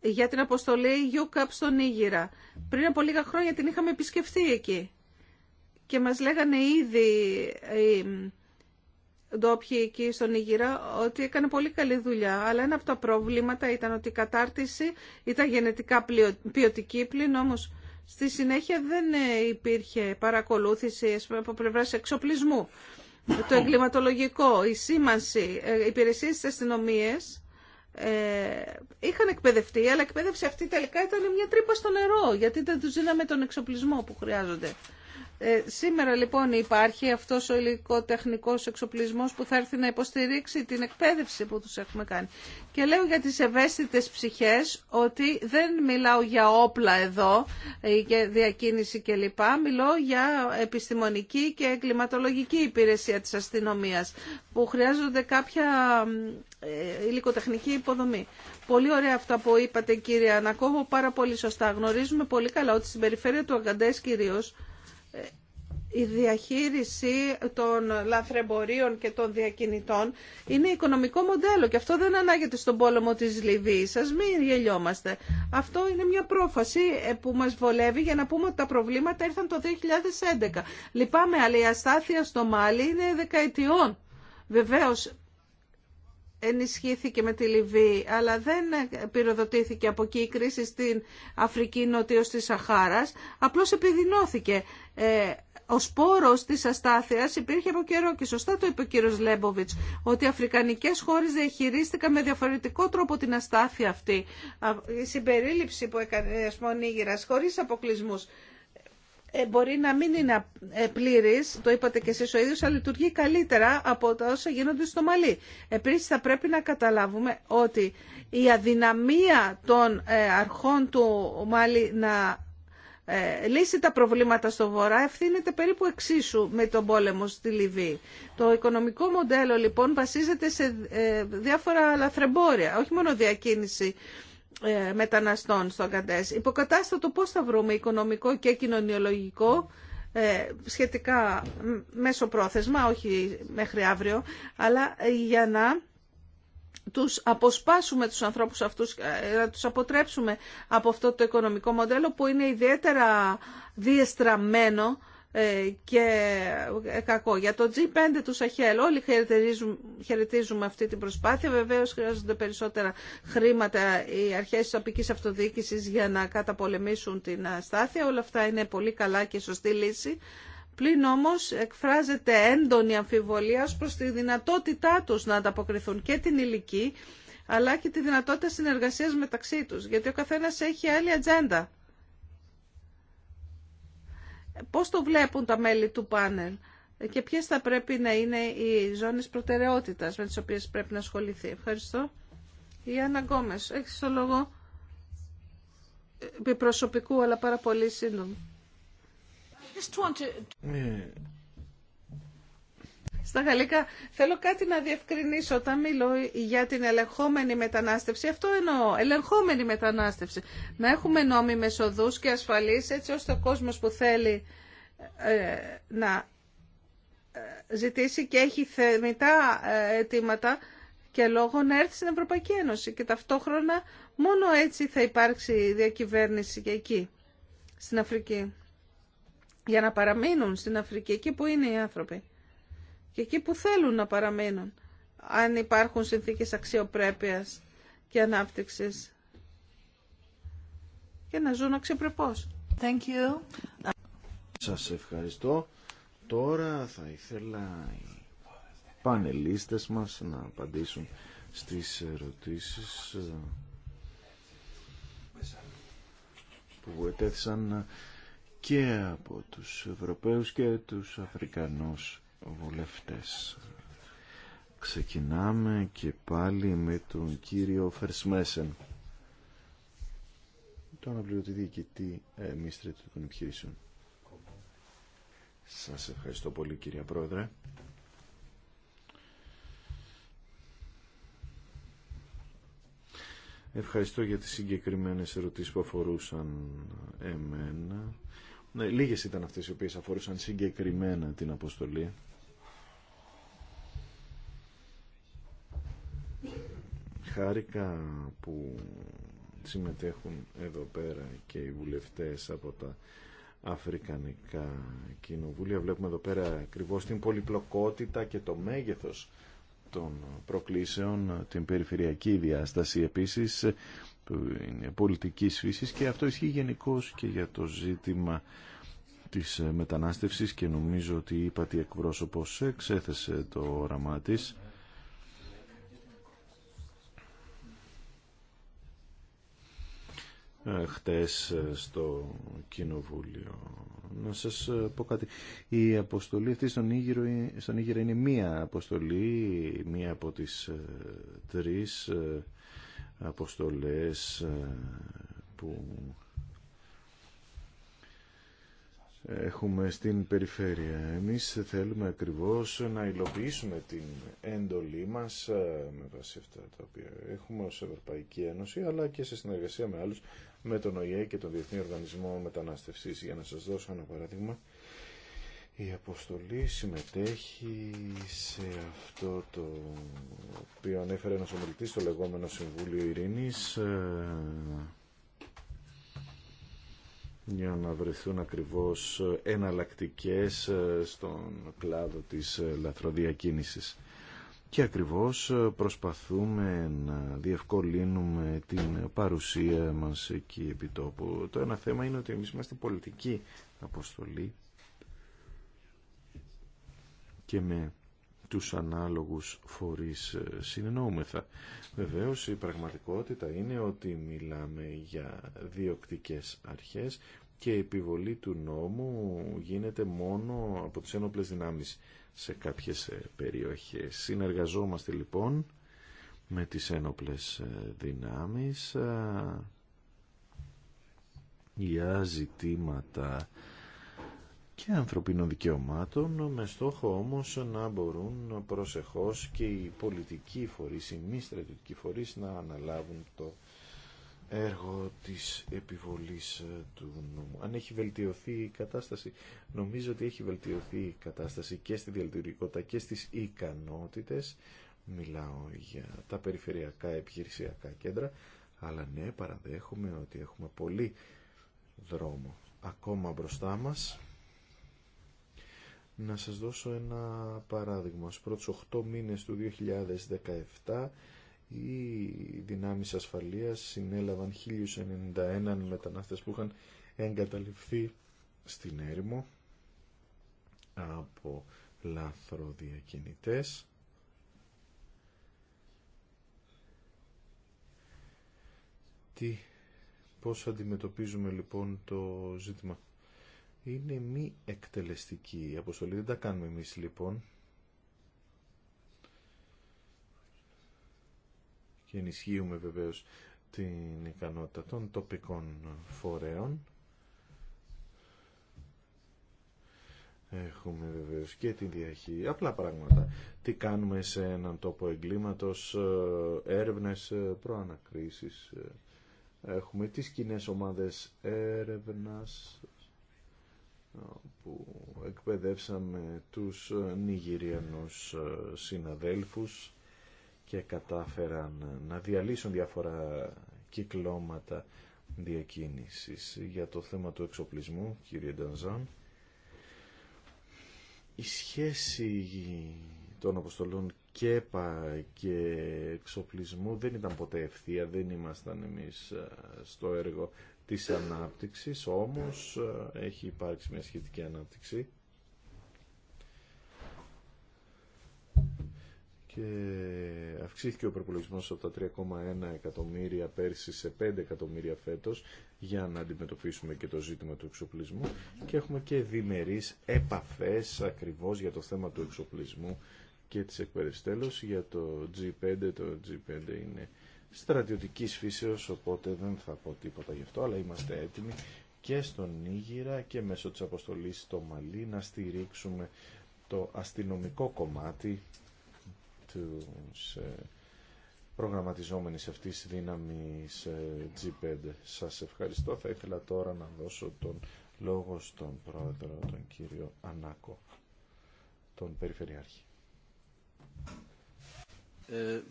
Για την αποστολή UCAP στον Ήγυρα. Πριν από λίγα χρόνια την είχαμε επισκεφθεί εκεί. Και μας λέγανε ήδη ε, οι ντόπιοι εκεί στον Ήγηρα ότι έκανε πολύ καλή δουλειά. Αλλά ένα από τα προβλήματα ήταν ότι η κατάρτιση ήταν γενετικά ποιοτική πλην όμως Στη συνέχεια δεν ε, υπήρχε παρακολούθηση από πλευρά εξοπλισμού. Το εγκληματολογικό, η σήμανση, ε, οι υπηρεσίε τη αστυνομία ε, είχαν εκπαιδευτεί, αλλά η εκπαίδευση αυτή τελικά ήταν μια τρύπα στο νερό, γιατί δεν του δίναμε τον εξοπλισμό που χρειάζονται. Ε, σήμερα λοιπόν υπάρχει αυτός ο υλικοτεχνικός εξοπλισμός που θα έρθει να υποστηρίξει την εκπαίδευση που τους έχουμε κάνει. Και λέω για τις ευαίσθητες ψυχές ότι δεν μιλάω για όπλα εδώ, ε, για διακίνηση κλπ. Μιλώ για επιστημονική και εγκληματολογική υπηρεσία της αστυνομίας που χρειάζονται κάποια ε, υλικοτεχνική υποδομή. Πολύ ωραία αυτά που είπατε κύριε Ανακόβο, πάρα πολύ σωστά. Γνωρίζουμε πολύ καλά ότι στην περιφέρεια του Αγκαντές κυρίως η διαχείριση των λαθρεμπορίων και των διακινητών είναι οικονομικό μοντέλο και αυτό δεν ανάγεται στον πόλεμο της Λιβύης. Σας μην γελιόμαστε. Αυτό είναι μια πρόφαση ε, που μας βολεύει για να πούμε ότι τα προβλήματα ήρθαν το 2011. Λυπάμαι, αλλά η αστάθεια στο Μάλι είναι δεκαετιών. Βεβαίως, ενισχύθηκε με τη Λιβύη, αλλά δεν πυροδοτήθηκε από εκεί η κρίση στην Αφρική νότιος της Σαχάρας, απλώς επιδεινώθηκε. Ε, ο σπόρος της αστάθειας υπήρχε από καιρό και σωστά το είπε ο κύριος Λέμποβιτς, ότι οι αφρικανικές χώρες διαχειρίστηκαν με διαφορετικό τρόπο την αστάθεια αυτή. Η συμπερίληψη που έκανε ο Νίγηρας χωρίς αποκλεισμούς ε, μπορεί να μην είναι ε, πλήρη, το είπατε και εσείς ο ίδιος, αλλά λειτουργεί καλύτερα από τα όσα γίνονται στο Μαλί. Επίση θα πρέπει να καταλάβουμε ότι η αδυναμία των ε, αρχών του Μαλί να λύσει τα προβλήματα στο Βορρά ευθύνεται περίπου εξίσου με τον πόλεμο στη Λιβύη. Το οικονομικό μοντέλο λοιπόν βασίζεται σε διάφορα λαθρεμπόρια, όχι μόνο διακίνηση ε, μεταναστών στον Καντές. Υποκατάστατο πώς θα βρούμε οικονομικό και κοινωνιολογικό ε, σχετικά μέσω πρόθεσμα, όχι μέχρι αύριο, αλλά ε, για να τους αποσπάσουμε τους ανθρώπους αυτούς, να τους αποτρέψουμε από αυτό το οικονομικό μοντέλο που είναι ιδιαίτερα διεστραμμένο ε, και ε, κακό. Για το G5 του Σαχέλ όλοι χαιρετίζουμε, χαιρετίζουμε αυτή την προσπάθεια. Βεβαίως χρειάζονται περισσότερα χρήματα οι αρχές της τοπική αυτοδιοίκησης για να καταπολεμήσουν την αστάθεια. Όλα αυτά είναι πολύ καλά και σωστή λύση. Πλην όμως εκφράζεται έντονη αμφιβολία ως προς τη δυνατότητά τους να ανταποκριθούν και την ηλική αλλά και τη δυνατότητα συνεργασίας μεταξύ τους, γιατί ο καθένας έχει άλλη ατζέντα. Πώς το βλέπουν τα μέλη του πάνελ και ποιες θα πρέπει να είναι οι ζώνες προτεραιότητας με τις οποίες πρέπει να ασχοληθεί. Ευχαριστώ. Η Άννα Γκόμες, έχεις το λόγο ε, προσωπικού αλλά πάρα πολύ σύντομο στα γαλλικά. Θέλω κάτι να διευκρινίσω όταν μιλώ για την ελεγχόμενη μετανάστευση. Αυτό εννοώ, ελεγχόμενη μετανάστευση. Να έχουμε νόμιμες οδούς και ασφαλείς έτσι ώστε ο κόσμος που θέλει ε, να ε, ζητήσει και έχει θεμητά ε, αιτήματα και λόγο να έρθει στην Ευρωπαϊκή Ένωση. Και ταυτόχρονα μόνο έτσι θα υπάρξει διακυβέρνηση και εκεί, στην Αφρική. Για να παραμείνουν στην Αφρική, εκεί που είναι οι άνθρωποι και εκεί που θέλουν να παραμείνουν, αν υπάρχουν συνθήκες αξιοπρέπειας και ανάπτυξης και να ζουν αξιοπρεπώς. Thank you. Σας ευχαριστώ. Τώρα θα ήθελα οι πανελίστες μας να απαντήσουν στις ερωτήσεις ε, που ετέθησαν και από τους Ευρωπαίους και τους Αφρικανούς βουλευτές. Ξεκινάμε και πάλι με τον κύριο Φερσμέσεν, τον αναπληρωτή διοικητή ε, μίστρετ των επιχειρήσεων. Σας ευχαριστώ πολύ κυρία Πρόεδρε. Ευχαριστώ για τις συγκεκριμένες ερωτήσεις που αφορούσαν εμένα. Ναι, λίγες ήταν αυτές οι οποίες αφορούσαν συγκεκριμένα την αποστολή. χάρηκα που συμμετέχουν εδώ πέρα και οι βουλευτές από τα Αφρικανικά Κοινοβούλια. Βλέπουμε εδώ πέρα ακριβώς την πολυπλοκότητα και το μέγεθος των προκλήσεων, την περιφερειακή διάσταση επίσης, που είναι πολιτικής φύσης και αυτό ισχύει γενικώ και για το ζήτημα της μετανάστευσης και νομίζω ότι η Πατή εκπρόσωπος εξέθεσε το όραμά της Ε, χτες ε, στο Κοινοβούλιο. Να σας ε, πω κάτι. Η αποστολή αυτή στον Ήγυρο, στον είναι μία αποστολή, μία από τις τρεις αποστολές που έχουμε στην περιφέρεια. Εμείς θέλουμε ακριβώς να υλοποιήσουμε την έντολή μας με βάση αυτά τα οποία έχουμε ως Ευρωπαϊκή Ένωση αλλά και σε συνεργασία με άλλους με τον ΟΗΕ και τον Διεθνή Οργανισμό Μετανάστευσης. Για να σας δώσω ένα παράδειγμα, η αποστολή συμμετέχει σε αυτό το οποίο ανέφερε ένας ομιλητής στο λεγόμενο Συμβούλιο Ειρήνης ε, για να βρεθούν ακριβώς εναλλακτικές ε, στον κλάδο της ε, λαθροδιακίνησης και ακριβώς ε, προσπαθούμε να διευκολύνουμε την παρουσία μας εκεί επί τόπου. Το ένα θέμα είναι ότι εμείς είμαστε πολιτική αποστολή και με τους ανάλογους φορείς ε, συνεννοούμεθα. Βεβαίως η πραγματικότητα είναι ότι μιλάμε για διοκτικές αρχές και η επιβολή του νόμου γίνεται μόνο από τις ένοπλες δυνάμεις σε κάποιες ε, περιοχές. Συνεργαζόμαστε λοιπόν με τις ένοπλες ε, δυνάμεις ε, για ζητήματα και ανθρωπίνων δικαιωμάτων με στόχο όμως να μπορούν προσεχώς και οι πολιτικοί φορείς, οι μη στρατιωτικοί φορείς να αναλάβουν το έργο της επιβολής ε, του νόμου. Αν έχει βελτιωθεί η κατάσταση, νομίζω ότι έχει βελτιωθεί η κατάσταση και στη διαλειτουργικότητα και στις ικανότητες. Μιλάω για τα περιφερειακά επιχειρησιακά κέντρα, αλλά ναι, παραδέχομαι ότι έχουμε πολύ δρόμο ακόμα μπροστά μας. Να σας δώσω ένα παράδειγμα. Στους πρώτους 8 μήνες του 2017 οι δυνάμεις ασφαλείας συνέλαβαν 1091 μετανάστες που είχαν εγκαταληφθεί στην έρημο από λαθροδιακινητές Τι, πώς αντιμετωπίζουμε λοιπόν το ζήτημα είναι μη εκτελεστική η αποστολή δεν τα κάνουμε εμείς λοιπόν και ενισχύουμε βεβαίως την ικανότητα των τοπικών φορέων. Έχουμε βεβαίως και την διαχείριση. Απλά πράγματα. Τι κάνουμε σε έναν τόπο εγκλήματος, ε, έρευνες, ε, προανακρίσεις. Ε, έχουμε τις κοινέ ομάδες έρευνας που εκπαιδεύσαμε τους Νιγηριανούς συναδέλφους και κατάφεραν να διαλύσουν διάφορα κυκλώματα διακίνησης για το θέμα του εξοπλισμού, κύριε Ντανζάν. Η σχέση των αποστολών ΚΕΠΑ και εξοπλισμού δεν ήταν ποτέ ευθεία, δεν ήμασταν εμείς στο έργο της ανάπτυξης, όμως έχει υπάρξει μια σχετική ανάπτυξη και αυξήθηκε ο προπολογισμό από τα 3,1 εκατομμύρια πέρσι σε 5 εκατομμύρια φέτο για να αντιμετωπίσουμε και το ζήτημα του εξοπλισμού και έχουμε και διμερεί επαφέ ακριβώ για το θέμα του εξοπλισμού και τη εκπαιδευτέλωση για το G5, το G5 είναι στρατιωτική φύσεως, οπότε δεν θα πω τίποτα γι' αυτό, αλλά είμαστε έτοιμοι και στον Νίγηρα και μέσω της αποστολής στο Μαλή να στηρίξουμε το αστυνομικό κομμάτι τους ε, προγραμματιζόμενης αυτής δύναμης ε, G5. Σας ευχαριστώ. Θα ήθελα τώρα να δώσω τον λόγο στον πρόεδρο, τον κύριο Ανάκο, τον Περιφερειάρχη. Ε,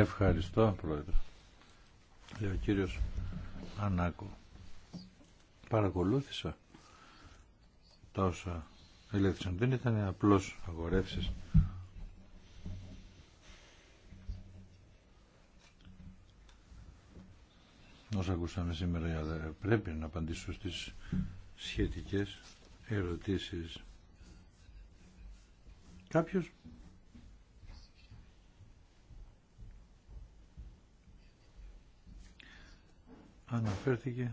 ευχαριστώ, πρόεδρε. Ο κύριος Ανάκο. Παρακολούθησα τόσα δεν ήταν απλώς αγορεύσεις. Όσα ακούσαμε σήμερα ε, πρέπει να απαντήσω στις σχετικές ερωτήσεις. Κάποιος? Αναφέρθηκε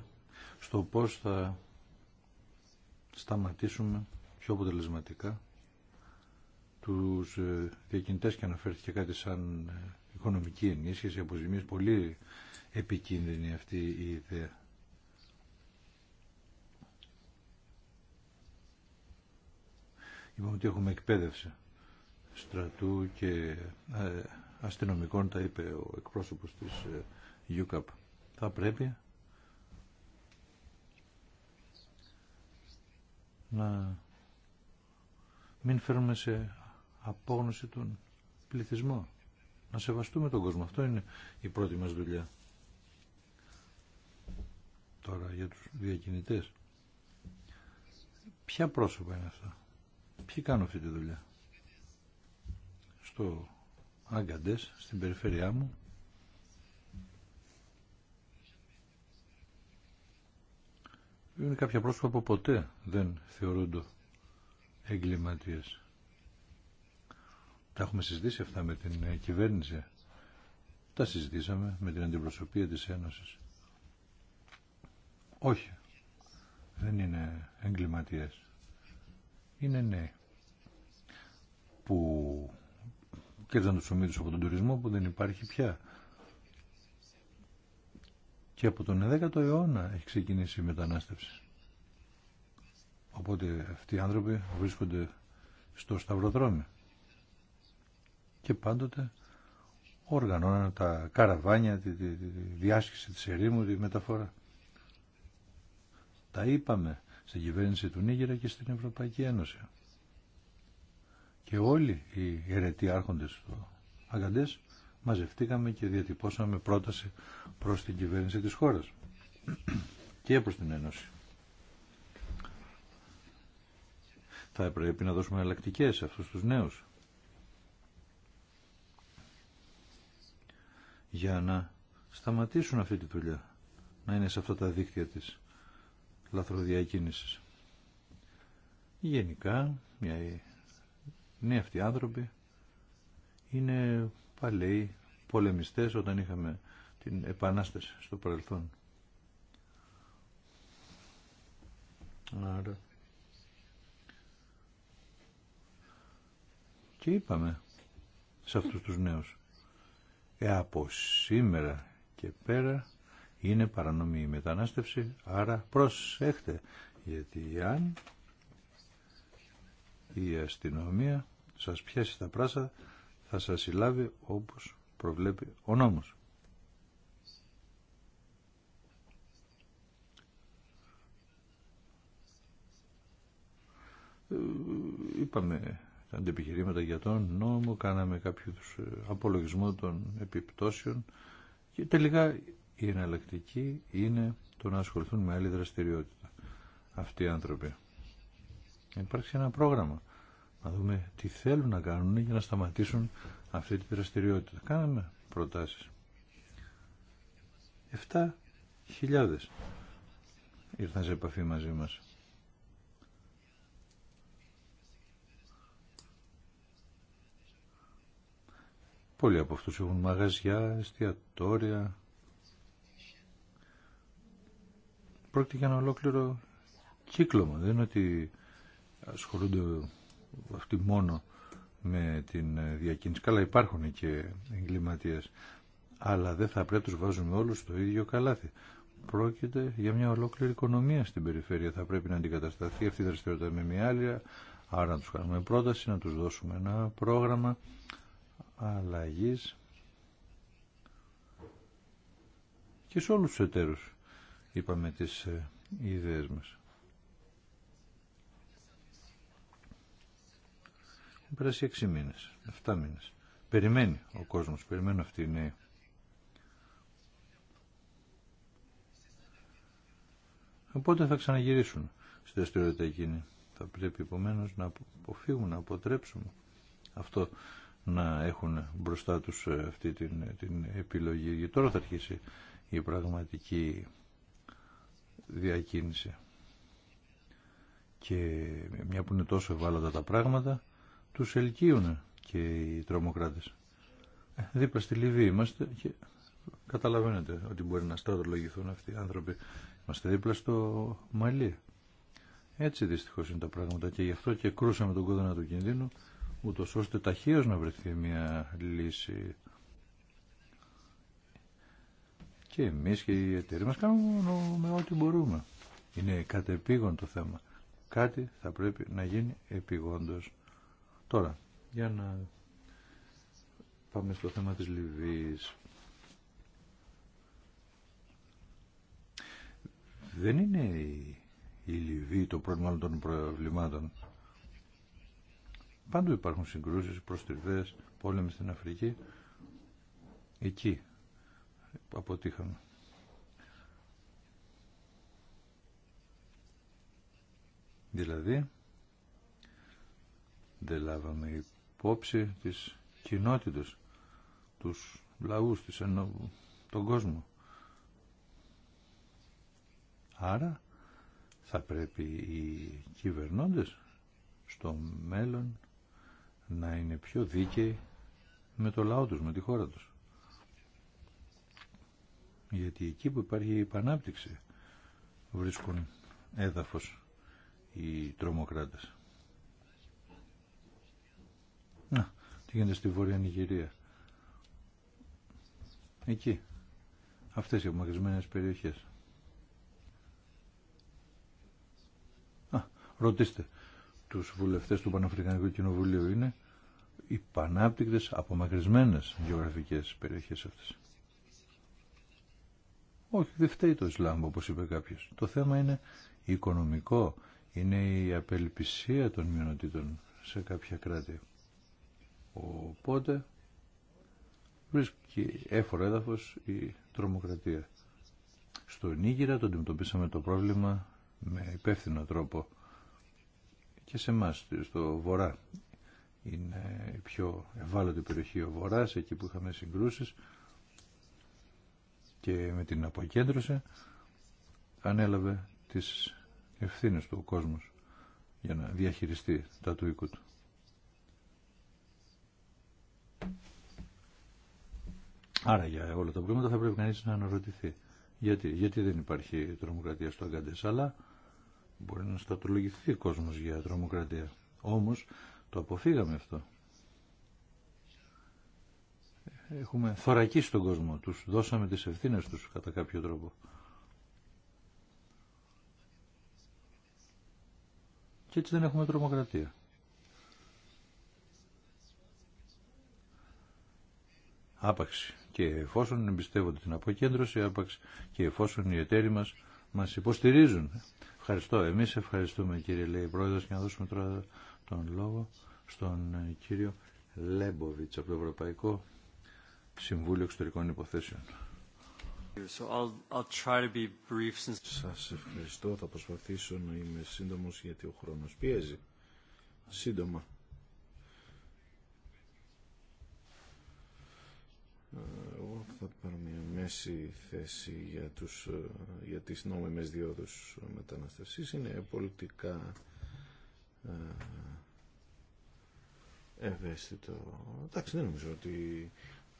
στο πώς θα σταματήσουμε πιο αποτελεσματικά τους ε, διακινητές και αναφέρθηκε κάτι σαν ε, οικονομική ενίσχυση, αποζημίες, πολύ επικίνδυνη αυτή η ιδέα. Είπαμε ότι έχουμε εκπαίδευση στρατού και ε, αστυνομικών, τα είπε ο εκπρόσωπος της UCAP. Θα πρέπει να μην φέρουμε σε απόγνωση τον πληθυσμό. Να σεβαστούμε τον κόσμο. Αυτό είναι η πρώτη μας δουλειά. Τώρα για τους διακινητές. Ποια πρόσωπα είναι αυτά. Ποιοι κάνουν αυτή τη δουλειά. Στο Άγκαντες, στην περιφέρειά μου, είναι κάποια πρόσωπα που ποτέ δεν θεωρούνται εγκληματίες. Τα έχουμε συζητήσει αυτά με την ε, κυβέρνηση. Τα συζητήσαμε με την αντιπροσωπεία της Ένωσης. Όχι. Δεν είναι εγκληματίες. Είναι νέοι. Που κέρδαν τους ομίλους από τον τουρισμό που δεν υπάρχει πια. Και από τον 10 ο αιώνα έχει ξεκινήσει η μετανάστευση. Οπότε αυτοί οι άνθρωποι βρίσκονται στο σταυροδρόμι. Και πάντοτε οργανώναν τα καραβάνια, τη, τη, τη, τη διάσκηση της ερήμου, τη μεταφορά. Τα είπαμε στην κυβέρνηση του Νίγηρα και στην Ευρωπαϊκή Ένωση. Και όλοι οι αιρετοί άρχοντες του Αγκαντές μαζευτήκαμε και διατυπώσαμε πρόταση προς την κυβέρνηση της χώρας και προς την Ένωση. Θα πρέπει να δώσουμε εναλλακτικέ σε αυτούς τους νέους. Για να σταματήσουν αυτή τη δουλειά. Να είναι σε αυτά τα δίκτυα της λαθροδιακίνησης. Γενικά, οι νέοι αυτοί άνθρωποι είναι παλαιοί πολεμιστές όταν είχαμε την επανάσταση στο παρελθόν. Άρα Και είπαμε σε αυτούς τους νέους. Ε, από σήμερα και πέρα είναι παρανομή η μετανάστευση, άρα προσέχτε. Γιατί αν η αστυνομία σας πιάσει τα πράσα, θα σας συλλάβει όπως προβλέπει ο νόμος. Ε, είπαμε αντεπιχειρήματα για τον νόμο, κάναμε κάποιους ε, απολογισμό των επιπτώσεων και τελικά η εναλλακτική είναι το να ασχοληθούν με άλλη δραστηριότητα αυτοί οι άνθρωποι. Υπάρχει ένα πρόγραμμα να δούμε τι θέλουν να κάνουν για να σταματήσουν αυτή τη δραστηριότητα. Κάναμε προτάσεις. 7.000 ήρθαν σε επαφή μαζί μας. Πολλοί από αυτούς έχουν μαγαζιά, εστιατόρια. Πρόκειται για ένα ολόκληρο κύκλωμα. Δεν είναι ότι ασχολούνται αυτοί μόνο με την διακίνηση. Καλά υπάρχουν και εγκληματίες. Αλλά δεν θα πρέπει τους βάζουμε όλους στο ίδιο καλάθι. Πρόκειται για μια ολόκληρη οικονομία στην περιφέρεια. Θα πρέπει να αντικατασταθεί αυτή η δραστηριότητα με μια άλλη. Άρα να τους κάνουμε πρόταση, να τους δώσουμε ένα πρόγραμμα αλλαγής και σε όλους τους εταίρους είπαμε τις ε, ιδέες μας. Έχουν 6 μήνες, 7 μήνες. Περιμένει ο κόσμος, περιμένει αυτοί οι νέοι. Οπότε θα ξαναγυρίσουν στη δραστηριότητα εκείνη. Θα πρέπει επομένως να αποφύγουμε, να αποτρέψουμε αυτό να έχουν μπροστά τους ε, αυτή την, την επιλογή. γιατί τώρα θα αρχίσει η πραγματική διακίνηση. Και μια που είναι τόσο ευάλωτα τα πράγματα, τους ελκύουν και οι τρομοκράτες. Ε, δίπλα στη Λιβύη είμαστε και καταλαβαίνετε ότι μπορεί να στρατολογηθούν αυτοί οι άνθρωποι. Είμαστε δίπλα στο Μαλί. Έτσι δυστυχώς είναι τα πράγματα και γι' αυτό και κρούσαμε τον κόδωνα του κινδύνου ούτως ώστε ταχύως να βρεθεί μια λύση. Και εμείς και οι εταιροί μας κάνουμε ό,τι μπορούμε. Είναι κατεπήγον το θέμα. Κάτι θα πρέπει να γίνει επιγόντως. Τώρα, για να πάμε στο θέμα της Λιβύης. Δεν είναι η Λιβύη το πρόβλημα των προβλημάτων. Πάντου υπάρχουν συγκρούσεις, προστριβές, πόλεμοι στην Αφρική. Εκεί αποτύχαμε. Δηλαδή, δεν λάβαμε υπόψη της κοινότητας, τους λαούς, της τον κόσμο. Άρα, θα πρέπει οι κυβερνώντες στο μέλλον να είναι πιο δίκαιοι με το λαό τους, με τη χώρα τους. Γιατί εκεί που υπάρχει η επανάπτυξη βρίσκουν έδαφος οι τρομοκράτες. Να, τι γίνεται στη Βόρεια Νιγηρία. Εκεί. Αυτές οι απομακρυσμένες περιοχές. Α, ρωτήστε τους βουλευτές του Παναφρικανικού Κοινοβουλίου είναι οι πανάπτυκτες απομακρυσμένες γεωγραφικές περιοχές αυτές. Όχι, δεν φταίει το Ισλάμ όπως είπε κάποιος. Το θέμα είναι οικονομικό, είναι η απελπισία των μειονοτήτων σε κάποια κράτη. Οπότε βρίσκει έφορο έδαφος η τρομοκρατία. Στο Νίγηρα το αντιμετωπίσαμε το πρόβλημα με υπεύθυνο τρόπο και σε εμά στο βορρά. Είναι η πιο ευάλωτη περιοχή ο βορράς, εκεί που είχαμε συγκρούσεις και με την αποκέντρωση ανέλαβε τις ευθύνες του κόσμου για να διαχειριστεί τα του οίκου του. Άρα για όλα τα προβλήματα θα πρέπει κανείς να αναρωτηθεί. Γιατί, γιατί δεν υπάρχει τρομοκρατία στο Αγκάντες, αλλά Μπορεί να στατολογηθεί ο κόσμος για τρομοκρατία. Όμως το αποφύγαμε αυτό. Έχουμε θωρακίσει τον κόσμο. Τους δώσαμε τις ευθύνες τους κατά κάποιο τρόπο. Και έτσι δεν έχουμε τρομοκρατία. Άπαξ και εφόσον εμπιστεύονται την αποκέντρωση, άπαξ και εφόσον οι εταίροι μας μας υποστηρίζουν Ευχαριστώ. Εμείς ευχαριστούμε κύριε Λέη Πρόεδρος και να δώσουμε τώρα τον λόγο στον ε, κύριο Λέμποβιτς από το Ευρωπαϊκό Συμβούλιο Εξωτερικών Υποθέσεων. So Σας ευχαριστώ. Θα προσπαθήσω να είμαι σύντομος γιατί ο χρόνος πιέζει. Σύντομα. Ε, θα μέση θέση για, τους, ε, για τις νόμιμες διόδους μεταναστευσής είναι πολιτικά ε, ευαίσθητο. Εντάξει, δεν νομίζω ότι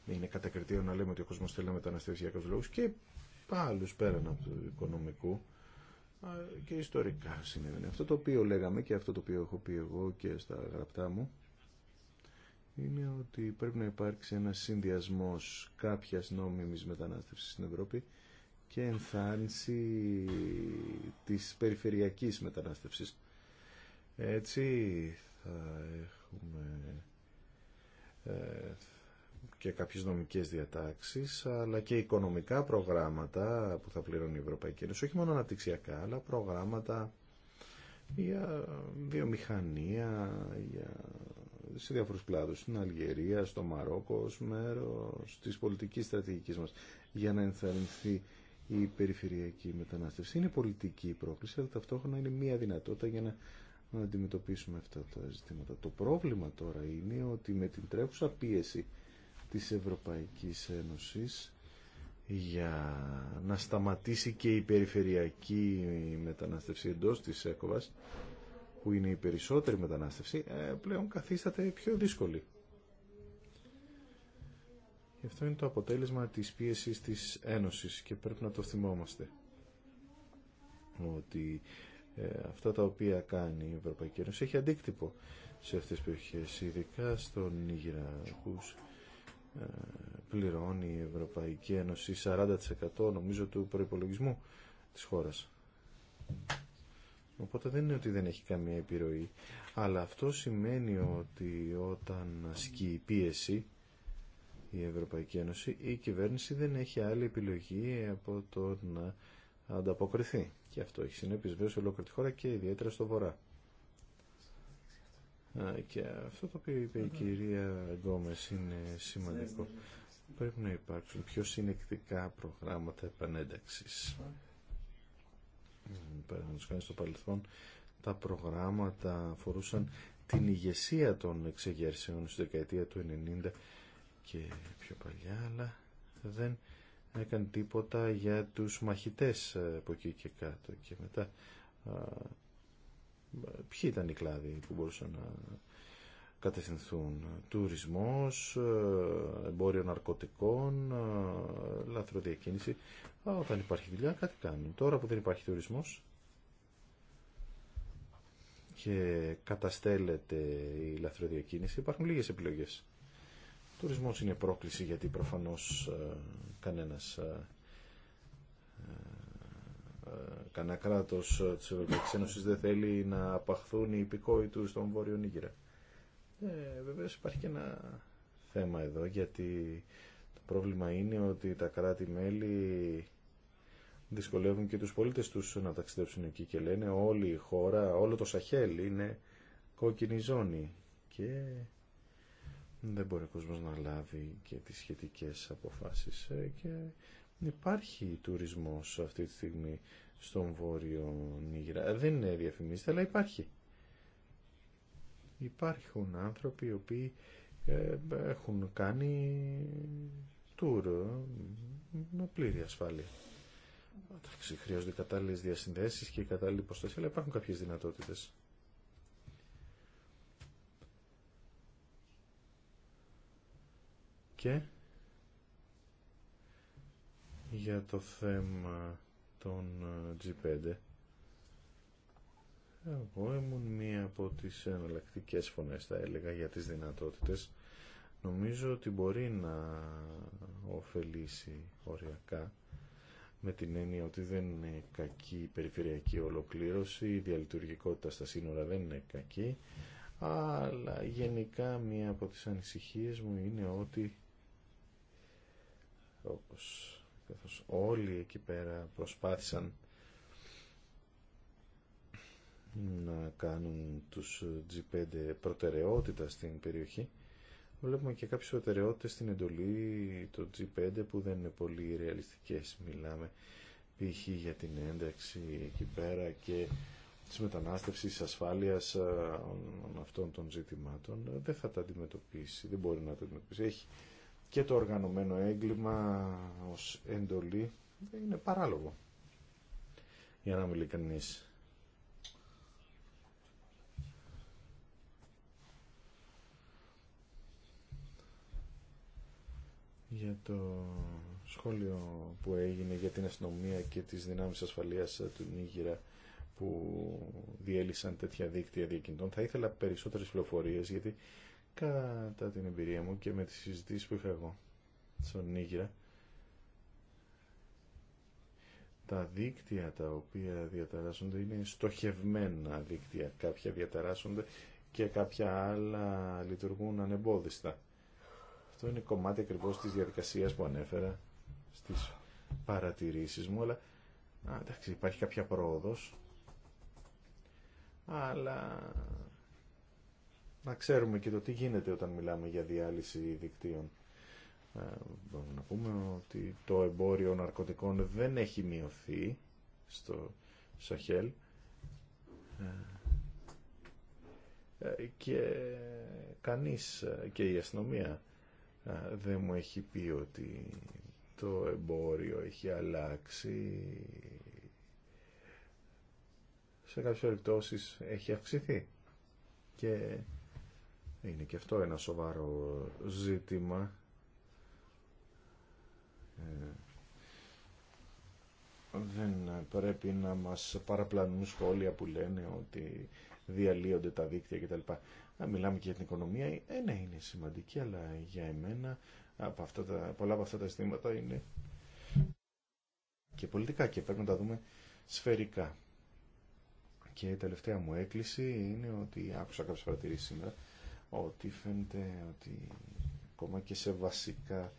είναι κατακριτήριο να λέμε ότι ο κόσμος θέλει να μεταναστεύσει για κάποιους λόγους και πάλι πέραν από το οικονομικό ε, και ιστορικά συνέβαινε. Αυτό το οποίο λέγαμε και αυτό το οποίο έχω πει εγώ και στα γραπτά μου είναι ότι πρέπει να υπάρξει ένας συνδυασμός κάποιας νόμιμης μετανάστευσης στην Ευρώπη και ενθάρρυνση της περιφερειακής μετανάστευσης. Έτσι θα έχουμε ε, και κάποιες νομικές διατάξεις αλλά και οικονομικά προγράμματα που θα πληρώνει η Ευρωπαϊκή Ένωση όχι μόνο αναπτυξιακά αλλά προγράμματα για βιομηχανία για σε διάφορους κλάδους, στην Αλγερία, στο Μαρόκο, ως μέρος της πολιτικής στρατηγικής μας, για να ενθαρρυνθεί η περιφερειακή μετανάστευση. Είναι πολιτική η πρόκληση, αλλά ταυτόχρονα είναι μία δυνατότητα για να αντιμετωπίσουμε αυτά τα ζητήματα. Το πρόβλημα τώρα είναι ότι με την τρέχουσα πίεση της Ευρωπαϊκής Ένωσης για να σταματήσει και η περιφερειακή μετανάστευση εντός της ΕΚΟΒΑΣ που είναι η περισσότερη μετανάστευση ε, πλέον καθίσταται πιο δύσκολη. Και αυτό είναι το αποτέλεσμα της πίεσης της Ένωσης και πρέπει να το θυμόμαστε. Ότι ε, αυτά τα οποία κάνει η Ευρωπαϊκή Ένωση έχει αντίκτυπο σε αυτές τις περιοχές, ειδικά στον ε, πληρώνει η Ευρωπαϊκή Ένωση 40% νομίζω του προϋπολογισμού της χώρας. Οπότε δεν είναι ότι δεν έχει καμία επιρροή. Αλλά αυτό σημαίνει ότι όταν ασκεί η πίεση η Ευρωπαϊκή Ένωση, η κυβέρνηση δεν έχει άλλη επιλογή από το να ανταποκριθεί. Και αυτό έχει συνέπειε βέβαια σε ολόκληρη τη χώρα και ιδιαίτερα στο βορρά. Και αυτό το οποίο είπε η κυρία Γκόμε είναι σημαντικό. Πρέπει να υπάρξουν πιο συνεκτικά προγράμματα επανένταξης στο παρελθόν τα προγράμματα αφορούσαν την ηγεσία των εξεγέρσεων στη δεκαετία του 90 και πιο παλιά αλλά δεν έκανε τίποτα για τους μαχητές ε, από εκεί και κάτω και μετά ποιοι ήταν οι κλάδοι που μπορούσαν να κατευθυνθούν. Τουρισμός, ε, εμπόριο ναρκωτικών, ε, λαθροδιακίνηση. Όταν υπάρχει δουλειά κάτι κάνουν. Τώρα που δεν υπάρχει τουρισμός και καταστέλλεται η λαθροδιακίνηση υπάρχουν λίγες επιλογές. Ο τουρισμός είναι πρόκληση γιατί προφανώς ε, κανένας κανένα κράτος της Ευρωπαϊκής Ένωσης δεν θέλει να απαχθούν οι υπηκόοι του στον Βόρειο Νίγηρα. Ε, βεβαίως υπάρχει και ένα θέμα εδώ γιατί το πρόβλημα είναι ότι τα κράτη-μέλη δυσκολεύουν και τους πολίτες τους να ταξιδέψουν εκεί και λένε όλη η χώρα, όλο το Σαχέλ είναι κόκκινη ζώνη και δεν μπορεί ο κόσμος να λάβει και τις σχετικές αποφάσεις ε, και υπάρχει τουρισμός αυτή τη στιγμή στον Βόρειο Νίγηρα. Δεν είναι διαφημίζεται αλλά υπάρχει. Υπάρχουν άνθρωποι οι οποίοι ε, έχουν κάνει τουρ ε, με πλήρη ασφάλεια. χρειάζονται κατάλληλε διασυνδέσει και οι κατάλληλη υποστασία, αλλά υπάρχουν κάποιε δυνατότητε. Και για το θέμα των ε, G5 εγώ ήμουν μία από τις εναλλακτικέ φωνές, θα έλεγα, για τις δυνατότητες. Νομίζω ότι μπορεί να ωφελήσει οριακά με την έννοια ότι δεν είναι κακή η περιφερειακή ολοκλήρωση, η διαλειτουργικότητα στα σύνορα δεν είναι κακή, αλλά γενικά μία από τις ανησυχίες μου είναι ότι όπως όλοι εκεί πέρα προσπάθησαν να κάνουν τους G5 προτεραιότητα στην περιοχή. Βλέπουμε και κάποιες προτεραιότητες στην εντολή των G5 που δεν είναι πολύ ρεαλιστικές. Μιλάμε π.χ. για την ένταξη εκεί πέρα και της μετανάστευσης, ασφάλειας αυτών των ζητημάτων. Δεν θα τα αντιμετωπίσει, δεν μπορεί να τα αντιμετωπίσει. Έχει και το οργανωμένο έγκλημα ως εντολή. Είναι παράλογο, για να μιλή κανείς για το σχόλιο που έγινε για την αστυνομία και τις δυνάμεις ασφαλείας του Νίγηρα που διέλυσαν τέτοια δίκτυα διακινητών. Θα ήθελα περισσότερες πληροφορίες γιατί κατά την εμπειρία μου και με τις συζητήσεις που είχα εγώ στον Νίγηρα τα δίκτυα τα οποία διαταράσσονται είναι στοχευμένα δίκτυα. Κάποια διαταράσσονται και κάποια άλλα λειτουργούν ανεμπόδιστα είναι κομμάτι ακριβώς της διαδικασίας που ανέφερα στις παρατηρήσεις μου, αλλά α, εντάξει, υπάρχει κάποια πρόοδος, αλλά να ξέρουμε και το τι γίνεται όταν μιλάμε για διάλυση δικτύων. Μπορούμε να πούμε ότι το εμπόριο ναρκωτικών δεν έχει μειωθεί στο Σαχέλ ε, και κανείς ε, και η αστυνομία δεν μου έχει πει ότι το εμπόριο έχει αλλάξει σε κάποιες περιπτώσει έχει αυξηθεί και είναι και αυτό ένα σοβαρό ζήτημα ε, δεν πρέπει να μας παραπλανούν σχόλια που λένε ότι διαλύονται τα δίκτυα κτλ να μιλάμε και για την οικονομία, ε, ναι, είναι σημαντική, αλλά για εμένα από αυτά πολλά από αυτά τα ζητήματα είναι και πολιτικά και πρέπει να τα δούμε σφαιρικά. Και η τελευταία μου έκκληση είναι ότι άκουσα κάποιε παρατηρήσει σήμερα ότι φαίνεται ότι ακόμα και σε βασικά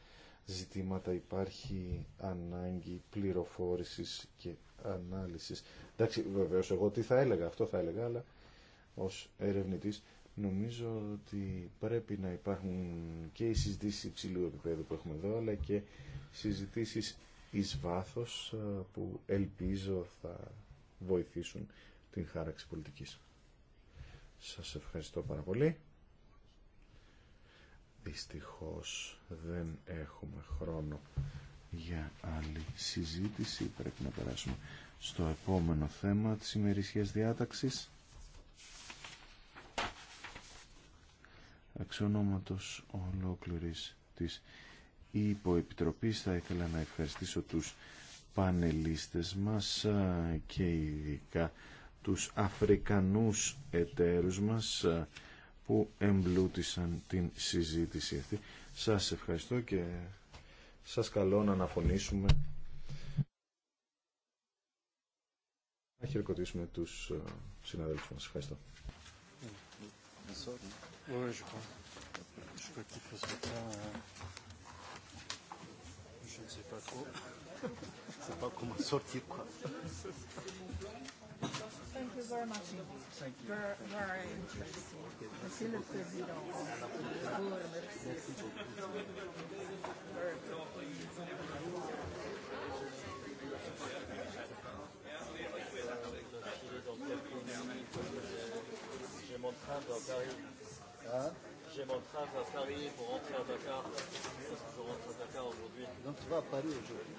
ζητήματα υπάρχει ανάγκη πληροφόρησης και ανάλυσης. Εντάξει, βεβαίως εγώ τι θα έλεγα, αυτό θα έλεγα, αλλά ως ερευνητής Νομίζω ότι πρέπει να υπάρχουν και οι συζητήσεις υψηλού επίπεδου που έχουμε εδώ, αλλά και συζητήσεις ει βάθο ε, που ελπίζω θα βοηθήσουν την χάραξη πολιτικής. Σας ευχαριστώ πάρα πολύ. Δυστυχώς δεν έχουμε χρόνο για άλλη συζήτηση. Πρέπει να περάσουμε στο επόμενο θέμα της ημερησίας διάταξης. αξιονόματος ολόκληρης της υποεπιτροπής θα ήθελα να ευχαριστήσω τους πανελίστες μας ε, και ειδικά τους Αφρικανούς εταίρους μας ε, που εμπλούτησαν την συζήτηση αυτή. Σας ευχαριστώ και σας καλώ να αναφωνήσουμε να χειροκροτήσουμε τους ε, συναδέλφους μας. Ευχαριστώ. Ouais, je crois. Je crois qu'il faut se Je ne sais pas trop. Je ne sais pas comment sortir, quoi. Thank you very much. Thank you. Very, very interesting. Merci le président. J'ai mon train à Paris pour rentrer à Dakar. Parce je rentre à Dakar aujourd'hui. Donc tu vas à Paris aujourd'hui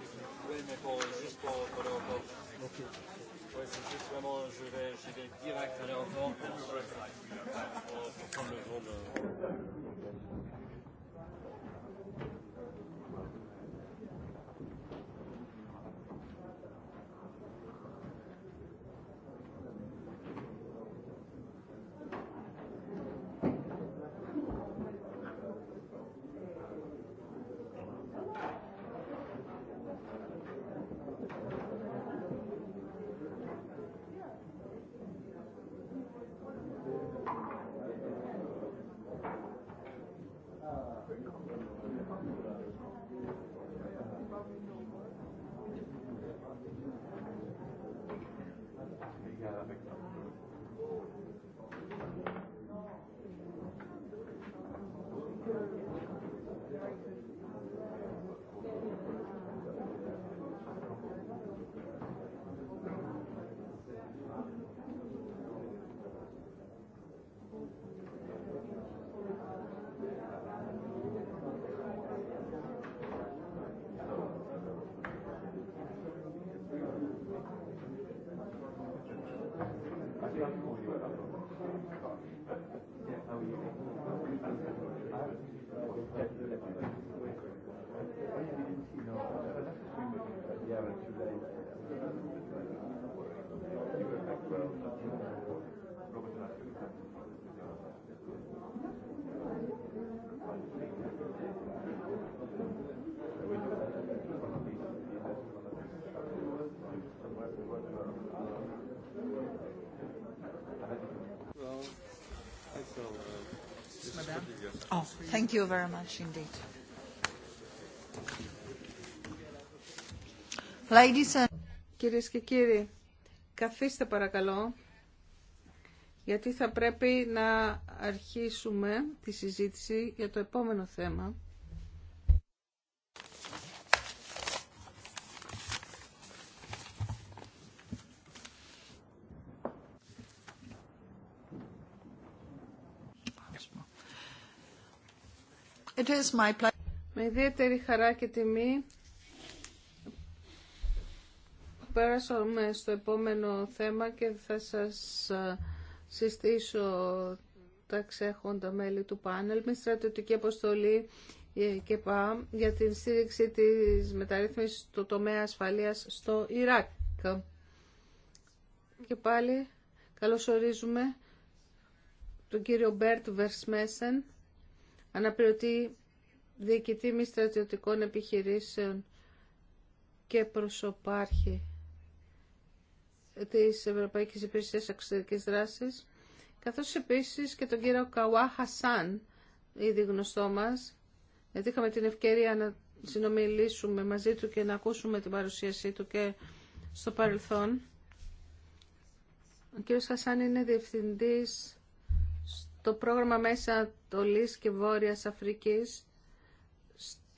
Oui, mais pour, juste pour, l'aéroport. Ok. Oui, c'est juste vraiment, je vais, j'irai vais direct à l'aéroport pour, pour prendre le vol. Oh, thank you very much Κυρίες και κύριοι, καθίστε παρακαλώ, γιατί θα πρέπει να αρχίσουμε τη συζήτηση για το επόμενο θέμα. Με ιδιαίτερη χαρά και τιμή πέρασαμε στο επόμενο θέμα και θα σας συστήσω τα ξέχοντα μέλη του πάνελ με στρατιωτική αποστολή ε, και ΠΑ για την στήριξη της μεταρρύθμισης του τομέα ασφαλείας στο Ιράκ. Και πάλι καλωσορίζουμε τον κύριο Μπέρτ Βερσμέσεν, αναπληρωτή διοικητή μη στρατιωτικών επιχειρήσεων και προσωπάρχη της Ευρωπαϊκής Υπηρεσίας Εξωτερικής Δράσης, καθώς επίσης και τον κύριο Καουά Χασάν, ήδη γνωστό μας, γιατί είχαμε την ευκαιρία να συνομιλήσουμε μαζί του και να ακούσουμε την παρουσίασή του και στο παρελθόν. Ο κύριος Χασάν είναι διευθυντής στο πρόγραμμα Μέσα Ανατολής και Βόρειας Αφρικής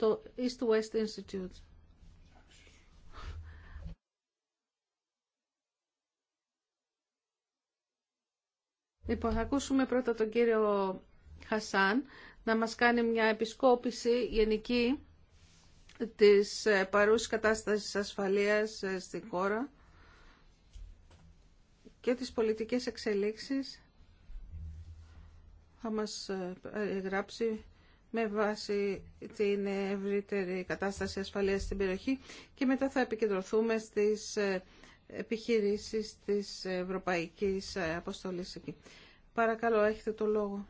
το East West Institute. Λοιπόν, θα ακούσουμε πρώτα τον κύριο Χασάν να μας κάνει μια επισκόπηση γενική της ε, παρούσης κατάστασης ασφαλείας ε, στην χώρα και τις πολιτικές εξελίξεις. Θα μας ε, γράψει με βάση την ευρύτερη κατάσταση ασφαλείας στην περιοχή και μετά θα επικεντρωθούμε στις ε, επιχειρήσεις της Ευρωπαϊκής Αποστολής εκεί. Παρακαλώ, έχετε το λόγο.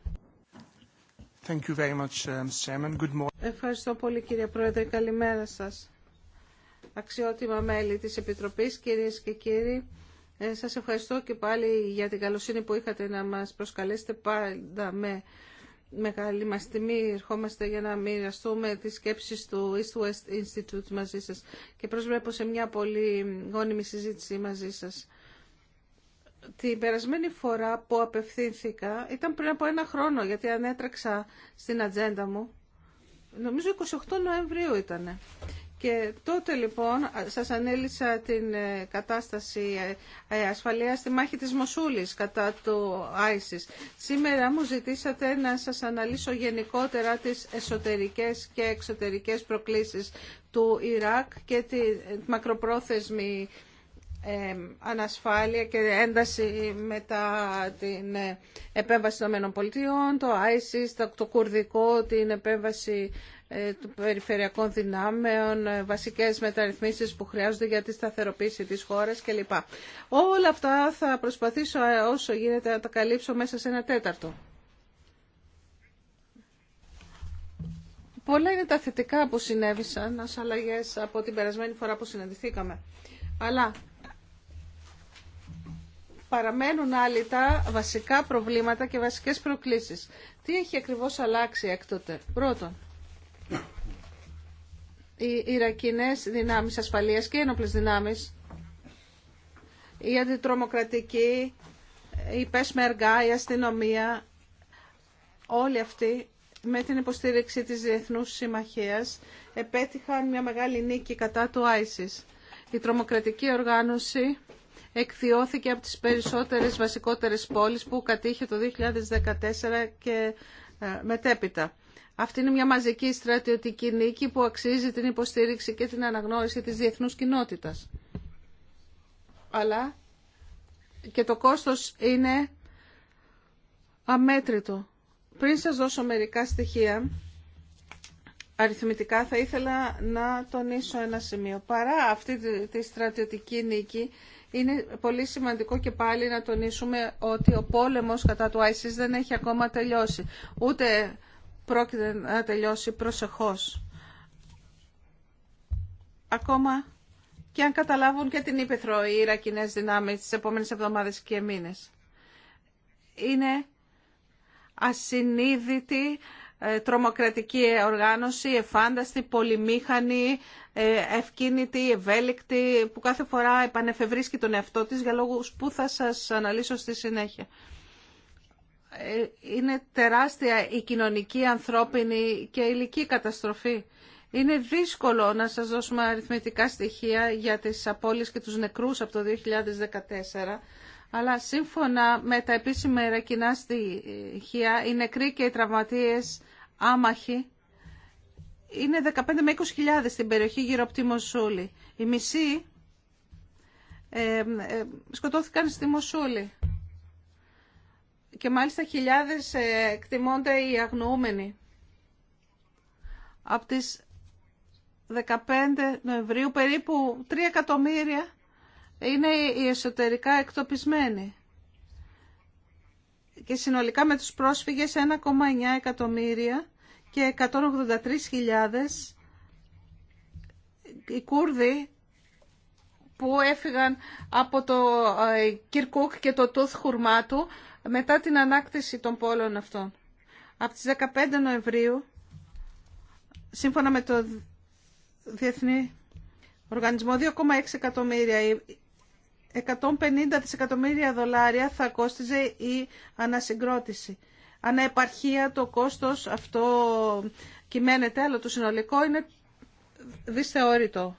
Thank you very much, um, Good morning. Ευχαριστώ πολύ κύριε Πρόεδρε. Καλημέρα σας. Αξιότιμα μέλη της Επιτροπής, κυρίες και κύριοι. Ε, σας ευχαριστώ και πάλι για την καλοσύνη που είχατε να μας προσκαλέσετε πάντα με μεγάλη μας τιμή ερχόμαστε για να μοιραστούμε τις σκέψεις του East West Institute μαζί σας και προσβλέπω σε μια πολύ γόνιμη συζήτηση μαζί σας. Την περασμένη φορά που απευθύνθηκα ήταν πριν από ένα χρόνο γιατί ανέτρεξα στην ατζέντα μου. Νομίζω 28 Νοεμβρίου ήτανε. Και τότε λοιπόν σας ανέλησα την ε, κατάσταση ε, ε, ασφαλείας στη μάχη της Μοσούλης κατά του ISIS. Σήμερα μου ζητήσατε να σας αναλύσω γενικότερα τις εσωτερικές και εξωτερικές προκλήσεις του Ιράκ και τη μακροπρόθεσμη ανασφάλεια και ένταση μετά την επέμβαση των ΗΠΑ, το ISIS, το κουρδικό, την επέμβαση ε, του περιφερειακών δυνάμεων, ε, βασικές μεταρρυθμίσεις που χρειάζονται για τη σταθεροποίηση της χώρας κλπ. Όλα αυτά θα προσπαθήσω ε, όσο γίνεται να τα καλύψω μέσα σε ένα τέταρτο. Πολλά είναι τα θετικά που συνέβησαν ως αλλαγές από την περασμένη φορά που συναντηθήκαμε. Αλλά παραμένουν τα βασικά προβλήματα και βασικές προκλήσεις. Τι έχει ακριβώς αλλάξει τότε Πρώτον, οι Ιρακινές δυνάμεις ασφαλείας και ένοπλες δυνάμεις, η αντιτρομοκρατική, η Πεσμεργά, η αστυνομία, όλοι αυτοί με την υποστήριξη της Διεθνούς Συμμαχίας επέτυχαν μια μεγάλη νίκη κατά του ISIS. Η τρομοκρατική οργάνωση εκθιώθηκε από τις περισσότερες βασικότερες πόλεις που κατήχε το 2014 και ε, μετέπειτα. Αυτή είναι μια μαζική στρατιωτική νίκη που αξίζει την υποστήριξη και την αναγνώριση της διεθνούς κοινότητας. Αλλά και το κόστος είναι αμέτρητο. Πριν σας δώσω μερικά στοιχεία, αριθμητικά θα ήθελα να τονίσω ένα σημείο. Παρά αυτή τη στρατιωτική νίκη, είναι πολύ σημαντικό και πάλι να τονίσουμε ότι ο πόλεμος κατά του ISIS δεν έχει ακόμα τελειώσει. Ούτε πρόκειται να τελειώσει προσεχώς. Ακόμα και αν καταλάβουν και την ύπεθρο οι Ιρακινές δυνάμεις τις επόμενες εβδομάδες και μήνες. Είναι ασυνείδητη ε, τρομοκρατική οργάνωση, εφάνταστη, πολυμήχανη, ε, ευκίνητη, ευέλικτη, που κάθε φορά επανεφευρίσκει τον εαυτό της για λόγους που θα σας αναλύσω στη συνέχεια είναι τεράστια η κοινωνική, ανθρώπινη και ηλική καταστροφή. Είναι δύσκολο να σας δώσουμε αριθμητικά στοιχεία για τις απώλειες και τους νεκρούς από το 2014, αλλά σύμφωνα με τα επίσημα κοινά στοιχεία, οι νεκροί και οι τραυματίες άμαχοι είναι 15 με 20.000 στην περιοχή γύρω από τη Μοσούλη. Οι μισοί ε, ε σκοτώθηκαν στη Μοσούλη και μάλιστα χιλιάδες ε, εκτιμώνται οι αγνοούμενοι. Από τις 15 Νοεμβρίου περίπου 3 εκατομμύρια είναι οι εσωτερικά εκτοπισμένοι. Και συνολικά με τους πρόσφυγες 1,9 εκατομμύρια και 183.000 οι Κούρδοι που έφυγαν από το ε, Κυρκούκ και το Τούθ Χουρμάτου μετά την ανάκτηση των πόλων αυτών. Από τις 15 Νοεμβρίου, σύμφωνα με το Διεθνή Οργανισμό, 2,6 εκατομμύρια 150 δισεκατομμύρια δολάρια θα κόστιζε η ανασυγκρότηση. Αναεπαρχία το κόστος αυτό κυμαίνεται, αλλά το συνολικό είναι δυσθεώρητο.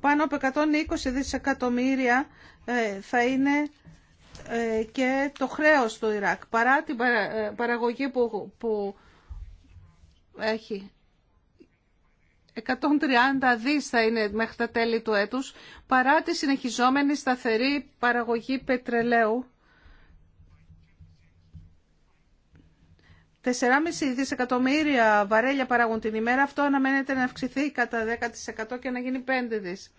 Πάνω από 120 δισεκατομμύρια ε, θα είναι ε, και το χρέος του Ιράκ. Παρά την ε, παραγωγή που, που έχει 130 δις θα είναι μέχρι τα τέλη του έτους, παρά τη συνεχιζόμενη σταθερή παραγωγή πετρελαίου. 4,5 δισεκατομμύρια βαρέλια παράγουν την ημέρα, αυτό αναμένεται να αυξηθεί κατά 10% και να γίνει 5 δις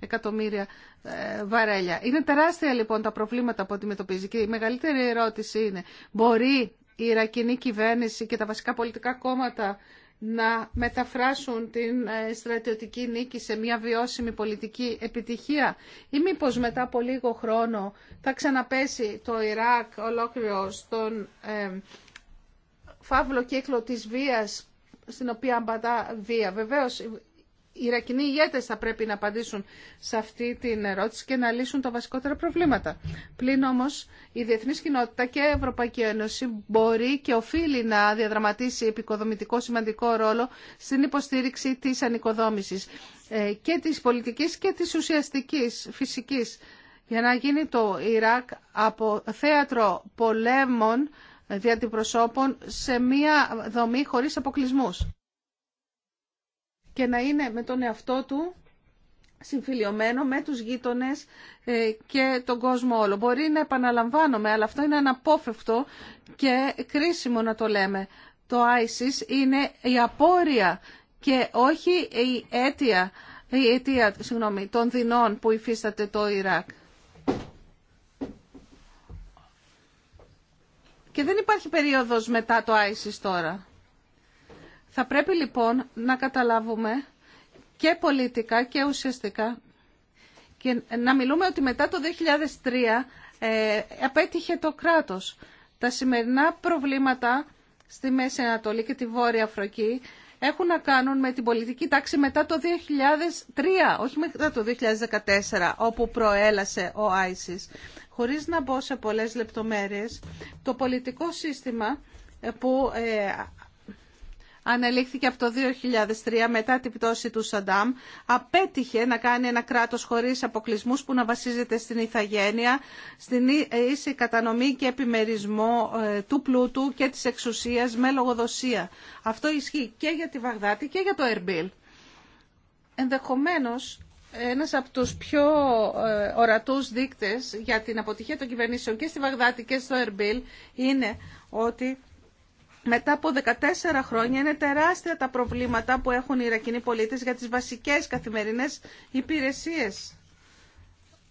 εκατομμύρια ε, βαρέλια. Είναι τεράστια λοιπόν τα προβλήματα που αντιμετωπίζει και η μεγαλύτερη ερώτηση είναι μπορεί η Ιρακινή κυβέρνηση και τα βασικά πολιτικά κόμματα να μεταφράσουν την ε, στρατιωτική νίκη σε μια βιώσιμη πολιτική επιτυχία ή μήπως μετά από λίγο χρόνο θα ξαναπέσει το Ιράκ ολόκληρο στον ε, φαύλο κύκλο της βίας στην οποία μπατα βία. Βεβαίως οι Ιρακινοί ηγέτες θα πρέπει να απαντήσουν σε αυτή την ερώτηση και να λύσουν τα βασικότερα προβλήματα. Πλην όμως η διεθνή κοινότητα και η Ευρωπαϊκή Ένωση μπορεί και οφείλει να διαδραματίσει επικοδομητικό σημαντικό ρόλο στην υποστήριξη της ανοικοδόμησης ε, και της πολιτικής και της ουσιαστικής φυσικής για να γίνει το Ιράκ από θέατρο πολέμων ε, διατυπροσώπων σε μια δομή χωρίς αποκλεισμούς και να είναι με τον εαυτό του συμφιλειωμένο με τους γείτονες ε, και τον κόσμο όλο. Μπορεί να επαναλαμβάνομαι, αλλά αυτό είναι αναπόφευκτο και κρίσιμο να το λέμε. Το ISIS είναι η απόρρια και όχι η αίτια, η αιτία συγγνώμη, των δεινών που υφίσταται το Ιράκ. Και δεν υπάρχει περίοδος μετά το ISIS τώρα. Θα πρέπει λοιπόν να καταλάβουμε και πολιτικά και ουσιαστικά και να μιλούμε ότι μετά το 2003 ε, απέτυχε το κράτος. Τα σημερινά προβλήματα στη Μέση Ανατολή και τη Βόρεια Αφροκή έχουν να κάνουν με την πολιτική τάξη μετά το 2003, όχι μετά το 2014, όπου προέλασε ο ISIS. Χωρίς να μπω σε πολλές λεπτομέρειες, το πολιτικό σύστημα ε, που ε, ανελήφθηκε από το 2003 μετά την πτώση του Σαντάμ, απέτυχε να κάνει ένα κράτος χωρίς αποκλεισμούς που να βασίζεται στην ηθαγένεια, στην ίση κατανομή και επιμερισμό ε, του πλούτου και της εξουσίας με λογοδοσία. Αυτό ισχύει και για τη Βαγδάτη και για το Ερμπίλ. Ενδεχομένως ένας από τους πιο ε, ορατούς δείκτες για την αποτυχία των κυβερνήσεων και στη Βαγδάτη και στο Ερμπίλ είναι ότι μετά από 14 χρόνια είναι τεράστια τα προβλήματα που έχουν οι Ιρακινοί πολίτες για τις βασικές καθημερινές υπηρεσίες.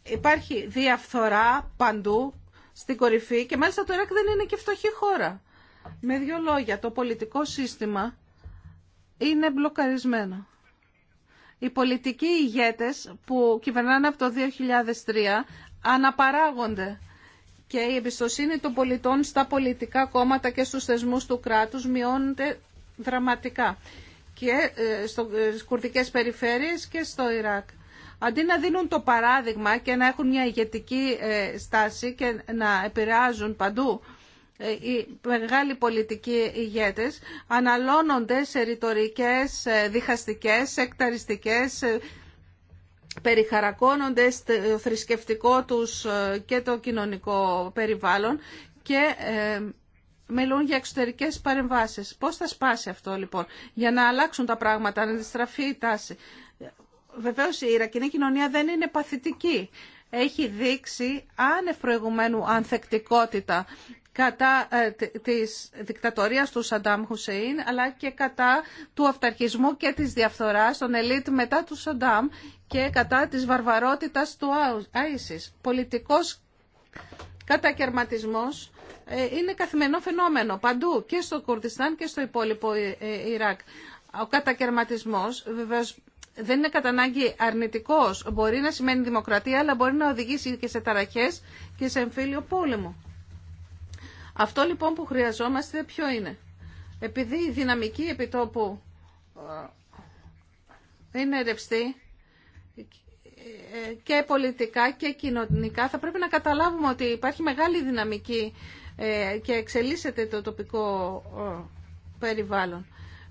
Υπάρχει διαφθορά παντού στην κορυφή και μάλιστα το Ιράκ δεν είναι και φτωχή χώρα. Με δύο λόγια, το πολιτικό σύστημα είναι μπλοκαρισμένο. Οι πολιτικοί ηγέτες που κυβερνάνε από το 2003 αναπαράγονται και η εμπιστοσύνη των πολιτών στα πολιτικά κόμματα και στους θεσμούς του κράτους μειώνεται δραματικά και ε, ε, στις κουρδικές περιφέρειες και στο Ιράκ. Αντί να δίνουν το παράδειγμα και να έχουν μια ηγετική ε, στάση και να επηρεάζουν παντού οι μεγάλοι πολιτικοί ηγέτες, αναλώνονται σε ρητορικές, διχαστικές, εκταριστικές, περιχαρακώνονται στο θρησκευτικό τους ε, και το κοινωνικό περιβάλλον και ε, μιλούν για εξωτερικές παρεμβάσεις. Πώς θα σπάσει αυτό λοιπόν, για να αλλάξουν τα πράγματα, να αντιστραφεί η τάση. Βεβαίως η Ιρακινή κοινωνία δεν είναι παθητική. Έχει δείξει άνευ ανθεκτικότητα κατά ε, της δικτατορίας του Σαντάμ Χουσέιν αλλά και κατά του αυταρχισμού και της διαφθοράς των ελίτ μετά του Σαντάμ και κατά της βαρβαρότητας του Άισις. Πολιτικός κατακαιρματισμός ε, είναι καθημερινό φαινόμενο παντού και στο Κουρδιστάν και στο υπόλοιπο ε, Ιράκ. Ο κατακαιρματισμός βεβαίως δεν είναι κατά ανάγκη αρνητικός. Μπορεί να σημαίνει δημοκρατία αλλά μπορεί να οδηγήσει και σε ταραχές και σε εμφύλιο πόλεμο. Αυτό λοιπόν που χρειαζόμαστε ποιο είναι. Επειδή η δυναμική επιτόπου ε, είναι ρευστή ε, και πολιτικά και κοινωνικά, θα πρέπει να καταλάβουμε ότι υπάρχει μεγάλη δυναμική ε, και εξελίσσεται το τοπικό περιβάλλον.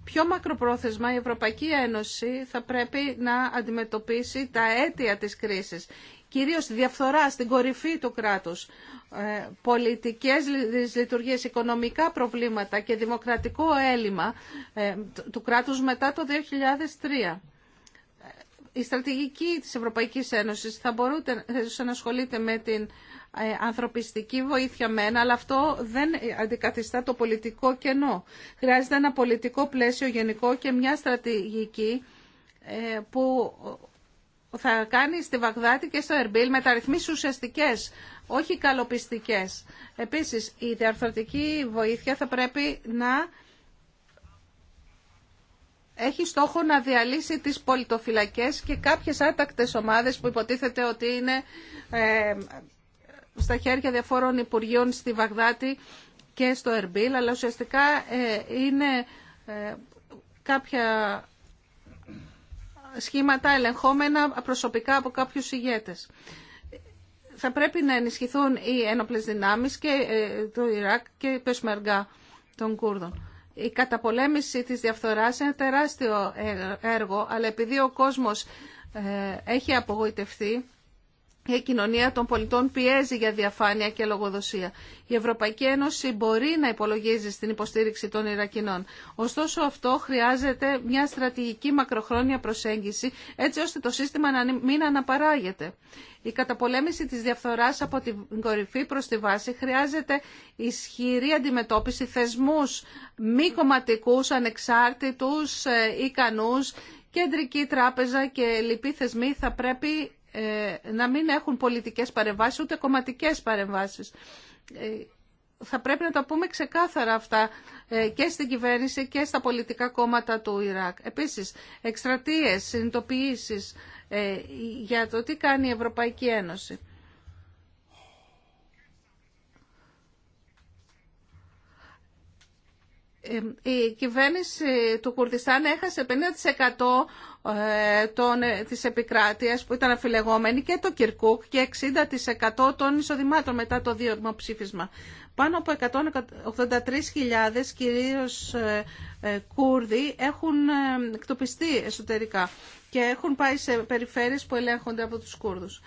Πιο μακροπρόθεσμα η Ευρωπαϊκή Ένωση θα πρέπει να αντιμετωπίσει τα αίτια της κρίσης κυρίως τη διαφθορά στην κορυφή του κράτους, ε, πολιτικές λειτουργίες, οικονομικά προβλήματα και δημοκρατικό έλλειμμα ε, του κράτους μετά το 2003. Ε, η στρατηγική της Ευρωπαϊκής Ένωσης θα μπορούσε να ασχολείται με την ανθρωπιστική βοήθεια μένα, αλλά αυτό δεν αντικαθιστά το πολιτικό κενό. Χρειάζεται ένα πολιτικό πλαίσιο γενικό και μια στρατηγική που θα κάνει στη Βαγδάτη και στο Ερμπίλ μεταρρυθμίσεις ουσιαστικέ, όχι καλοπιστικές. Επίσης, η διαρθρωτική βοήθεια θα πρέπει να έχει στόχο να διαλύσει τις πολιτοφυλακές και κάποιες άτακτες ομάδες που υποτίθεται ότι είναι ε, στα χέρια διαφόρων υπουργείων στη Βαγδάτη και στο Ερμπίλ, αλλά ουσιαστικά ε, είναι ε, κάποια σχήματα ελεγχόμενα προσωπικά από κάποιους ηγέτες. Θα πρέπει να ενισχυθούν οι ένοπλες δυνάμεις και ε, το Ιράκ και η Πεσμεργά των Κούρδων. Η καταπολέμηση της διαφθοράς είναι τεράστιο ε, έργο, αλλά επειδή ο κόσμος ε, έχει απογοητευτεί, η κοινωνία των πολιτών πιέζει για διαφάνεια και λογοδοσία. Η Ευρωπαϊκή Ένωση μπορεί να υπολογίζει στην υποστήριξη των Ιρακινών. Ωστόσο αυτό χρειάζεται μια στρατηγική μακροχρόνια προσέγγιση έτσι ώστε το σύστημα να μην αναπαράγεται. Η καταπολέμηση της διαφθοράς από την κορυφή προς τη βάση χρειάζεται ισχυρή αντιμετώπιση θεσμούς μη κομματικούς, ανεξάρτητους, ε, ικανούς, κεντρική τράπεζα και λοιποί θεσμοί θα πρέπει ε, να μην έχουν πολιτικές παρεμβάσεις ούτε κομματικές παρεμβάσεις. Ε, θα πρέπει να τα πούμε ξεκάθαρα αυτά ε, και στην κυβέρνηση και στα πολιτικά κόμματα του Ιράκ. Επίσης, εκστρατείες, συνειδητοποιήσεις για το τι κάνει η Ευρωπαϊκή Ένωση. Ε, η κυβέρνηση του Κουρδιστάν έχασε 50% των, ε, ε, της επικράτειας που ήταν αφιλεγόμενη και το Κυρκούκ και 60% των εισοδημάτων μετά το ψήφισμα. Πάνω από 183.000 κυρίως Κούρδοι έχουν εκτοπιστεί εσωτερικά και έχουν πάει σε περιφέρειες που ελέγχονται από τους Κούρδους.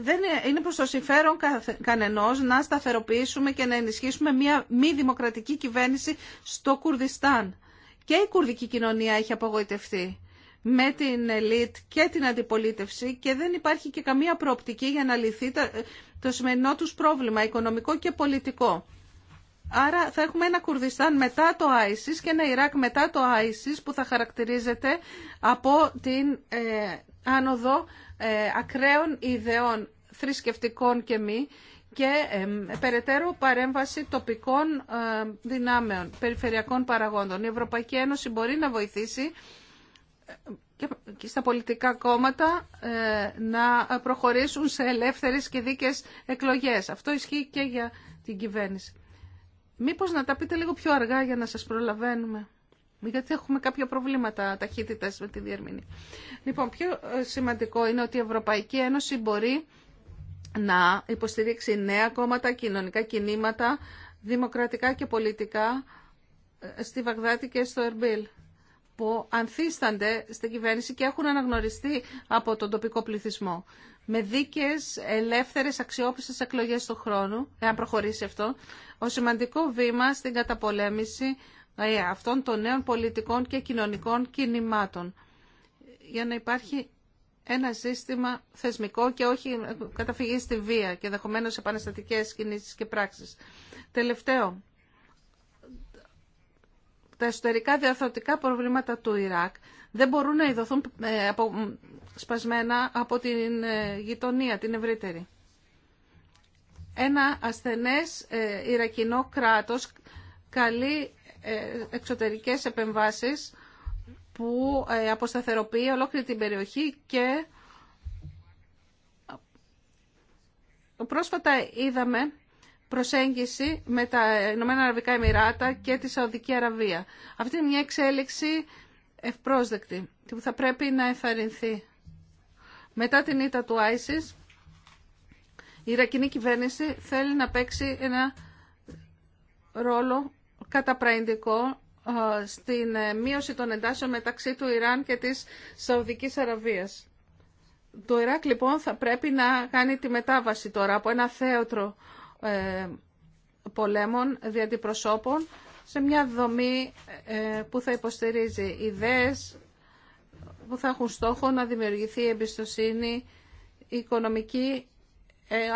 δεν είναι προς το συμφέρον κανενός να σταθεροποιήσουμε και να ενισχύσουμε μια μη δημοκρατική κυβέρνηση στο Κουρδιστάν. Και η κουρδική κοινωνία έχει απογοητευτεί με την ελίτ και την αντιπολίτευση και δεν υπάρχει και καμία προοπτική για να λυθεί το σημερινό τους πρόβλημα οικονομικό και πολιτικό. Άρα θα έχουμε ένα Κουρδιστάν μετά το ISIS και ένα Ιράκ μετά το ISIS που θα χαρακτηρίζεται από την ε, άνοδο ε, ακραίων ιδεών θρησκευτικών και μη και περαιτέρω παρέμβαση τοπικών ε, δυνάμεων, περιφερειακών παραγόντων. Η Ευρωπαϊκή Ένωση μπορεί να βοηθήσει ε, και στα πολιτικά κόμματα να προχωρήσουν σε ελεύθερες και δίκαιες εκλογές. Αυτό ισχύει και για την κυβέρνηση. Μήπως να τα πείτε λίγο πιο αργά για να σας προλαβαίνουμε γιατί έχουμε κάποια προβλήματα ταχύτητας με τη διερμηνή. Λοιπόν, πιο ε, σημαντικό είναι ότι η Ευρωπαϊκή Ένωση μπορεί να υποστηρίξει νέα κόμματα, κοινωνικά κινήματα, δημοκρατικά και πολιτικά ε, στη Βαγδάτη και στο Ερμπίλ που ανθίστανται στην κυβέρνηση και έχουν αναγνωριστεί από τον τοπικό πληθυσμό. Με δίκαιες, ελεύθερες, αξιόπιστες εκλογές του χρόνου, εάν προχωρήσει αυτό, ο σημαντικό βήμα στην καταπολέμηση ε, αυτών των νέων πολιτικών και κοινωνικών κινημάτων για να υπάρχει ένα σύστημα θεσμικό και όχι καταφυγή στη βία και δεχομένως επαναστατικές κινήσεις και πράξεις. Τελευταίο, τα εσωτερικά διαθροτικά προβλήματα του Ιράκ δεν μπορούν να ειδωθούν ε, σπασμένα από την ε, γειτονία, την ευρύτερη. Ένα ασθενές Ιρακινό κράτος καλεί ε, εξωτερικές επεμβάσεις που ε, αποσταθεροποιεί ολόκληρη την περιοχή και πρόσφατα είδαμε προσέγγιση με τα Ηνωμένα Αραβικά Εμμυράτα και τη Σαουδική Αραβία. Αυτή είναι μια εξέλιξη ευπρόσδεκτη που θα πρέπει να εθαρρυνθεί. Μετά την ήττα του ISIS, η Ιρακινή κυβέρνηση θέλει να παίξει ένα ρόλο καταπραϊντικό ε, στην ε, μείωση των εντάσεων μεταξύ του Ιράν και της Σαουδικής Αραβίας. Το Ιράκ λοιπόν θα πρέπει να κάνει τη μετάβαση τώρα από ένα θέατρο ε, πολέμων δια σε μια δομή που θα υποστηρίζει ιδέες που θα έχουν στόχο να δημιουργηθεί η εμπιστοσύνη η οικονομική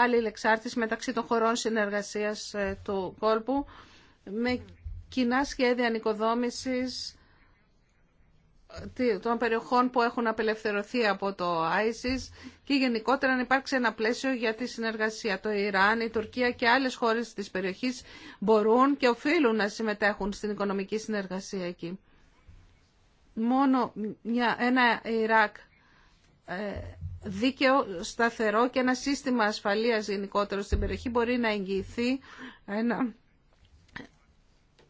αλληλεξάρτηση μεταξύ των χωρών συνεργασίας του κόλπου με κοινά σχέδια ανοικοδόμησης των περιοχών που έχουν απελευθερωθεί από το ISIS και γενικότερα να υπάρξει ένα πλαίσιο για τη συνεργασία. Το Ιράν, η Τουρκία και άλλες χώρες της περιοχής μπορούν και οφείλουν να συμμετέχουν στην οικονομική συνεργασία εκεί. Μόνο μια, ένα Ιράκ ε, δίκαιο, σταθερό και ένα σύστημα ασφαλείας γενικότερο στην περιοχή μπορεί να εγγυηθεί ένα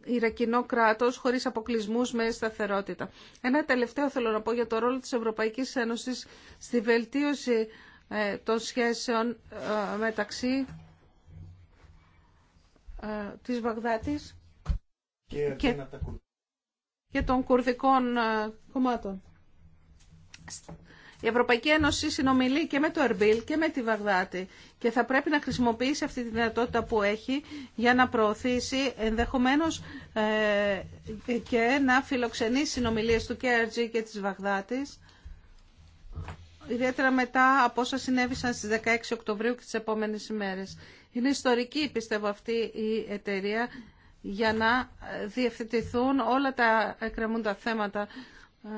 Ιρακινό κράτο χωρίς αποκλεισμού με σταθερότητα. Ένα τελευταίο θέλω να πω για το ρόλο της Ευρωπαϊκής Ένωση στη βελτίωση ε, των σχέσεων ε, μεταξύ ε, της Βαγδάτης και, και των κουρδικών κομμάτων. Η Ευρωπαϊκή Ένωση συνομιλεί και με το Ερμπίλ και με τη Βαγδάτη και θα πρέπει να χρησιμοποιήσει αυτή τη δυνατότητα που έχει για να προωθήσει ενδεχομένως ε, και να φιλοξενεί συνομιλίες του KRG και της Βαγδάτης ιδιαίτερα μετά από όσα συνέβησαν στις 16 Οκτωβρίου και τις επόμενες ημέρες. Είναι ιστορική, πιστεύω, αυτή η εταιρεία για να διευθετηθούν όλα τα εκκρεμούντα θέματα ε,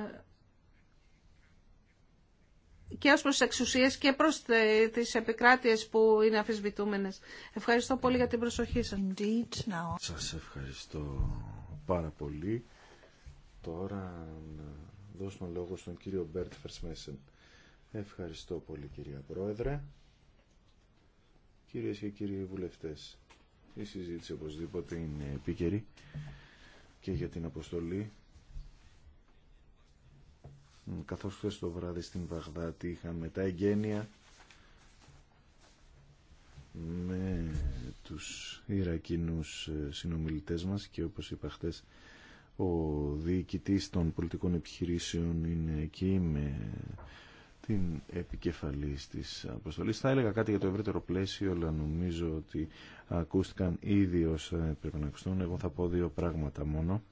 και ως προς τις εξουσίες και προς τις επικράτειες που είναι αφισβητούμενες. Ευχαριστώ πολύ για την προσοχή σας. Indeed, Σας ευχαριστώ πάρα πολύ. Τώρα να δώσουμε λόγο στον κύριο Μπέρτ Φερσμέσεν. Ευχαριστώ πολύ κυρία Πρόεδρε. Κυρίες και κύριοι βουλευτές, η συζήτηση οπωσδήποτε είναι επίκαιρη και για την αποστολή καθώς χθες το βράδυ στην Βαγδάτη είχαμε τα εγγένεια με τους Ιρακινούς ε, συνομιλητές μας και όπως είπα χθες ο διοικητής των πολιτικών επιχειρήσεων είναι εκεί με την επικεφαλή της αποστολή. Θα έλεγα κάτι για το ευρύτερο πλαίσιο, αλλά νομίζω ότι ακούστηκαν ήδη όσα πρέπει να ακουστούν. Εγώ θα πω δύο πράγματα μόνο.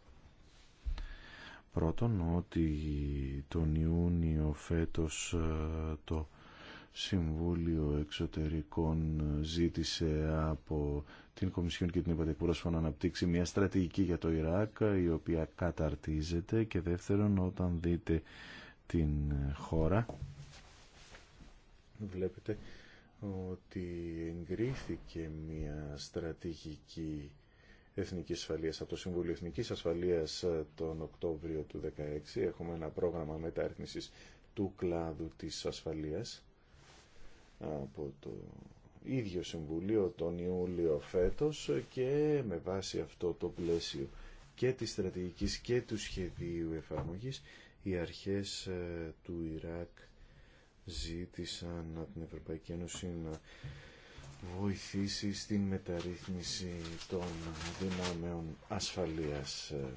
Πρώτον, ότι τον Ιούνιο φέτος ε, το Συμβούλιο Εξωτερικών ζήτησε από την Κομισιόν και την Υπατεκπρόσφα να αναπτύξει μια στρατηγική για το Ιράκ, η οποία καταρτίζεται και δεύτερον, όταν δείτε την χώρα, βλέπετε ότι εγκρίθηκε μια στρατηγική Εθνικής Ασφαλείας. Από το Συμβούλιο Εθνικής Ασφαλείας ε, τον Οκτώβριο του 2016 έχουμε ένα πρόγραμμα μεταρρύθμισης του κλάδου της ασφαλείας ε, από το ίδιο Συμβουλίο τον Ιούλιο φέτος ε, και με βάση αυτό το πλαίσιο και της στρατηγικής και του σχεδίου εφαρμογής οι αρχές του Ιράκ ζήτησαν από την Ευρωπαϊκή Ένωση να βοηθήσει στην μεταρρύθμιση των δυνάμεων ασφαλείας. Ε,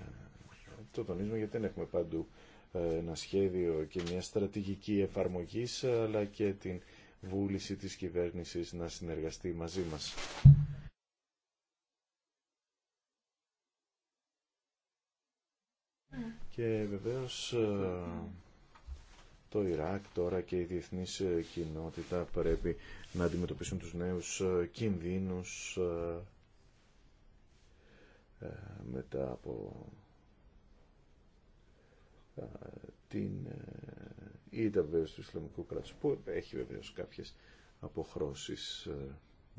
το τονίζουμε γιατί δεν έχουμε παντού ε, ένα σχέδιο και μια στρατηγική εφαρμογής αλλά και την βούληση της κυβέρνησης να συνεργαστεί μαζί μας. Και βεβαίως ε, το Ιράκ τώρα και η διεθνής ε, κοινότητα πρέπει να αντιμετωπίσουν τους νέους ε, κινδύνους ε, μετά από την ήττα βέβαια του Ισλαμικού κράτους που έχει βεβαίω κάποιες αποχρώσεις.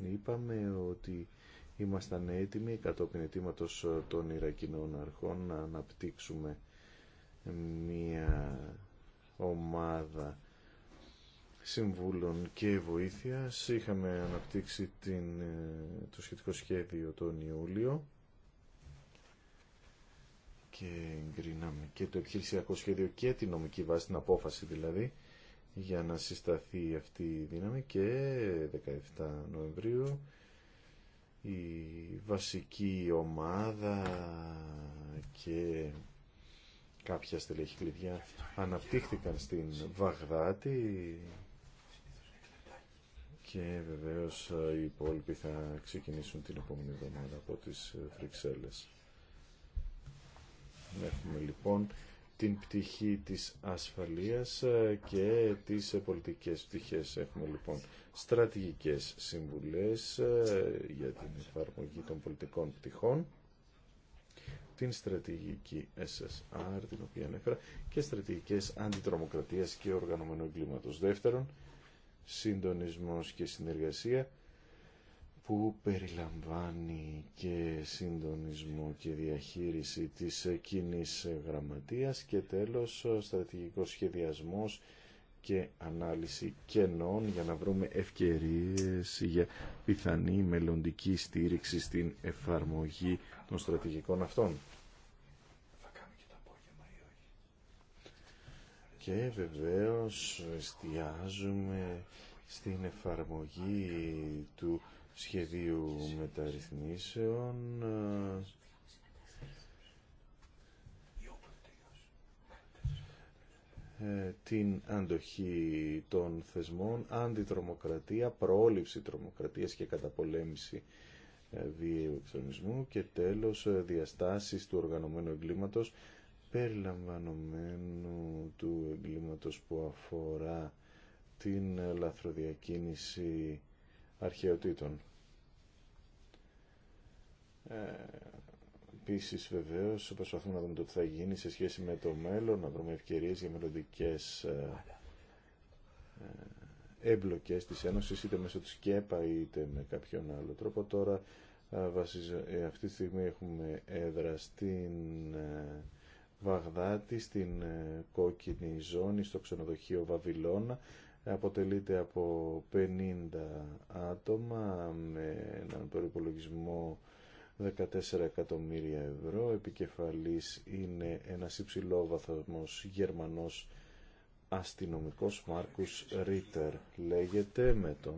Είπαμε ότι ήμασταν έτοιμοι κατόπιν ετήματος των Ιρακινών αρχών να αναπτύξουμε μια ομάδα συμβούλων και βοήθειας. Είχαμε αναπτύξει την, ε, το σχετικό σχέδιο τον Ιούλιο και εγκρίναμε και το επιχειρησιακό σχέδιο και τη νομική βάση, την απόφαση δηλαδή, για να συσταθεί αυτή η δύναμη και 17 Νοεμβρίου η βασική ομάδα και κάποια στελέχη κλειδιά αναπτύχθηκαν στην Βαγδάτη και βεβαίως οι υπόλοιποι θα ξεκινήσουν την επόμενη εβδομάδα από τις Βρυξέλλες. Έχουμε λοιπόν την πτυχή της ασφαλείας και τις πολιτικές πτυχές. Έχουμε λοιπόν στρατηγικές συμβουλές ε, για την εφαρμογή των πολιτικών πτυχών την στρατηγική SSR, την οποία ανέφερα, και στρατηγικές αντιτρομοκρατίας και οργανωμένου εγκλήματος. Δεύτερον, συντονισμός και συνεργασία που περιλαμβάνει και συντονισμό και διαχείριση της κοινή γραμματείας και τέλος στρατηγικός σχεδιασμός και ανάλυση κενών για να βρούμε ευκαιρίες για πιθανή μελλοντική στήριξη στην εφαρμογή των στρατηγικών αυτών. Και βεβαίως εστιάζουμε στην εφαρμογή του σχεδίου μεταρρυθμίσεων Ε, την αντοχή των θεσμών, αντιτρομοκρατία, πρόληψη τρομοκρατίας και καταπολέμηση βίαιου ε, εξονισμού και τέλος ε, διαστάσεις του οργανωμένου εγκλήματος περιλαμβανομένου του εγκλήματος που αφορά την λαθροδιακίνηση αρχαιοτήτων. Επίσης βεβαίως προσπαθούμε να δούμε το τι θα γίνει σε σχέση με το μέλλον, να βρούμε ευκαιρίες για μελλοντικές έμπλοκες ε, ε, της Ένωσης είτε μέσω του ΚΕΠΑ είτε με κάποιον άλλο τρόπο. Τώρα ε, αυτή τη στιγμή έχουμε έδρα στην Βαγδάτη, στην κόκκινη ζώνη, στο ξενοδοχείο Βαβυλώνα. Αποτελείται από 50 άτομα με έναν προπολογισμό 14 εκατομμύρια ευρώ. Επικεφαλής είναι ένας υψηλόβαθμος γερμανός αστυνομικός Μάρκους Ρίτερ λέγεται με το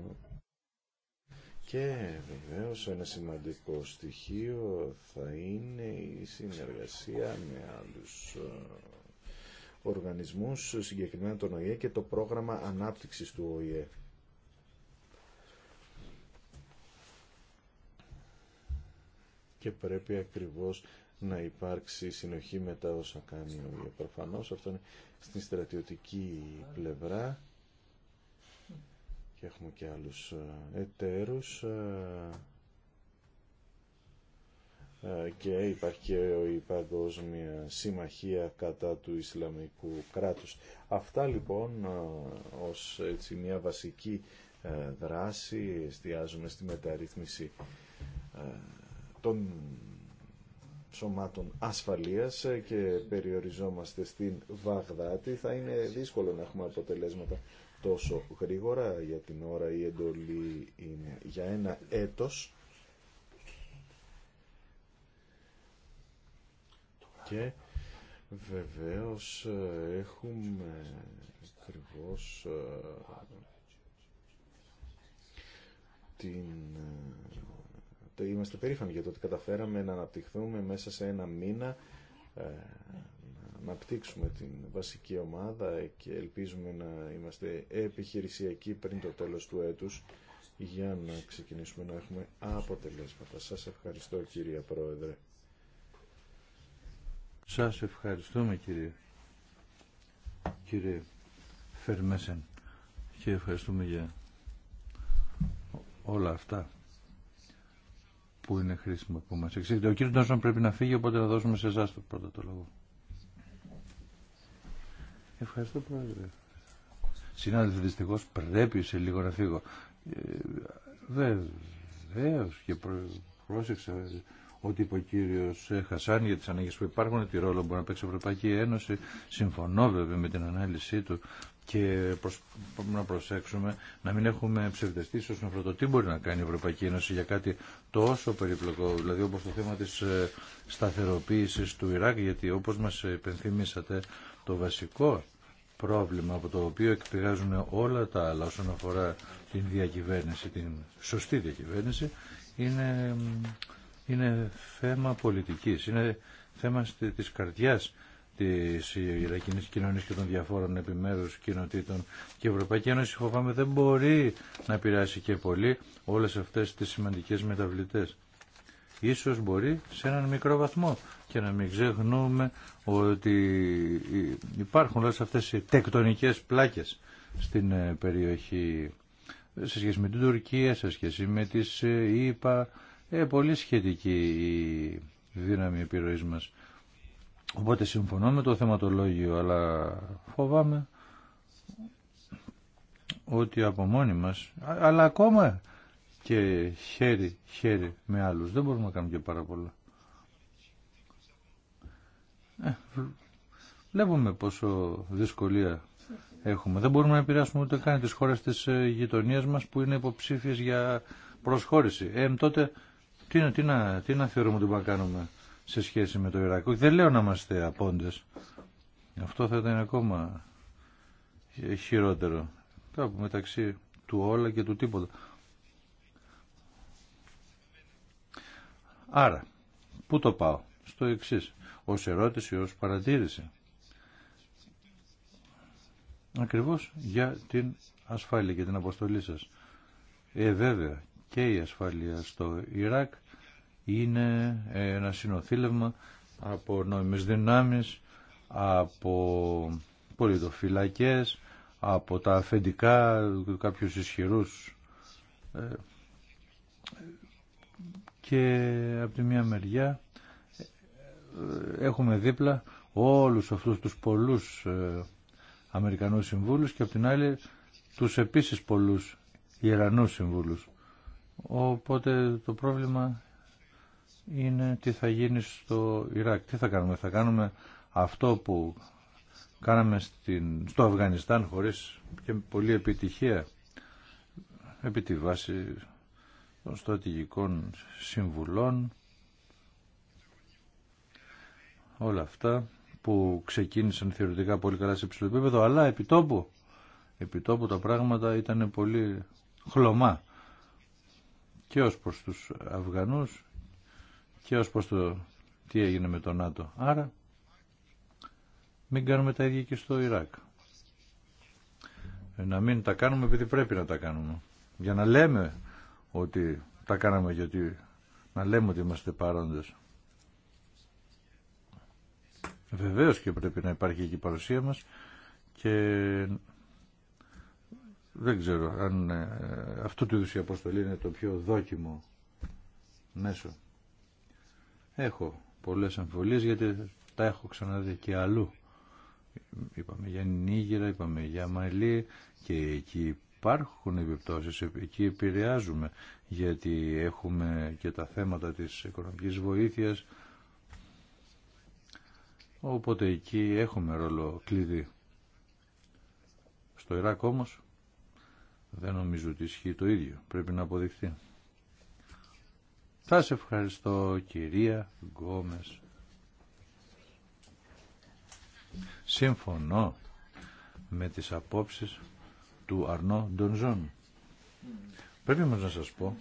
και βεβαίω ένα σημαντικό στοιχείο θα είναι η συνεργασία με άλλους ε, οργανισμούς, συγκεκριμένα τον ΟΗΕ και το πρόγραμμα ανάπτυξης του ΟΗΕ. και πρέπει ακριβώς να υπάρξει συνοχή μετά όσα κάνει ο Ιε. Προφανώς αυτό είναι στην στρατιωτική πλευρά και έχουμε και άλλους ε, εταίρους ε, ε, και υπάρχει και η Παγκόσμια Συμμαχία κατά του Ισλαμικού κράτους. Αυτά λοιπόν ως έτσι, μια βασική δράση εστιάζουμε στη μεταρρύθμιση των σωμάτων ασφαλείας ε, και περιοριζόμαστε στην Βαγδάτη, θα είναι δύσκολο να έχουμε αποτελέσματα τόσο γρήγορα. Για την ώρα η εντολή είναι για ένα έτος. Και βεβαίως ε, έχουμε ακριβώ ε, την είμαστε περήφανοι για το ότι καταφέραμε να αναπτυχθούμε μέσα σε ένα μήνα ε, να αναπτύξουμε την βασική ομάδα και ελπίζουμε να είμαστε επιχειρησιακοί πριν το τέλος του έτους για να ξεκινήσουμε να έχουμε αποτελέσματα. Σας ευχαριστώ κύριε Πρόεδρε. Σας ευχαριστούμε κύριε, κύριε Φερμέσεν και ευχαριστούμε για όλα αυτά που είναι χρήσιμο που μας εξήγησε. Ο κύριος Ντόνσον πρέπει να φύγει, οπότε να δώσουμε σε εσά το πρώτο το λόγο. Ευχαριστώ πρόεδρε. Συνάδελφοι, δυστυχώ πρέπει σε λίγο να φύγω. Ε, Βεβαίω και πρόσεξα ότι είπε ο κύριο Χασάν για τι ανάγκε που υπάρχουν, τι ρόλο μπορεί να παίξει η Ευρωπαϊκή Ένωση. Συμφωνώ βέβαια με την ανάλυση του και προσ... να προσέξουμε να μην έχουμε ψευδεστήσει όσον αφορά το τι μπορεί να κάνει η Ευρωπαϊκή Ένωση για κάτι τόσο περιπλοκό, δηλαδή όπως το θέμα της ε, σταθεροποίησης του Ιράκ, γιατί όπως μας υπενθυμίσατε το βασικό πρόβλημα από το οποίο εκπηγάζουν όλα τα άλλα όσον αφορά την διακυβέρνηση, την σωστή διακυβέρνηση, είναι, είναι θέμα πολιτικής, είναι θέμα της καρδιάς τη Ιρακινής κοινωνίας και των διαφόρων επιμέρους κοινοτήτων και η Ευρωπαϊκή Ένωση φοβάμαι δεν μπορεί να πειράσει και πολύ όλες αυτές τις σημαντικές μεταβλητές. Ίσως μπορεί σε έναν μικρό βαθμό και να μην ξεχνούμε ότι υπάρχουν όλες αυτές οι τεκτονικές πλάκες στην ε, περιοχή σε σχέση με την Τουρκία, σε σχέση με τις ΙΠΑ. Ε, ε, πολύ σχετική η δύναμη επιρροής μας. Οπότε συμφωνώ με το θεματολόγιο, αλλά φοβάμαι ότι από μόνοι μας, αλλά ακόμα και χέρι-χέρι με άλλους, δεν μπορούμε να κάνουμε και πάρα πολλά. Ε, βλέπουμε πόσο δυσκολία έχουμε. Δεν μπορούμε να επηρεάσουμε ούτε καν τις χώρες της ε, γειτονίας μας που είναι υποψήφιες για προσχώρηση. Ε, τότε τι, τι, τι να, τι θεωρούμε ότι να κάνουμε σε σχέση με το Ιράκ. Δεν λέω να είμαστε απόντες. Αυτό θα ήταν ακόμα χειρότερο. Κάπου μεταξύ του όλα και του τίποτα. Άρα, πού το πάω. Στο εξής. Ως ερώτηση, ως παρατήρηση. Ακριβώς για την ασφάλεια και την αποστολή σας. Ε, βέβαια, και η ασφάλεια στο Ιράκ είναι ένα συνοθήλευμα από νόμιμες δυνάμεις, από πολιτοφυλακές, από τα αφεντικά, κάποιους ισχυρούς ε, και από τη μία μεριά ε, έχουμε δίπλα όλους αυτούς τους πολλούς ε, Αμερικανούς συμβούλους και από την άλλη τους επίσης πολλούς Ιερανούς συμβούλους. Οπότε το πρόβλημα είναι τι θα γίνει στο Ιράκ. Τι θα κάνουμε, θα κάνουμε αυτό που κάναμε στην, στο Αφγανιστάν χωρίς και πολλή επιτυχία επί τη βάση των στρατηγικών συμβουλών όλα αυτά που ξεκίνησαν θεωρητικά πολύ καλά σε υψηλό επίπεδο αλλά επί επιτόπου τα πράγματα ήταν πολύ χλωμά και ως προς τους Αφγανούς και ως προς το τι έγινε με τον ΝΑΤΟ. Άρα μην κάνουμε τα ίδια και στο Ιράκ. Ε, να μην τα κάνουμε επειδή πρέπει να τα κάνουμε. Για να λέμε ότι τα κάναμε γιατί να λέμε ότι είμαστε παρόντες. Βεβαίως και πρέπει να υπάρχει εκεί η παρουσία μας και δεν ξέρω αν ε, αυτού του είδους η αποστολή είναι το πιο δόκιμο μέσο. Έχω πολλές αμφιβολίες γιατί τα έχω ξαναδεί και αλλού. Είπαμε για Νίγηρα, είπαμε για Μαλή και εκεί υπάρχουν επιπτώσεις, εκεί επηρεάζουμε γιατί έχουμε και τα θέματα της οικονομικής βοήθειας οπότε εκεί έχουμε ρόλο κλειδί. Στο Ιράκ όμως δεν νομίζω ότι ισχύει το ίδιο, πρέπει να αποδειχθεί. Θα σε ευχαριστώ κυρία Γκόμες. Σύμφωνο με τις απόψεις του Αρνό Ντονζόν. Πρέπει όμως να σας πω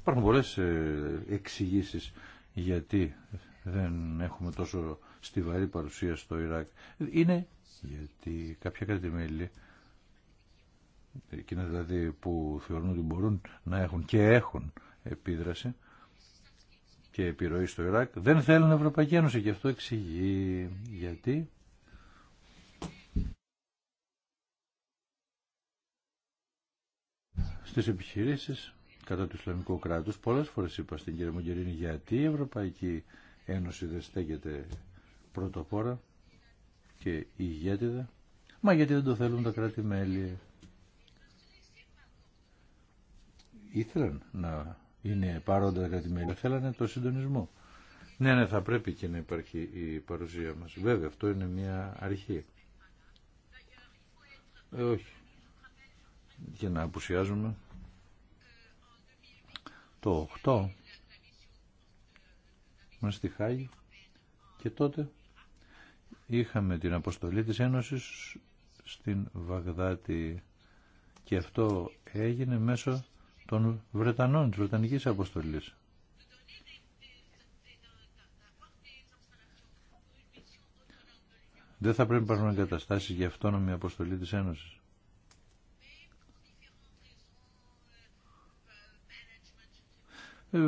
Υπάρχουν πολλές ε, εξηγήσει γιατί δεν έχουμε τόσο στιβαρή παρουσία στο Ιράκ. Είναι γιατί κάποια κράτη-μέλη εκείνα δηλαδή που θεωρούν ότι μπορούν να έχουν και έχουν επίδραση και επιρροή στο Ιράκ, δεν θέλουν Ευρωπαϊκή Ένωση και αυτό εξηγεί γιατί. Στις επιχειρήσεις κατά του Ισλαμικού κράτους, πολλές φορές είπα στην κυρία Μογκερίνη γιατί η Ευρωπαϊκή Ένωση δεν στέκεται πρωτοπόρα και ηγέτιδα, μα γιατί δεν το θέλουν τα κράτη-μέλη. ήθελαν να είναι παρόντα τα μέλη. θέλανε το συντονισμό. Ναι, ναι, θα πρέπει και να υπάρχει η παρουσία μας. Βέβαια, αυτό είναι μια αρχή. Ε, όχι. Και να απουσιάζουμε. Το 8. Μας στη Και τότε είχαμε την αποστολή της Ένωσης στην Βαγδάτη. Και αυτό έγινε μέσω των Βρετανών, της Βρετανικής Αποστολής. Δεν θα πρέπει να υπάρχουν εγκαταστάσεις για αυτόνομη αποστολή της Ένωσης. Ε,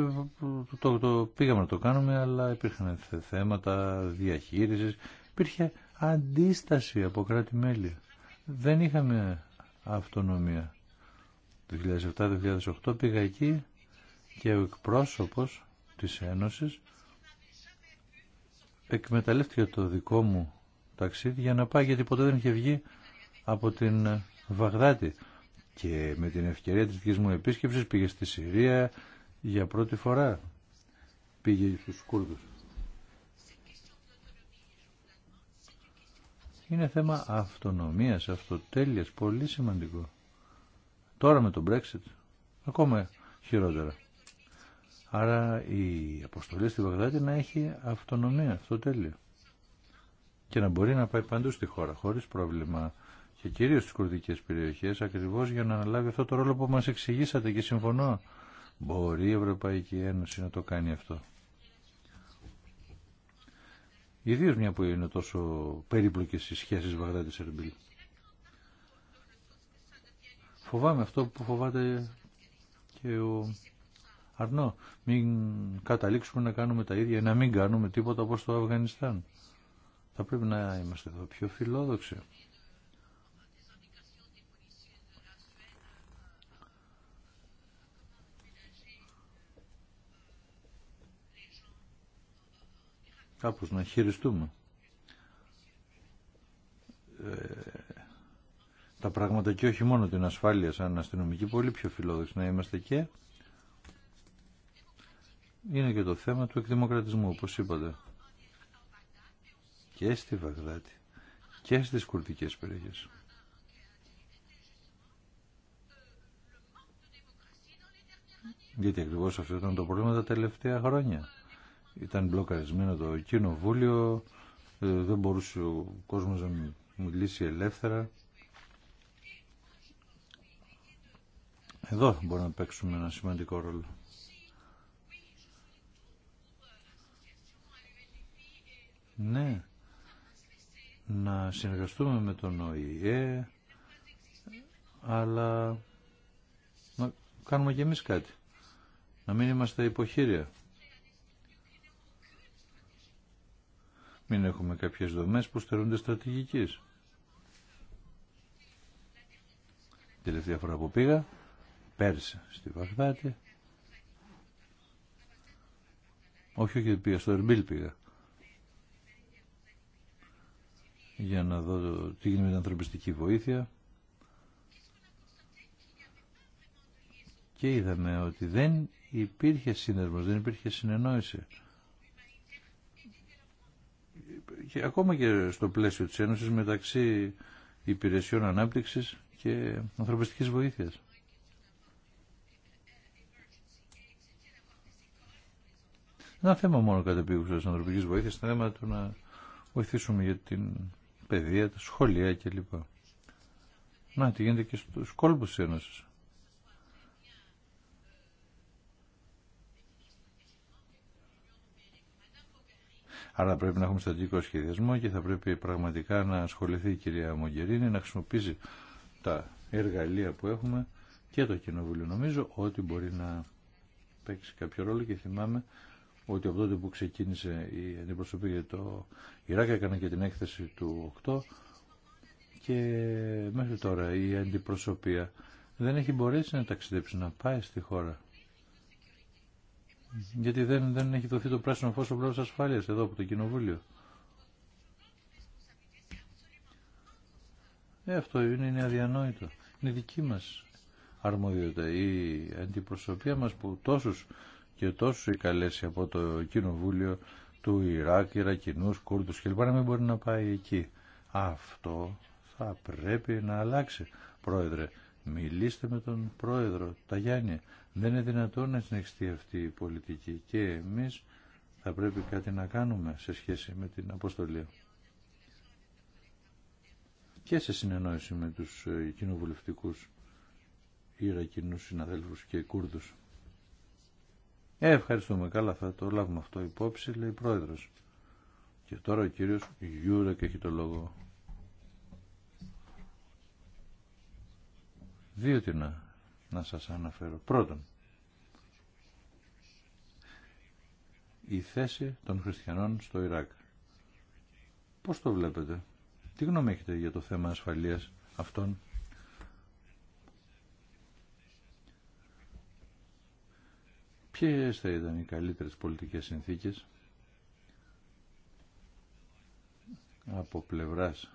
το, το πήγαμε να το κάνουμε, αλλά υπήρχαν θέματα διαχείρισης. Υπήρχε αντίσταση από κράτη-μέλη. Δεν είχαμε αυτονομία. Το 2007-2008 πήγα εκεί και ο εκπρόσωπος της Ένωσης εκμεταλλεύτηκε το δικό μου ταξίδι για να πάει γιατί ποτέ δεν είχε βγει από την Βαγδάτη και με την ευκαιρία της δικής μου επίσκεψης πήγε στη Συρία για πρώτη φορά πήγε στους Κούρδους είναι θέμα αυτονομίας, αυτοτέλειας, πολύ σημαντικό Τώρα με το Brexit ακόμα χειρότερα. Άρα η αποστολή στη Βαγδάτη να έχει αυτονομία, αυτό τέλειο. Και να μπορεί να πάει παντού στη χώρα, χωρίς πρόβλημα και κυρίως στις κουρδικές περιοχές, ακριβώς για να αναλάβει αυτό το ρόλο που μας εξηγήσατε και συμφωνώ. Μπορεί η Ευρωπαϊκή Ένωση να το κάνει αυτό. Ιδίω μια που είναι τόσο περίπλοκες οι σχέσεις Βαγδάτη-Ερμπίλ. Φοβάμαι αυτό που φοβάται και ο Αρνό. Μην καταλήξουμε να κάνουμε τα ίδια, να μην κάνουμε τίποτα όπως το Αφγανιστάν. Θα πρέπει να είμαστε εδώ πιο φιλόδοξοι. Κάπως να χειριστούμε. Ε, τα πράγματα και όχι μόνο την ασφάλεια σαν αστυνομική, πολύ πιο φιλόδοξη να είμαστε και είναι και το θέμα του εκδημοκρατισμού, όπως είπατε. Και στη Βαγδάτη και στις κουρδικές περιοχές. Γιατί ακριβώ αυτό ήταν το πρόβλημα τα τελευταία χρόνια. Ήταν μπλοκαρισμένο το κοινοβούλιο, ε, δεν μπορούσε ο κόσμος να μιλήσει ελεύθερα. Εδώ μπορούμε να παίξουμε ένα σημαντικό ρόλο. Ναι, να συνεργαστούμε με τον ΟΗΕ, αλλά να κάνουμε και εμείς κάτι. Να μην είμαστε υποχείρια. Μην έχουμε κάποιες δομές που στερούνται στρατηγικής. Τελευταία φορά που πήγα, πέρσι στη Βαγδάτη. Όχι, όχι, πήγα στο Ερμπίλ πήγα. Για να δω τι γίνεται με την ανθρωπιστική βοήθεια. Και είδαμε ότι δεν υπήρχε σύνδεσμος, δεν υπήρχε συνεννόηση. Και ακόμα και στο πλαίσιο της Ένωσης μεταξύ υπηρεσιών ανάπτυξης και ανθρωπιστικής βοήθειας. να θέμα μόνο κατά επίγουσα τη ανθρωπική βοήθεια, θέμα του να βοηθήσουμε για την παιδεία, τα σχολεία κλπ. Να, τι γίνεται και στου κόλπου τη Ένωση. Άρα πρέπει να έχουμε στατικό σχεδιασμό και θα πρέπει πραγματικά να ασχοληθεί η κυρία Μογκερίνη, να χρησιμοποιήσει τα εργαλεία που έχουμε και το Κοινοβούλιο. Νομίζω ότι μπορεί να παίξει κάποιο ρόλο και θυμάμαι ότι από τότε που ξεκίνησε η αντιπροσωπή για το Ιράκ έκανα και την έκθεση του 8 και μέχρι τώρα η αντιπροσωπεία δεν έχει μπορέσει να ταξιδέψει, να πάει στη χώρα. Γιατί δεν, δεν έχει δοθεί το πράσινο φως ο πρόεδρος ασφάλειας εδώ από το Κοινοβούλιο. Ε, αυτό είναι, είναι αδιανόητο. Είναι δική μας αρμοδιότητα. Η αντιπροσωπεία μας που τόσους και τόσο οι καλέσει από το κοινοβούλιο του Ιράκ, Ιρακινούς, Κούρδους λοιπά να μην μπορεί να πάει εκεί. Αυτό θα πρέπει να αλλάξει. Πρόεδρε, μιλήστε με τον πρόεδρο, τα Δεν είναι δυνατόν να συνεχιστεί αυτή η πολιτική και εμείς θα πρέπει κάτι να κάνουμε σε σχέση με την αποστολή. Και σε συνεννόηση με τους ε, κοινοβουλευτικούς Ιρακινούς συναδέλφους και Κούρδους. Ε, ευχαριστούμε. Καλά, θα το λάβουμε αυτό υπόψη, λέει η πρόεδρος. Και τώρα ο κύριος και έχει το λόγο. Δύο τι να, να σας αναφέρω. Πρώτον, η θέση των χριστιανών στο Ιράκ. Πώς το βλέπετε, τι γνώμη έχετε για το θέμα ασφαλείας αυτών Ποιες θα ήταν οι καλύτερες πολιτικές συνθήκες από πλευράς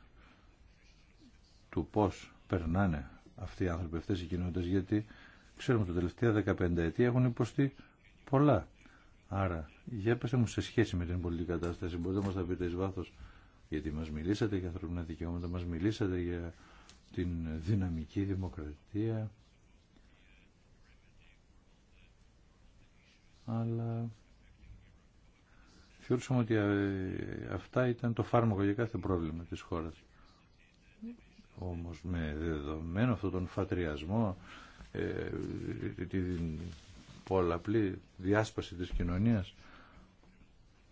του πώς περνάνε αυτοί οι άνθρωποι, αυτές οι κοινότητες, γιατί ξέρουμε ότι τα τελευταία 15 ετία έχουν υποστεί πολλά. Άρα, για πετε μου σε σχέση με την πολιτική κατάσταση, μπορείτε να μας τα πείτε εις βάθος, γιατί μας μιλήσατε για ανθρώπινα δικαιώματα, μας μιλήσατε για την δυναμική δημοκρατία, αλλά θεωρούσαμε ότι ε, αυτά ήταν το φάρμακο για κάθε πρόβλημα της χώρας. Όμως με δεδομένο αυτόν τον φατριασμό, ε, την πολλαπλή διάσπαση της κοινωνίας,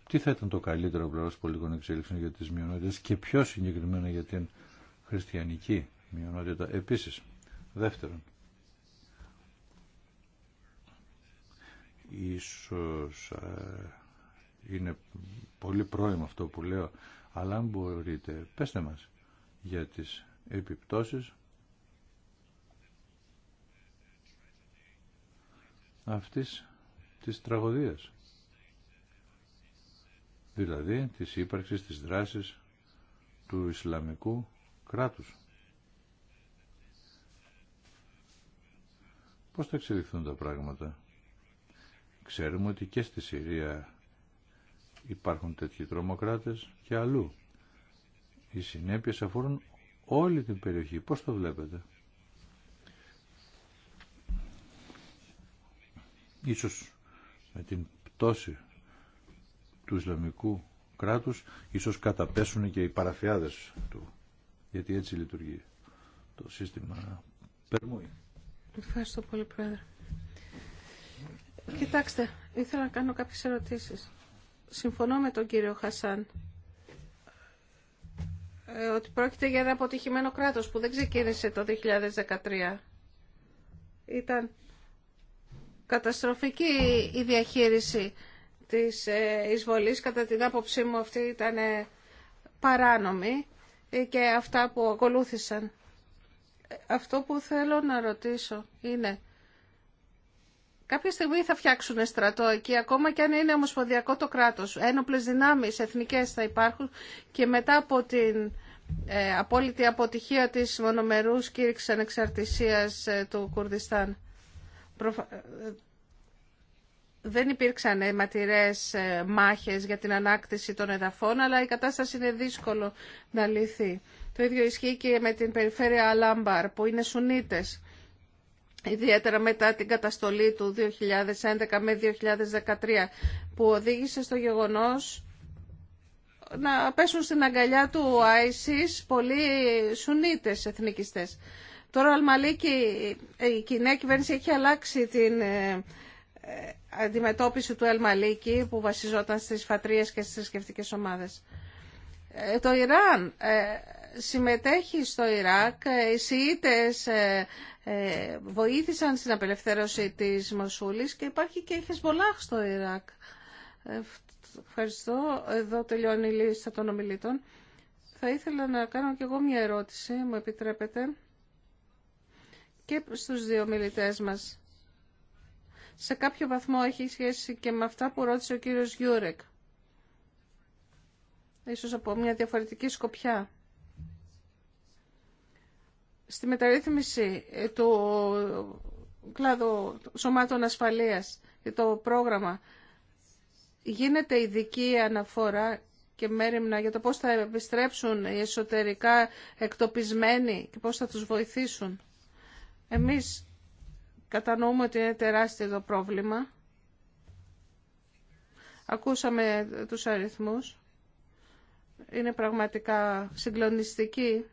τι θα ήταν το καλύτερο πλευρός πολιτικών εξέλιξεων για τις μειονότητες και πιο συγκεκριμένα για την χριστιανική μειονότητα επίσης. Δεύτερον, Ίσως ε, είναι πολύ πρόημα αυτό που λέω, αλλά αν μπορείτε, πέστε μας για τις επιπτώσεις αυτής της τραγωδίας. Δηλαδή της ύπαρξης της δράσης του Ισλαμικού κράτους. Πώς θα εξελιχθούν τα πράγματα Ξέρουμε ότι και στη Συρία υπάρχουν τέτοιοι τρομοκράτες και αλλού. Οι συνέπειες αφορούν όλη την περιοχή. Πώς το βλέπετε. Ίσως με την πτώση του Ισλαμικού κράτους, ίσως καταπέσουν και οι παραφιάδες του. Γιατί έτσι λειτουργεί το σύστημα Περμούη. Ευχαριστώ πολύ, Πρόεδρε. Κοιτάξτε, ήθελα να κάνω κάποιες ερωτήσεις. Συμφωνώ με τον κύριο Χασάν ε, ότι πρόκειται για ένα αποτυχημένο κράτος που δεν ξεκίνησε το 2013. Ήταν καταστροφική η διαχείριση της ε, εισβολής. Κατά την άποψή μου αυτή ήταν ε, παράνομη και αυτά που ακολούθησαν. Αυτό που θέλω να ρωτήσω είναι Κάποια στιγμή θα φτιάξουν στρατό εκεί, ακόμα και αν είναι ομοσπονδιακό το κράτος. Ένοπλες δυνάμεις εθνικές θα υπάρχουν και μετά από την ε, απόλυτη αποτυχία της μονομερούς κήρυξης ανεξαρτησίας ε, του Κουρδιστάν. Ε, δεν υπήρξαν αιματηρές ε, μάχες για την ανάκτηση των εδαφών, αλλά η κατάσταση είναι δύσκολο να λυθεί. Το ίδιο ισχύει και με την περιφέρεια Αλάμπαρ, που είναι Σουνίτες ιδιαίτερα μετά την καταστολή του 2011 με 2013, που οδήγησε στο γεγονός να πέσουν στην αγκαλιά του Άισις πολλοί Σουνίτες εθνικιστές. Τώρα, Αλμαλίκη, η κοινή κυβέρνηση έχει αλλάξει την ε, αντιμετώπιση του Αλμαλίκη που βασιζόταν στις φατρίες και στις θρησκευτικέ ομάδες. Ε, το Ιράν ε, συμμετέχει στο Ιράκ. Οι Σιήτες ε, ε, βοήθησαν στην απελευθέρωση της Μοσούλης και υπάρχει και η Χεσμολάχ στο Ιράκ. Ε, ευχαριστώ. Εδώ τελειώνει η λίστα των ομιλήτων. Θα ήθελα να κάνω κι εγώ μια ερώτηση, μου επιτρέπετε, και στους δύο ομιλητές μας. Σε κάποιο βαθμό έχει σχέση και με αυτά που ρώτησε ο κύριος Γιούρεκ. Ίσως από μια διαφορετική σκοπιά στη μεταρρύθμιση ε, του κλάδου σωμάτων ασφαλείας και το πρόγραμμα γίνεται ειδική αναφορά και μέρημνα για το πώς θα επιστρέψουν οι εσωτερικά εκτοπισμένοι και πώς θα τους βοηθήσουν. Εμείς κατανοούμε ότι είναι τεράστιο το πρόβλημα. Ακούσαμε τους αριθμούς. Είναι πραγματικά συγκλονιστική.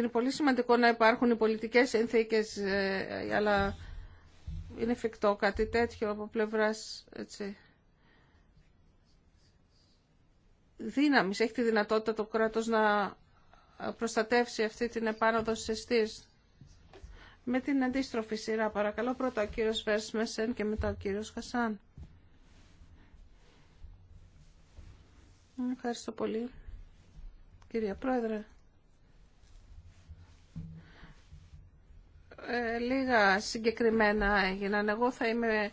Είναι πολύ σημαντικό να υπάρχουν οι πολιτικές συνθήκες, ε, αλλά είναι εφικτό κάτι τέτοιο από πλευράς έτσι, δύναμης. Έχει τη δυνατότητα το κράτος να προστατεύσει αυτή την επάνωδο στις Με την αντίστροφη σειρά παρακαλώ πρώτα ο κύριος Βέρσμεσεν και μετά ο κύριος Χασάν. Ευχαριστώ πολύ. Κυρία Πρόεδρε. Ε, λίγα συγκεκριμένα έγιναν. Εγώ θα είμαι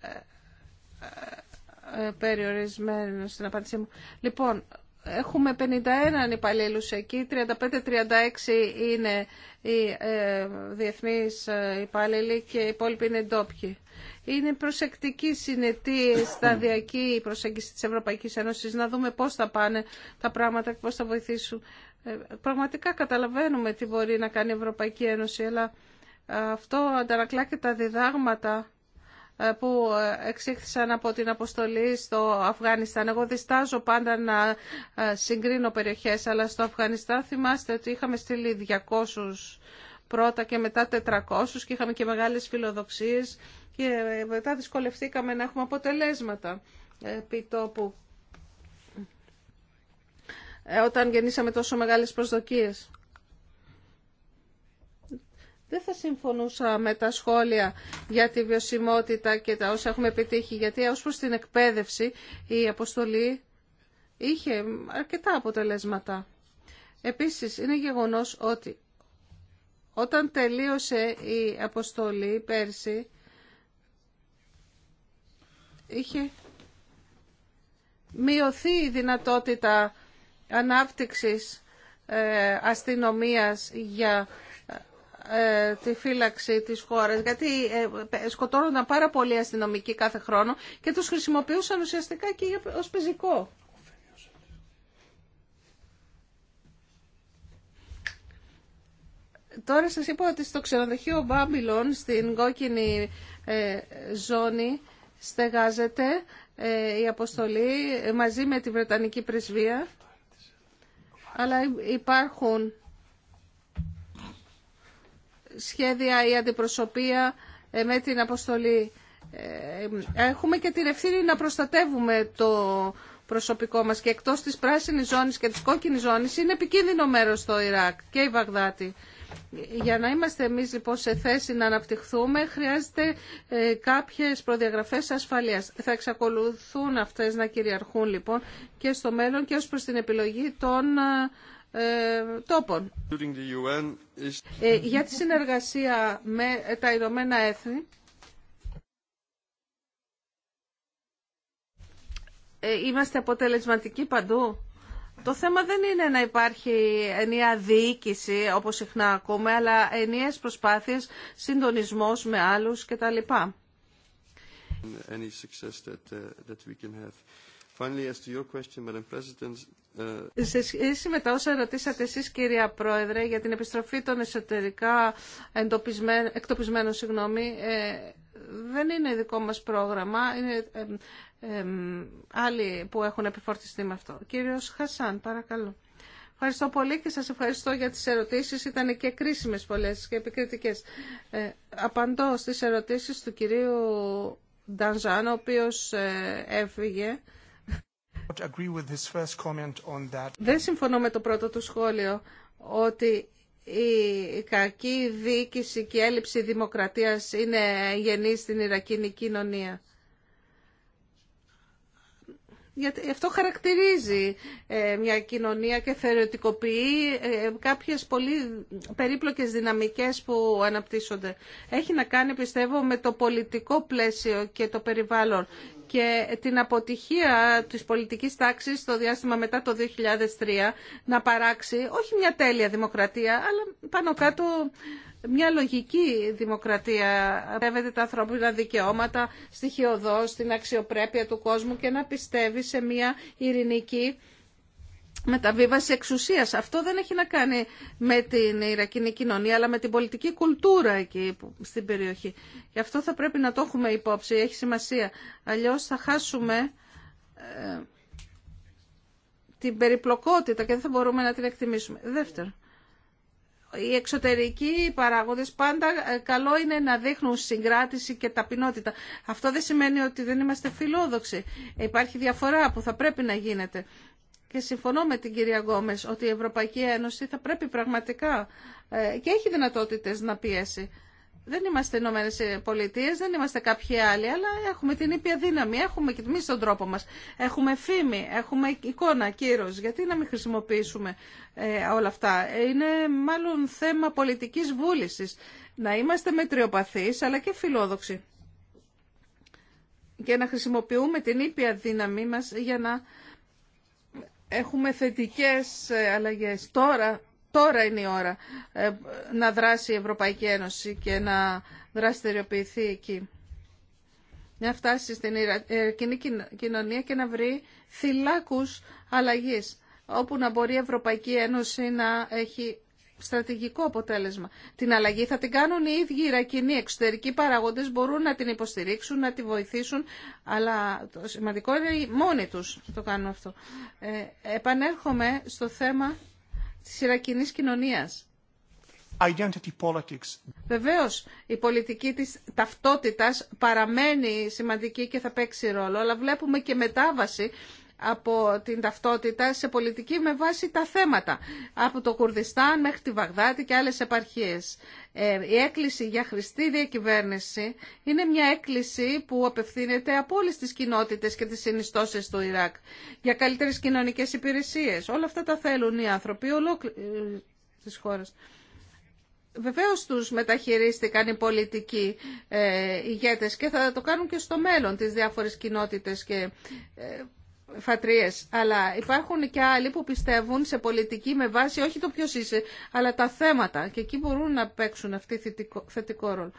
ε, ε, περιορισμένη στην απάντησή μου. Λοιπόν, έχουμε 51 υπαλλήλους εκεί, 35-36 είναι οι ε, διεθνείς υπάλληλοι και οι υπόλοιποι είναι ντόπιοι. Είναι προσεκτική, συνετή, σταδιακή η προσέγγιση της Ευρωπαϊκής Ένωσης, να δούμε πώς θα πάνε τα πράγματα και πώς θα βοηθήσουν. πραγματικά καταλαβαίνουμε τι μπορεί να κάνει η Ευρωπαϊκή Ένωση, αλλά... Αυτό αντανακλά και τα διδάγματα ε, που ε, εξήχθησαν από την αποστολή στο Αφγανιστάν. Εγώ διστάζω πάντα να ε, συγκρίνω περιοχές, αλλά στο Αφγανιστάν θυμάστε ότι είχαμε στείλει 200 πρώτα και μετά 400 και είχαμε και μεγάλες φιλοδοξίες και μετά δυσκολευτήκαμε να έχουμε αποτελέσματα επί τόπου όταν γεννήσαμε τόσο μεγάλες προσδοκίες δεν θα συμφωνούσα με τα σχόλια για τη βιωσιμότητα και τα όσα έχουμε επιτύχει, γιατί ως προς την εκπαίδευση η αποστολή είχε αρκετά αποτελέσματα. Επίσης, είναι γεγονός ότι όταν τελείωσε η αποστολή πέρσι, είχε μειωθεί η δυνατότητα ανάπτυξης ε, αστυνομίας για ε, τη φύλαξη της χώρας, γιατί ε, σκοτώνονταν πάρα πολλοί αστυνομικοί κάθε χρόνο και τους χρησιμοποιούσαν ουσιαστικά και ως πεζικό. Τώρα σας είπα ότι στο ξενοδοχείο Μπάμπιλον, στην κόκκινη ε, ζώνη, στεγάζεται η αποστολή μαζί με τη Βρετανική Πρεσβεία, αλλά υπάρχουν σχέδια ή αντιπροσωπεία ε, με την αποστολή. Ε, έχουμε και την ευθύνη να προστατεύουμε το προσωπικό μας και εκτός της πράσινης ζώνης και της κόκκινης ζώνης είναι επικίνδυνο μέρος το Ιράκ και η Βαγδάτη. Για να είμαστε εμείς λοιπόν σε θέση να αναπτυχθούμε χρειάζεται ε, κάποιες προδιαγραφές ασφαλείας. Θα εξακολουθούν αυτές να κυριαρχούν λοιπόν και στο μέλλον και ως προς την επιλογή των ε, τόπων. Ε, για τη συνεργασία με τα Ηνωμένα Έθνη, ε, είμαστε αποτελεσματικοί παντού. Το θέμα δεν είναι να υπάρχει ενιαία διοίκηση, όπως συχνά ακούμε, αλλά ενιαίες προσπάθειες, συντονισμός με άλλους κτλ. Any success that, uh, that we can have. Finally, as to your question, Madam President, σε σχέση με τα όσα ρωτήσατε εσείς κυρία Πρόεδρε για την επιστροφή των εσωτερικά εκτοπισμένων, συγγνώμη, ε, δεν είναι δικό μας πρόγραμμα, είναι ε, ε, άλλοι που έχουν επιφορτιστεί με αυτό. Κύριος Χασάν, παρακαλώ. Ευχαριστώ πολύ και σας ευχαριστώ για τις ερωτήσεις. Ήταν και κρίσιμες πολλές και επικριτικές. Ε, απαντώ στις ερωτήσεις του κυρίου Ντανζάν, ο οποίος ε, έφυγε δεν συμφωνώ με το πρώτο του σχόλιο ότι η κακή διοίκηση και η έλλειψη δημοκρατίας είναι γενή στην Ιρακίνη κοινωνία. Γιατί αυτό χαρακτηρίζει ε, μια κοινωνία και θεωρητικοποιεί ε, κάποιες πολύ περίπλοκες δυναμικές που αναπτύσσονται. Έχει να κάνει, πιστεύω, με το πολιτικό πλαίσιο και το περιβάλλον και την αποτυχία της πολιτικής τάξης στο διάστημα μετά το 2003 να παράξει όχι μια τέλεια δημοκρατία, αλλά πάνω κάτω μια λογική δημοκρατία. πρέπει τα ανθρώπινα δικαιώματα στοιχειοδός, στην αξιοπρέπεια του κόσμου και να πιστεύει σε μια ειρηνική μεταβίβαση εξουσίας. Αυτό δεν έχει να κάνει με την Ιρακινή κοινωνία, αλλά με την πολιτική κουλτούρα εκεί στην περιοχή. Γι' αυτό θα πρέπει να το έχουμε υπόψη, έχει σημασία. Αλλιώς θα χάσουμε ε, την περιπλοκότητα και δεν θα μπορούμε να την εκτιμήσουμε. Δεύτερο, οι εξωτερικοί παράγοντες πάντα ε, καλό είναι να δείχνουν συγκράτηση και ταπεινότητα. Αυτό δεν σημαίνει ότι δεν είμαστε φιλόδοξοι. Υπάρχει διαφορά που θα πρέπει να γίνεται και συμφωνώ με την κυρία Γκόμες ότι η Ευρωπαϊκή Ένωση θα πρέπει πραγματικά ε, και έχει δυνατότητες να πιέσει. Δεν είμαστε Ηνωμένε Πολιτείε, δεν είμαστε κάποιοι άλλοι, αλλά έχουμε την ήπια δύναμη, έχουμε και εμεί τον τρόπο μα. Έχουμε φήμη, έχουμε εικόνα, κύρο. Γιατί να μην χρησιμοποιήσουμε ε, όλα αυτά. Είναι μάλλον θέμα πολιτική βούληση. Να είμαστε μετριοπαθεί, αλλά και φιλόδοξοι. Και να χρησιμοποιούμε την ήπια δύναμή μα για να έχουμε θετικές ε, αλλαγές. Τώρα, τώρα είναι η ώρα ε, να δράσει η Ευρωπαϊκή Ένωση και να δραστηριοποιηθεί εκεί. Να φτάσει στην ε, κοινή κοινωνία και να βρει θυλάκους αλλαγής, όπου να μπορεί η Ευρωπαϊκή Ένωση να έχει στρατηγικό αποτέλεσμα. Την αλλαγή θα την κάνουν οι ίδιοι οι Εξωτερικοί παραγόντες μπορούν να την υποστηρίξουν, να τη βοηθήσουν, αλλά το σημαντικό είναι μόνοι του το κάνουν αυτό. Ε, επανέρχομαι στο θέμα της Ιρακινής κοινωνίας. Βεβαίως, η πολιτική της ταυτότητας παραμένει σημαντική και θα παίξει ρόλο, αλλά βλέπουμε και μετάβαση από την ταυτότητα σε πολιτική με βάση τα θέματα, από το Κουρδιστάν μέχρι τη Βαγδάτη και άλλες επαρχίες. Ε, η έκκληση για χρηστή διακυβέρνηση είναι μια έκκληση που απευθύνεται από όλες τις κοινότητες και τις συνιστώσεις του Ιράκ για καλύτερες κοινωνικές υπηρεσίες. Όλα αυτά τα θέλουν οι άνθρωποι ολόκληρη της χώρας. Βεβαίως τους μεταχειρίστηκαν οι πολιτικοί ε, ηγέτες και θα το κάνουν και στο μέλλον τις διάφορες κοινότητες ε, φατρίες. Αλλά υπάρχουν και άλλοι που πιστεύουν σε πολιτική με βάση όχι το ποιος είσαι, αλλά τα θέματα. Και εκεί μπορούν να παίξουν αυτή θετικό, θετικό ρόλο.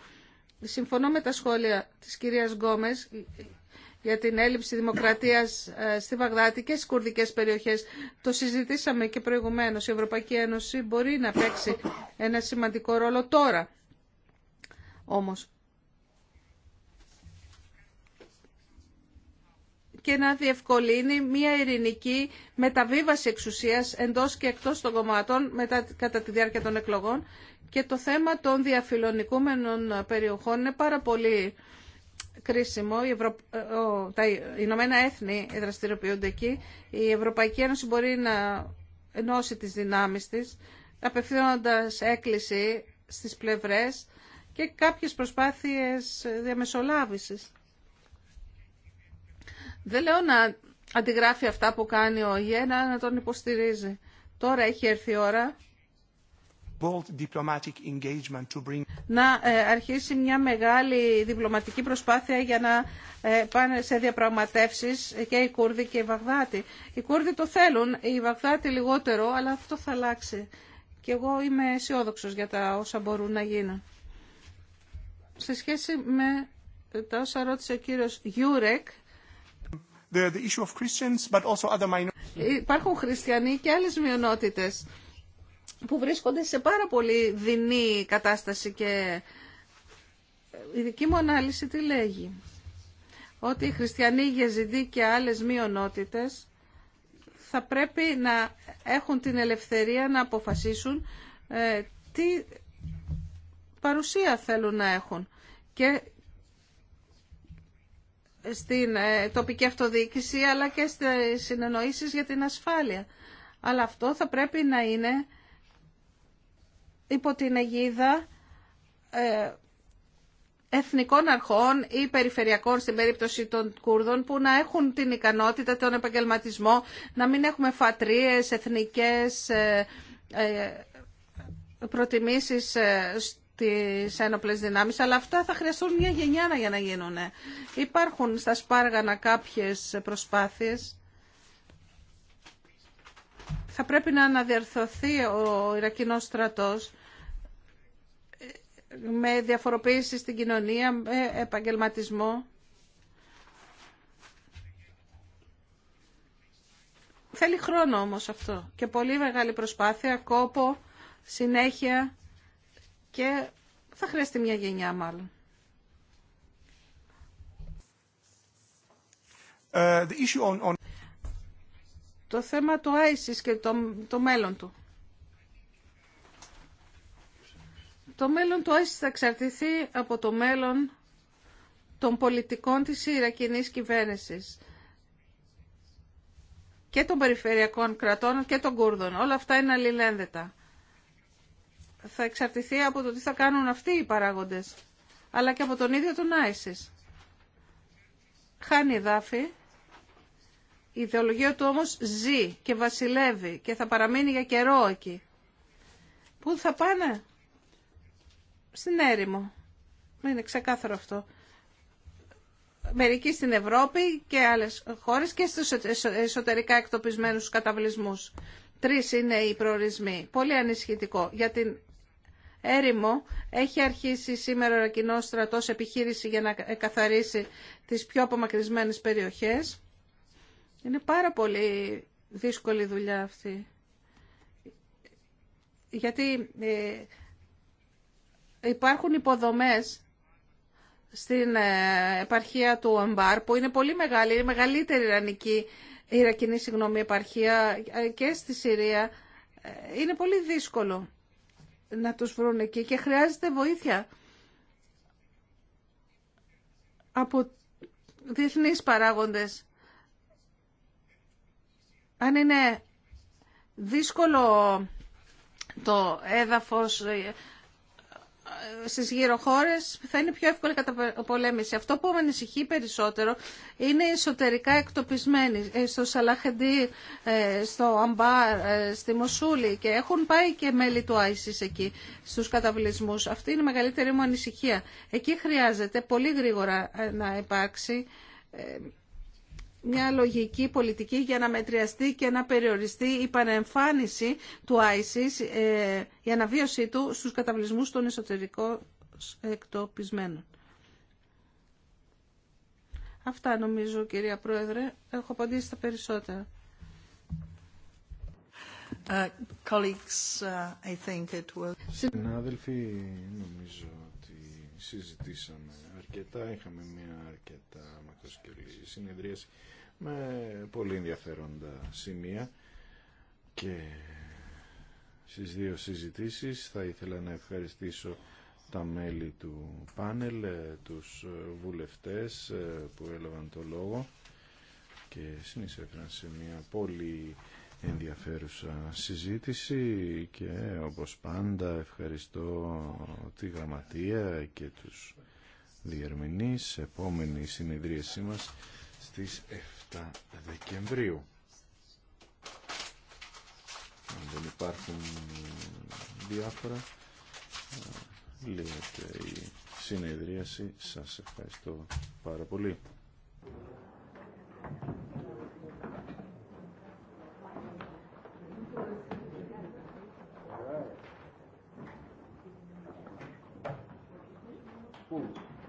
Συμφωνώ με τα σχόλια της κυρίας Γκόμε για την έλλειψη δημοκρατίας ε, στη Βαγδάτη και στις κουρδικές περιοχές. Το συζητήσαμε και προηγουμένως. Η Ευρωπαϊκή Ένωση μπορεί να παίξει ένα σημαντικό ρόλο τώρα. Όμως και να διευκολύνει μια ειρηνική μεταβίβαση εξουσίας εντός και εκτός των κομματών μετά, κατά τη διάρκεια των εκλογών και το θέμα των διαφιλονικούμενων περιοχών είναι πάρα πολύ κρίσιμο. Ευρω... Τα Ηνωμένα Έθνη δραστηριοποιούνται εκεί. Η Ευρωπαϊκή Ένωση μπορεί να ενώσει τις δυνάμεις της απευθύνοντας έκκληση στις πλευρές και κάποιες προσπάθειες διαμεσολάβησης. Δεν λέω να αντιγράφει αυτά που κάνει ο ΙΕ, να, τον υποστηρίζει. Τώρα έχει έρθει η ώρα να ε, αρχίσει μια μεγάλη διπλωματική προσπάθεια για να ε, πάνε σε διαπραγματεύσεις και οι Κούρδοι και οι Βαγδάτοι. Οι Κούρδοι το θέλουν, οι Βαγδάτοι λιγότερο, αλλά αυτό θα αλλάξει. Και εγώ είμαι αισιόδοξο για τα όσα μπορούν να γίνουν. Σε σχέση με τα όσα ρώτησε ο κύριος Γιούρεκ, Υπάρχουν χριστιανοί και άλλες μειονότητες που βρίσκονται σε πάρα πολύ δεινή κατάσταση και ε, η δική μου ανάλυση τι λέγει. Ότι οι χριστιανοί, οι και άλλες μειονότητες θα πρέπει να έχουν την ελευθερία να αποφασίσουν ε, τι παρουσία θέλουν να έχουν. Και στην ε, τοπική αυτοδιοίκηση αλλά και στι συνεννοήσεις για την ασφάλεια. Αλλά αυτό θα πρέπει να είναι υπό την αιγίδα ε, εθνικών αρχών ή περιφερειακών στην περίπτωση των Κούρδων που να έχουν την ικανότητα, τον επαγγελματισμό, να μην έχουμε φατρίες, εθνικές ε, προτιμήσεις τι ένοπλε δυνάμει, αλλά αυτά θα χρειαστούν μια γενιά για να γίνουν. Υπάρχουν στα Σπάργανα κάποιες προσπάθειες. Θα πρέπει να αναδιαρθωθεί ο Ιρακινός στρατός με διαφοροποίηση στην κοινωνία, με επαγγελματισμό. Θέλει χρόνο όμως αυτό και πολύ μεγάλη προσπάθεια, κόπο, συνέχεια και θα χρειαστεί μια γενιά μάλλον. Ε, το θέμα του ISIS και το, το μέλλον του. Το μέλλον του ISIS θα εξαρτηθεί από το μέλλον των πολιτικών της Ιρακινής κυβέρνησης και των περιφερειακών κρατών και των Κούρδων. Όλα αυτά είναι αλληλένδετα θα εξαρτηθεί από το τι θα κάνουν αυτοί οι παράγοντες, αλλά και από τον ίδιο τον Άισις. Χάνει δάφη, η ιδεολογία του όμως ζει και βασιλεύει και θα παραμείνει για καιρό εκεί. Πού θα πάνε? Στην έρημο. Είναι ξεκάθαρο αυτό. Μερικοί στην Ευρώπη και άλλες χώρες και στους εσωτερικά εκτοπισμένους καταβλισμούς. Τρεις είναι οι προορισμοί. Πολύ ανησυχητικό για την έρημο. Έχει αρχίσει σήμερα ο κοινό στρατό επιχείρηση για να καθαρίσει τις πιο απομακρυσμένες περιοχές. Είναι πάρα πολύ δύσκολη δουλειά αυτή. Γιατί ε, υπάρχουν υποδομές στην ε, επαρχία του Αμπάρ που είναι πολύ μεγάλη, είναι μεγαλύτερη Ιρανική, Ιρακινή συγγνώμη, επαρχία ε, και στη Συρία. Είναι πολύ δύσκολο να τους βρουν εκεί και χρειάζεται βοήθεια από διεθνείς παράγοντες. Αν είναι δύσκολο το έδαφος Στι γύρω χώρε θα είναι πιο εύκολη καταπολέμηση. Αυτό που με ανησυχεί περισσότερο είναι εσωτερικά εκτοπισμένοι ε, στο Σαλαχεντή, ε, στο Αμπάρ, ε, στη Μοσούλη και έχουν πάει και μέλη του Άισι εκεί στου καταβλισμού. Αυτή είναι η μεγαλύτερη μου ανησυχία. Εκεί χρειάζεται πολύ γρήγορα να υπάρξει μια λογική πολιτική για να μετριαστεί και να περιοριστεί η παρεμφάνιση του ISIS, ε, η αναβίωσή του στους καταβλισμούς των εσωτερικών εκτοπισμένων. Αυτά νομίζω κυρία Πρόεδρε. Έχω απαντήσει τα περισσότερα. Uh, colleagues, uh, I think it was... Συνάδελφοι, νομίζω συζητήσαμε αρκετά, είχαμε μια αρκετά μακροσκελή συνεδρίαση με πολύ ενδιαφέροντα σημεία και στις δύο συζητήσεις θα ήθελα να ευχαριστήσω τα μέλη του πάνελ, ε, τους βουλευτές ε, που έλαβαν το λόγο και συνεισέφεραν σε μια πολύ ενδιαφέρουσα συζήτηση και όπως πάντα ευχαριστώ τη Γραμματεία και τους διερμηνείς. Επόμενη συνεδρίασή μας στις 7 Δεκεμβρίου. Αν δεν υπάρχουν διάφορα, λέτε η συνεδρίαση. Σας ευχαριστώ πάρα πολύ.